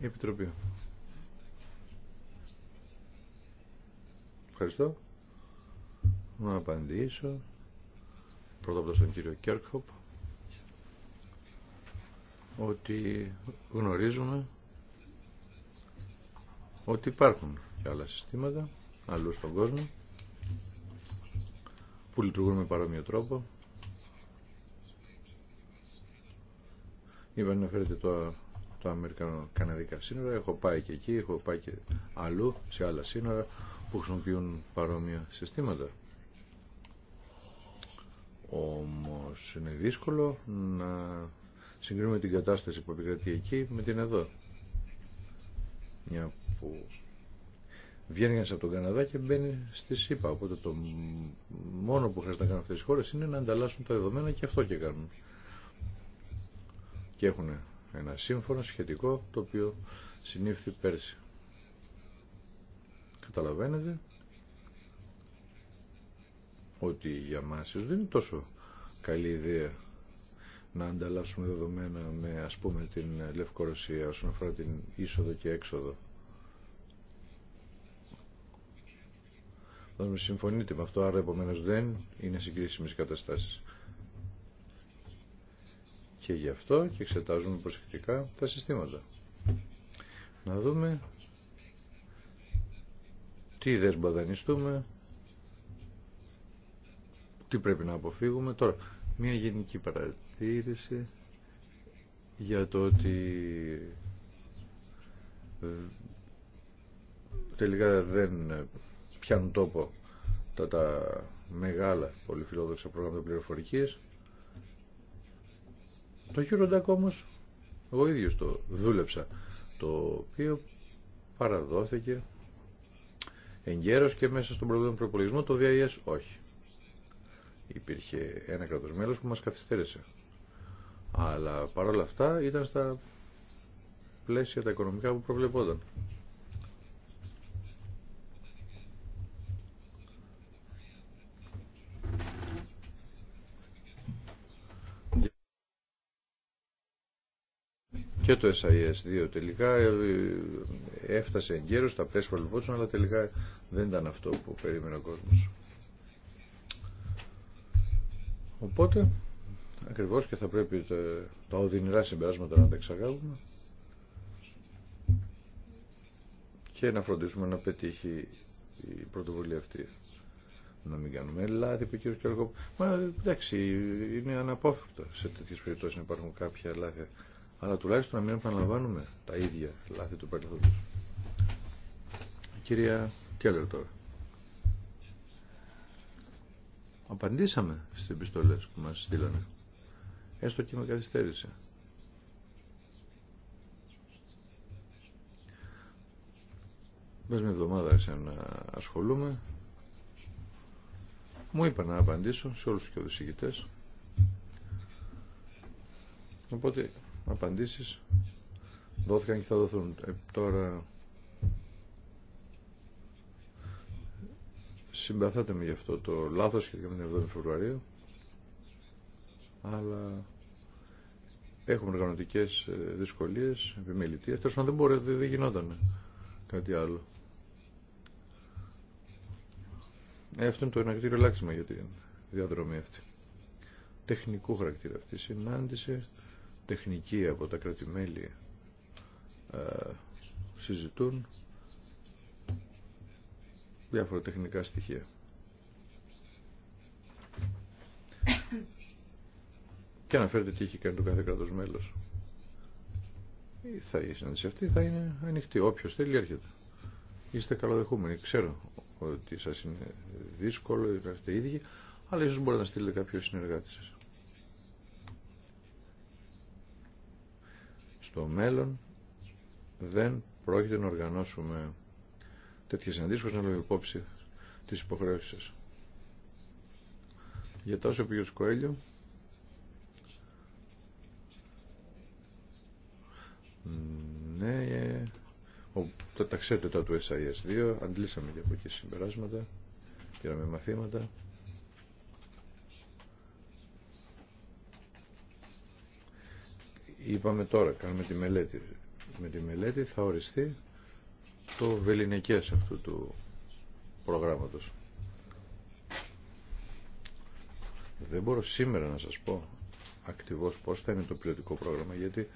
S3: Η Επιτροπή. Ευχαριστώ. Να απαντήσω. Πρώτα απ' στον κύριο Κέρκοπ ότι γνωρίζουμε ότι υπάρχουν και άλλα συστήματα αλλού στον κόσμο που λειτουργούν με παρόμοιο τρόπο. Είπα φέρετε το, το Αμερικανο-Καναδικά σύνορα. Έχω πάει και εκεί, έχω πάει και αλλού, σε άλλα σύνορα που χρησιμοποιούν παρόμοια συστήματα. Όμως είναι δύσκολο να συγκρίνουμε την κατάσταση που επικρατεί εκεί με την εδώ. Μια που Βγαίνει από τον Καναδά και μπαίνει στη ΣΥΠΑ. Οπότε το μόνο που χρειάζεται να κάνουν αυτές τις χώρες είναι να ανταλλάσσουν τα δεδομένα και αυτό και κάνουν. Και έχουν ένα σύμφωνο σχετικό το οποίο συνήφθη πέρσι. Καταλαβαίνετε ότι για μας δεν είναι τόσο καλή ιδέα να ανταλλάσσουμε δεδομένα με ας πούμε την Λευκορωσία όσον αφορά την είσοδο και έξοδο Όταν συμφωνείτε με αυτό, άρα επομένως δεν είναι συγκρίσιμες καταστάσεις. Και γι' αυτό και εξετάζουμε προσεκτικά τα συστήματα. Να δούμε τι ιδέες τι πρέπει να αποφύγουμε. Τώρα, μια γενική παρατήρηση για το ότι τελικά δεν πιάνουν τόπο τα, τα μεγάλα πολυφιλόδοξα πρόγραμματα πληροφορικής. Το Eurodac όμω, εγώ ίδιο το δούλεψα, το οποίο παραδόθηκε εγκαίρως και μέσα στον προηγούμενο προπολογισμό, το VIS όχι. Υπήρχε ένα κρατος μέλος που μας καθυστέρησε. Αλλά παρόλα αυτά ήταν στα πλαίσια τα οικονομικά που προβλεπόταν. και το SIS 2 τελικά ε, έφτασε εγκαίρως στα πλαίσια λουπότσων αλλά τελικά δεν ήταν αυτό που περίμενε ο κόσμος. Οπότε ακριβώς και θα πρέπει τα, τα οδυνηρά συμπεράσματα να τα εξαγάγουμε και να φροντίσουμε να πετύχει η πρωτοβουλία αυτή. Να μην κάνουμε λάθη, είπε ο Κιώργο. Μα εντάξει, είναι αναπόφευκτο σε τέτοιε περιπτώσει να υπάρχουν κάποια λάθη αλλά τουλάχιστον να μην επαναλαμβάνουμε τα ίδια λάθη του παρελθόντος. Κυρία Κέλλερ τώρα. Απαντήσαμε στις επιστολές που μας στείλανε. Έστω και με καθυστέρησε. Μέσα με εβδομάδα άρχισα να ασχολούμαι. Μου είπα να απαντήσω σε όλους τους και οδησυγητές. Οπότε απαντήσεις δόθηκαν και θα δοθούν. Ε, τώρα συμπαθάτε με γι' αυτό το λάθος σχετικά με την 7η Φεβρουαρίου αλλά έχουμε οργανωτικές ε, δυσκολίες, επιμελητίες. Τέλο δεν μπορεί, δεν γινόταν κάτι άλλο. Ε, αυτό είναι το ενακτήριο λάξιμα για τη διαδρομή αυτή. Τεχνικού χαρακτήρα αυτή η συνάντηση τεχνικοί από τα κρατημέλη ε, συζητούν διάφορα τεχνικά στοιχεία. Και αναφέρετε τι έχει κάνει το κάθε κράτος μέλος. Θα η συνάντηση αυτή θα είναι ανοιχτή. Όποιος θέλει έρχεται. Είστε καλοδεχούμενοι. Ξέρω ότι σας είναι δύσκολο, είστε ίδιοι, αλλά ίσως μπορείτε να στείλετε κάποιο συνεργάτη σας. το μέλλον δεν πρόκειται να οργανώσουμε τέτοιε αντίστοιχε να λάβουμε υπόψη τις υποχρεώσει σα. Για τόσο ο κύριο Κοέλιο ναι ο, το τα του SIS2 αντλήσαμε και από εκεί συμπεράσματα πήραμε μαθήματα είπαμε τώρα, κάνουμε τη μελέτη. Με τη μελέτη θα οριστεί το βεληνικές αυτού του προγράμματος. Δεν μπορώ σήμερα να σας πω ακτιβώς πώς θα είναι το πιλωτικό πρόγραμμα, γιατί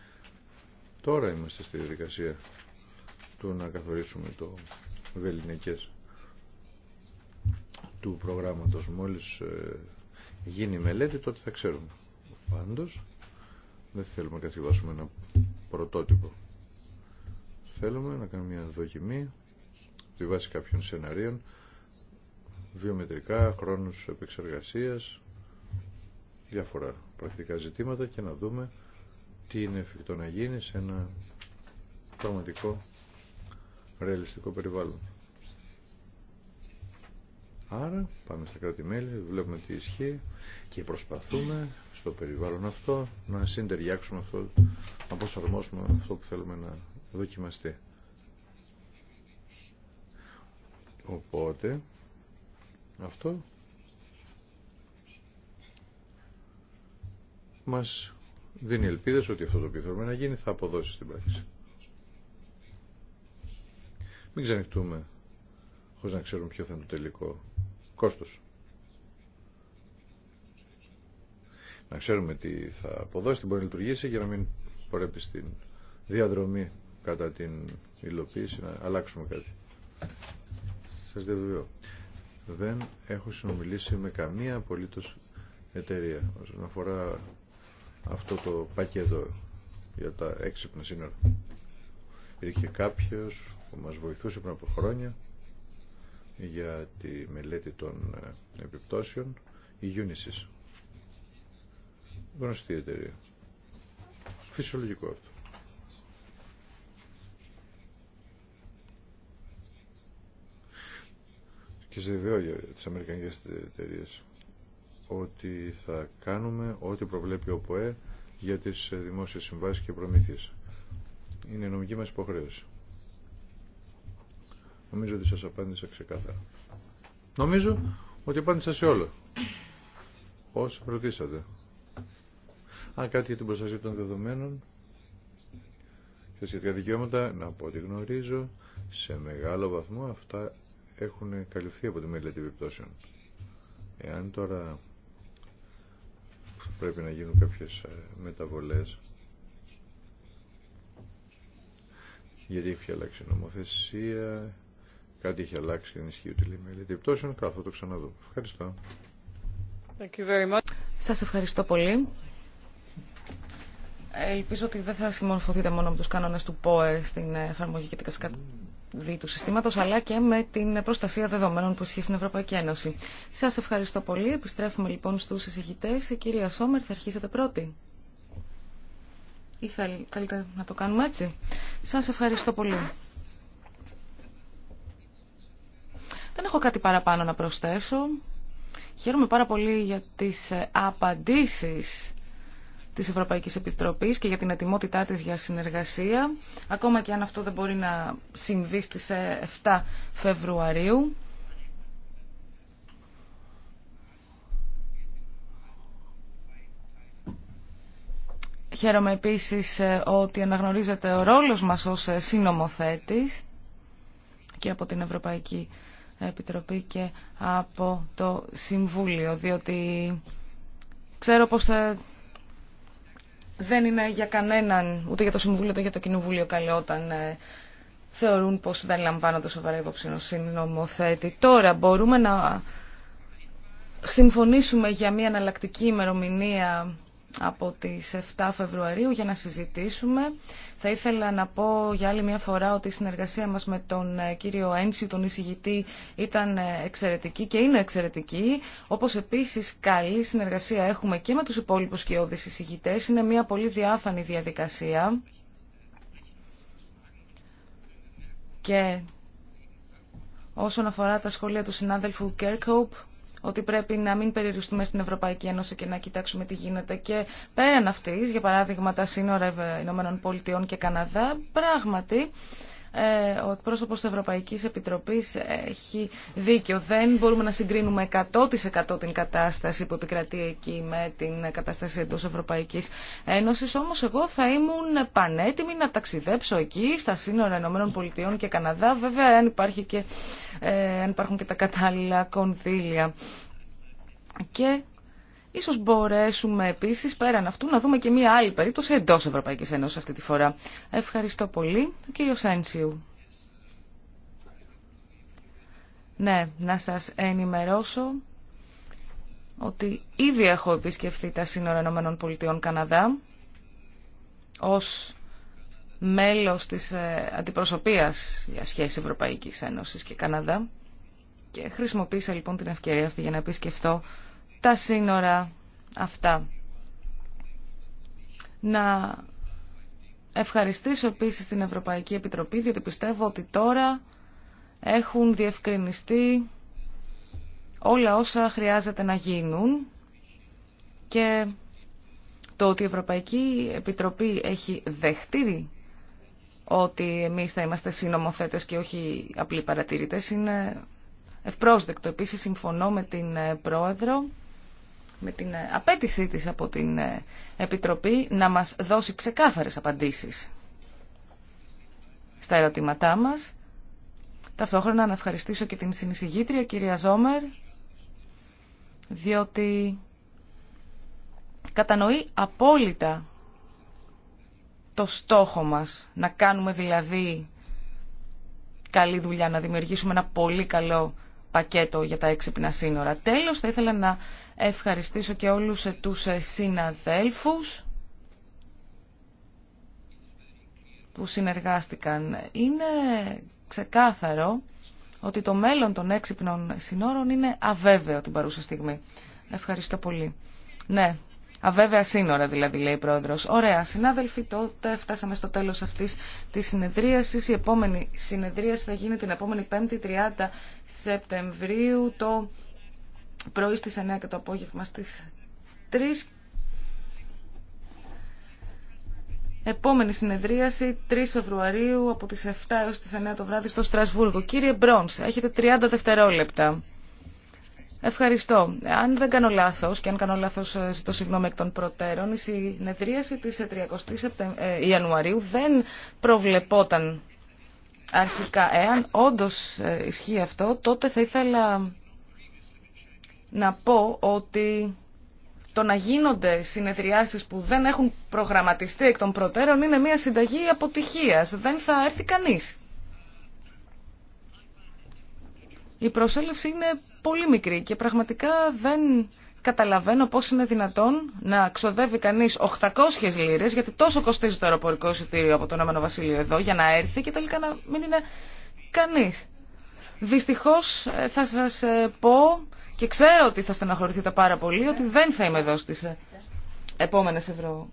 S3: τώρα είμαστε στη διαδικασία του να καθορίσουμε το βεληνικές του προγράμματος. Μόλις ε, γίνει η μελέτη, τότε θα ξέρουμε. Πάντως, δεν θέλουμε να κατασκευάσουμε ένα πρωτότυπο. Θέλουμε να κάνουμε μια δοκιμή τη βάση κάποιων σεναρίων βιομετρικά, χρόνους επεξεργασίας, διάφορα πρακτικά ζητήματα και να δούμε τι είναι εφικτό να γίνει σε ένα πραγματικό ρεαλιστικό περιβάλλον. Άρα πάμε στα κράτη-μέλη, βλέπουμε τι ισχύει και προσπαθούμε στο περιβάλλον αυτό, να συντεριάξουμε αυτό, να προσαρμόσουμε αυτό που θέλουμε να δοκιμαστεί. Οπότε, αυτό μας δίνει ελπίδες ότι αυτό το οποίο θέλουμε να γίνει θα αποδώσει στην πράξη. Μην ξανεχτούμε χωρίς να ξέρουμε ποιο θα είναι το τελικό κόστος. να ξέρουμε τι θα αποδώσει, τι μπορεί να λειτουργήσει για να μην πρέπει στην διαδρομή κατά την υλοποίηση να αλλάξουμε κάτι. Σας διαβεβαιώ. Δεν έχω συνομιλήσει με καμία απολύτως εταιρεία όσον αφορά αυτό το πακέτο για τα έξυπνα σύνορα. Υπήρχε κάποιος που μας βοηθούσε πριν από χρόνια για τη μελέτη των επιπτώσεων, η Unisys γνωστή εταιρεία. Φυσιολογικό αυτό. Και σε βεβαίω για τις αμερικανικές εταιρείε ότι θα κάνουμε ό,τι προβλέπει ο ΠΟΕ για τις δημόσιες συμβάσεις και προμήθειες. Είναι η νομική μας υποχρέωση. Νομίζω ότι σας απάντησα ξεκάθαρα. Νομίζω ότι απάντησα σε όλα. Όσοι ρωτήσατε. Αν κάτι για την προστασία των δεδομένων και σχετικά δικαιώματα, να πω ότι γνωρίζω, σε μεγάλο βαθμό αυτά έχουν καλυφθεί από τη μελέτη επιπτώσεων. Εάν τώρα πρέπει να γίνουν κάποιες ε, μεταβολές, γιατί έχει αλλάξει η νομοθεσία, κάτι έχει αλλάξει και ενισχύει τη μελέτη επιπτώσεων, το ξαναδούμε. Ευχαριστώ.
S2: Thank Σας ευχαριστώ πολύ. Ελπίζω ότι δεν θα συμμορφωθείτε μόνο με τους κανόνες του ΠΟΕ στην εφαρμογή και την κασκαδί του συστήματος, αλλά και με την προστασία δεδομένων που ισχύει στην Ευρωπαϊκή Ένωση. Σας ευχαριστώ πολύ. Επιστρέφουμε λοιπόν στους εισηγητές. Η κυρία Σόμερ, θα αρχίσετε πρώτη. Ή θέλετε να το κάνουμε έτσι. Σας ευχαριστώ πολύ. Δεν έχω κάτι παραπάνω να προσθέσω. Χαίρομαι πάρα πολύ για τις απαντήσεις της Ευρωπαϊκής Επιτροπής και για την ετοιμότητά της για συνεργασία, ακόμα και αν αυτό δεν μπορεί να συμβεί στις 7 ε, Φεβρουαρίου. Χαίρομαι επίσης ε, ότι αναγνωρίζεται ο ρόλος μας ως ε, συνομοθέτης και από την Ευρωπαϊκή Επιτροπή και από το Συμβούλιο, διότι ξέρω πως δεν είναι για κανέναν, ούτε για το Συμβούλιο, ούτε για το Κοινοβούλιο καλό όταν ε, θεωρούν πως δεν λαμβάνονται σοβαρά υπόψη ως Τώρα μπορούμε να συμφωνήσουμε για μια εναλλακτική ημερομηνία από τις 7 Φεβρουαρίου για να συζητήσουμε. Θα ήθελα να πω για άλλη μια φορά ότι η συνεργασία μας με τον ε, κύριο Ένση, τον εισηγητή, ήταν ε, εξαιρετική και είναι εξαιρετική. Όπως επίσης καλή συνεργασία έχουμε και με τους υπόλοιπους κοιόδης εισηγητές. Είναι μια πολύ διάφανη διαδικασία. Και όσον αφορά τα σχόλια του συνάδελφου Κέρκοπ, ότι πρέπει να μην περιοριστούμε στην Ευρωπαϊκή Ένωση και να κοιτάξουμε τι γίνεται και πέραν αυτή, για παράδειγμα τα σύνορα Ηνωμένων Πολιτειών και Καναδά, πράγματι ε, ο εκπρόσωπος της Ευρωπαϊκής Επιτροπής έχει δίκιο. Δεν μπορούμε να συγκρίνουμε 100% την κατάσταση που επικρατεί εκεί με την κατάσταση εντός Ευρωπαϊκής Ένωσης. Όμως εγώ θα ήμουν πανέτοιμη να ταξιδέψω εκεί στα σύνορα ΗΠΑ και Καναδά. Βέβαια αν, υπάρχει και, ε, αν υπάρχουν και τα κατάλληλα κονδύλια. Και Ίσως μπορέσουμε επίσης πέραν αυτού να δούμε και μία άλλη περίπτωση εντός Ευρωπαϊκής Ένωσης αυτή τη φορά. Ευχαριστώ πολύ. Ο κύριο Ένσιου. Ναι, να σας ενημερώσω ότι ήδη έχω επισκεφθεί τα σύνορα Ενωμένων Πολιτειών Καναδά ως μέλος της ε, αντιπροσωπείας για σχέση Ευρωπαϊκής Ένωσης και Καναδά και χρησιμοποίησα λοιπόν την ευκαιρία αυτή για να επισκεφθώ τα σύνορα αυτά. Να ευχαριστήσω επίσης την Ευρωπαϊκή Επιτροπή, διότι πιστεύω ότι τώρα έχουν διευκρινιστεί όλα όσα χρειάζεται να γίνουν και το ότι η Ευρωπαϊκή Επιτροπή έχει δεχτεί ότι εμείς θα είμαστε συνομοθέτες και όχι απλοί παρατηρητές είναι ευπρόσδεκτο. Επίσης συμφωνώ με την Πρόεδρο με την ε, απέτησή της από την ε, Επιτροπή να μας δώσει ξεκάθαρες απαντήσεις στα ερωτήματά μας. Ταυτόχρονα να ευχαριστήσω και την συνεισηγήτρια κυρία Ζόμερ, διότι κατανοεί απόλυτα το στόχο μας, να κάνουμε δηλαδή καλή δουλειά, να δημιουργήσουμε ένα πολύ καλό πακέτο για τα έξυπνα σύνορα. Τέλος, θα ήθελα να ευχαριστήσω και όλους ε, τους ε, συναδέλφους που συνεργάστηκαν. Είναι ξεκάθαρο ότι το μέλλον των έξυπνων συνόρων είναι αβέβαιο την παρούσα στιγμή. Ευχαριστώ πολύ. Ναι, Αβέβαια σύνορα δηλαδή λέει η πρόεδρος. Ωραία συνάδελφοι τότε φτάσαμε στο τέλος αυτής της συνεδρίασης. Η επόμενη συνεδρίαση θα γίνει την επόμενη 5η 30 Σεπτεμβρίου το πρωί στις 9 και το απόγευμα στις 3. Επόμενη συνεδρίαση 3 Φεβρουαρίου από τις 7 έως τις 9 το βράδυ στο Στρασβούργο. Κύριε Μπρόνς, έχετε 30 δευτερόλεπτα. Ευχαριστώ. Αν δεν κάνω λάθο και αν κάνω λάθο ε, ζητώ συγγνώμη εκ των προτέρων, η συνεδρίαση τη 30 ε, Ιανουαρίου δεν προβλεπόταν αρχικά. Εάν όντω ε, ισχύει αυτό, τότε θα ήθελα να πω ότι το να γίνονται συνεδριάσεις που δεν έχουν προγραμματιστεί εκ των προτέρων είναι μια συνταγή αποτυχίας. Δεν θα έρθει κανείς. η προσέλευση είναι πολύ μικρή και πραγματικά δεν καταλαβαίνω πώς είναι δυνατόν να ξοδεύει κανείς 800 λίρες, γιατί τόσο κοστίζει το αεροπορικό εισιτήριο από τον Ηνωμένο Βασίλειο εδώ, για να έρθει και τελικά να μην είναι κανείς. Δυστυχώς ε, θα σας ε, πω και ξέρω ότι θα στεναχωρηθείτε πάρα πολύ, ότι δεν θα είμαι εδώ στις ε, επόμενες ευρώ.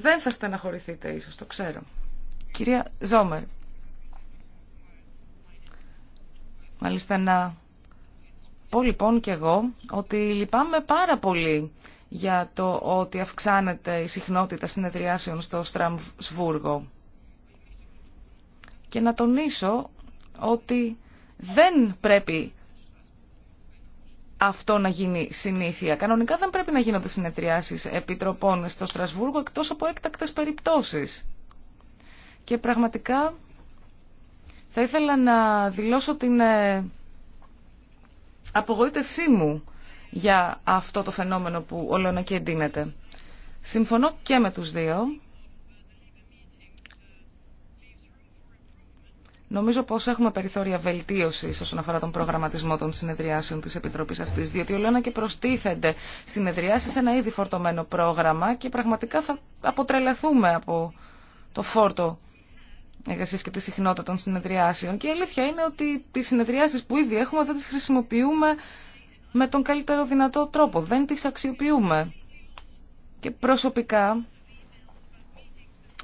S2: δεν θα στεναχωρηθείτε ίσως, το ξέρω. Κυρία Ζόμερ, Μάλιστα να πω λοιπόν και εγώ ότι λυπάμαι πάρα πολύ για το ότι αυξάνεται η συχνότητα συνεδριάσεων στο Στραμβούργο Και να τονίσω ότι δεν πρέπει αυτό να γίνει συνήθεια. Κανονικά δεν πρέπει να γίνονται συνεδριάσεις επιτροπών στο Στρασβούργο εκτός από έκτακτες περιπτώσεις. Και πραγματικά θα ήθελα να δηλώσω την ε, απογοήτευσή μου για αυτό το φαινόμενο που ολοένα και εντείνεται. Συμφωνώ και με τους δύο. Νομίζω πως έχουμε περιθώρια βελτίωσης όσον αφορά τον προγραμματισμό των συνεδριάσεων της Επιτροπής αυτής, διότι ολόνα και προστίθενται συνεδριάσεις σε ένα ήδη φορτωμένο πρόγραμμα και πραγματικά θα αποτρελαθούμε από το φόρτο εργασίας και τη συχνότητα των συνεδριάσεων. Και η αλήθεια είναι ότι τις συνεδριάσεις που ήδη έχουμε δεν τις χρησιμοποιούμε με τον καλύτερο δυνατό τρόπο. Δεν τις αξιοποιούμε. Και προσωπικά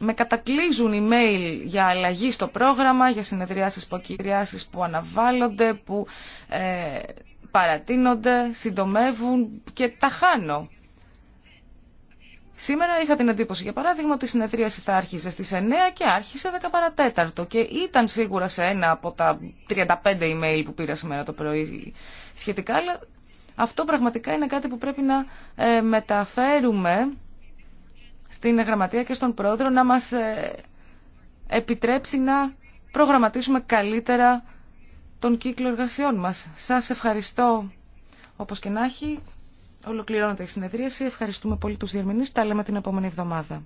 S2: με κατακλείζουν email για αλλαγή στο πρόγραμμα, για συνεδριάσεις που, ακυριάσεις που αναβάλλονται, που ε, παρατείνονται, συντομεύουν και τα χάνω. Σήμερα είχα την εντύπωση, για παράδειγμα, ότι η συνεδρίαση θα άρχισε στις 9 και άρχισε 10 παρατέταρτο και ήταν σίγουρα σε ένα από τα 35 email που πήρα σήμερα το πρωί σχετικά, αλλά αυτό πραγματικά είναι κάτι που πρέπει να ε, μεταφέρουμε στην Γραμματεία και στον Πρόεδρο να μας ε, επιτρέψει να προγραμματίσουμε καλύτερα τον κύκλο εργασιών μας. Σας ευχαριστώ όπως και να έχει. Ολοκληρώνεται η συνεδρίαση. Ευχαριστούμε πολύ τους διερμηνείς. Τα λέμε την επόμενη εβδομάδα.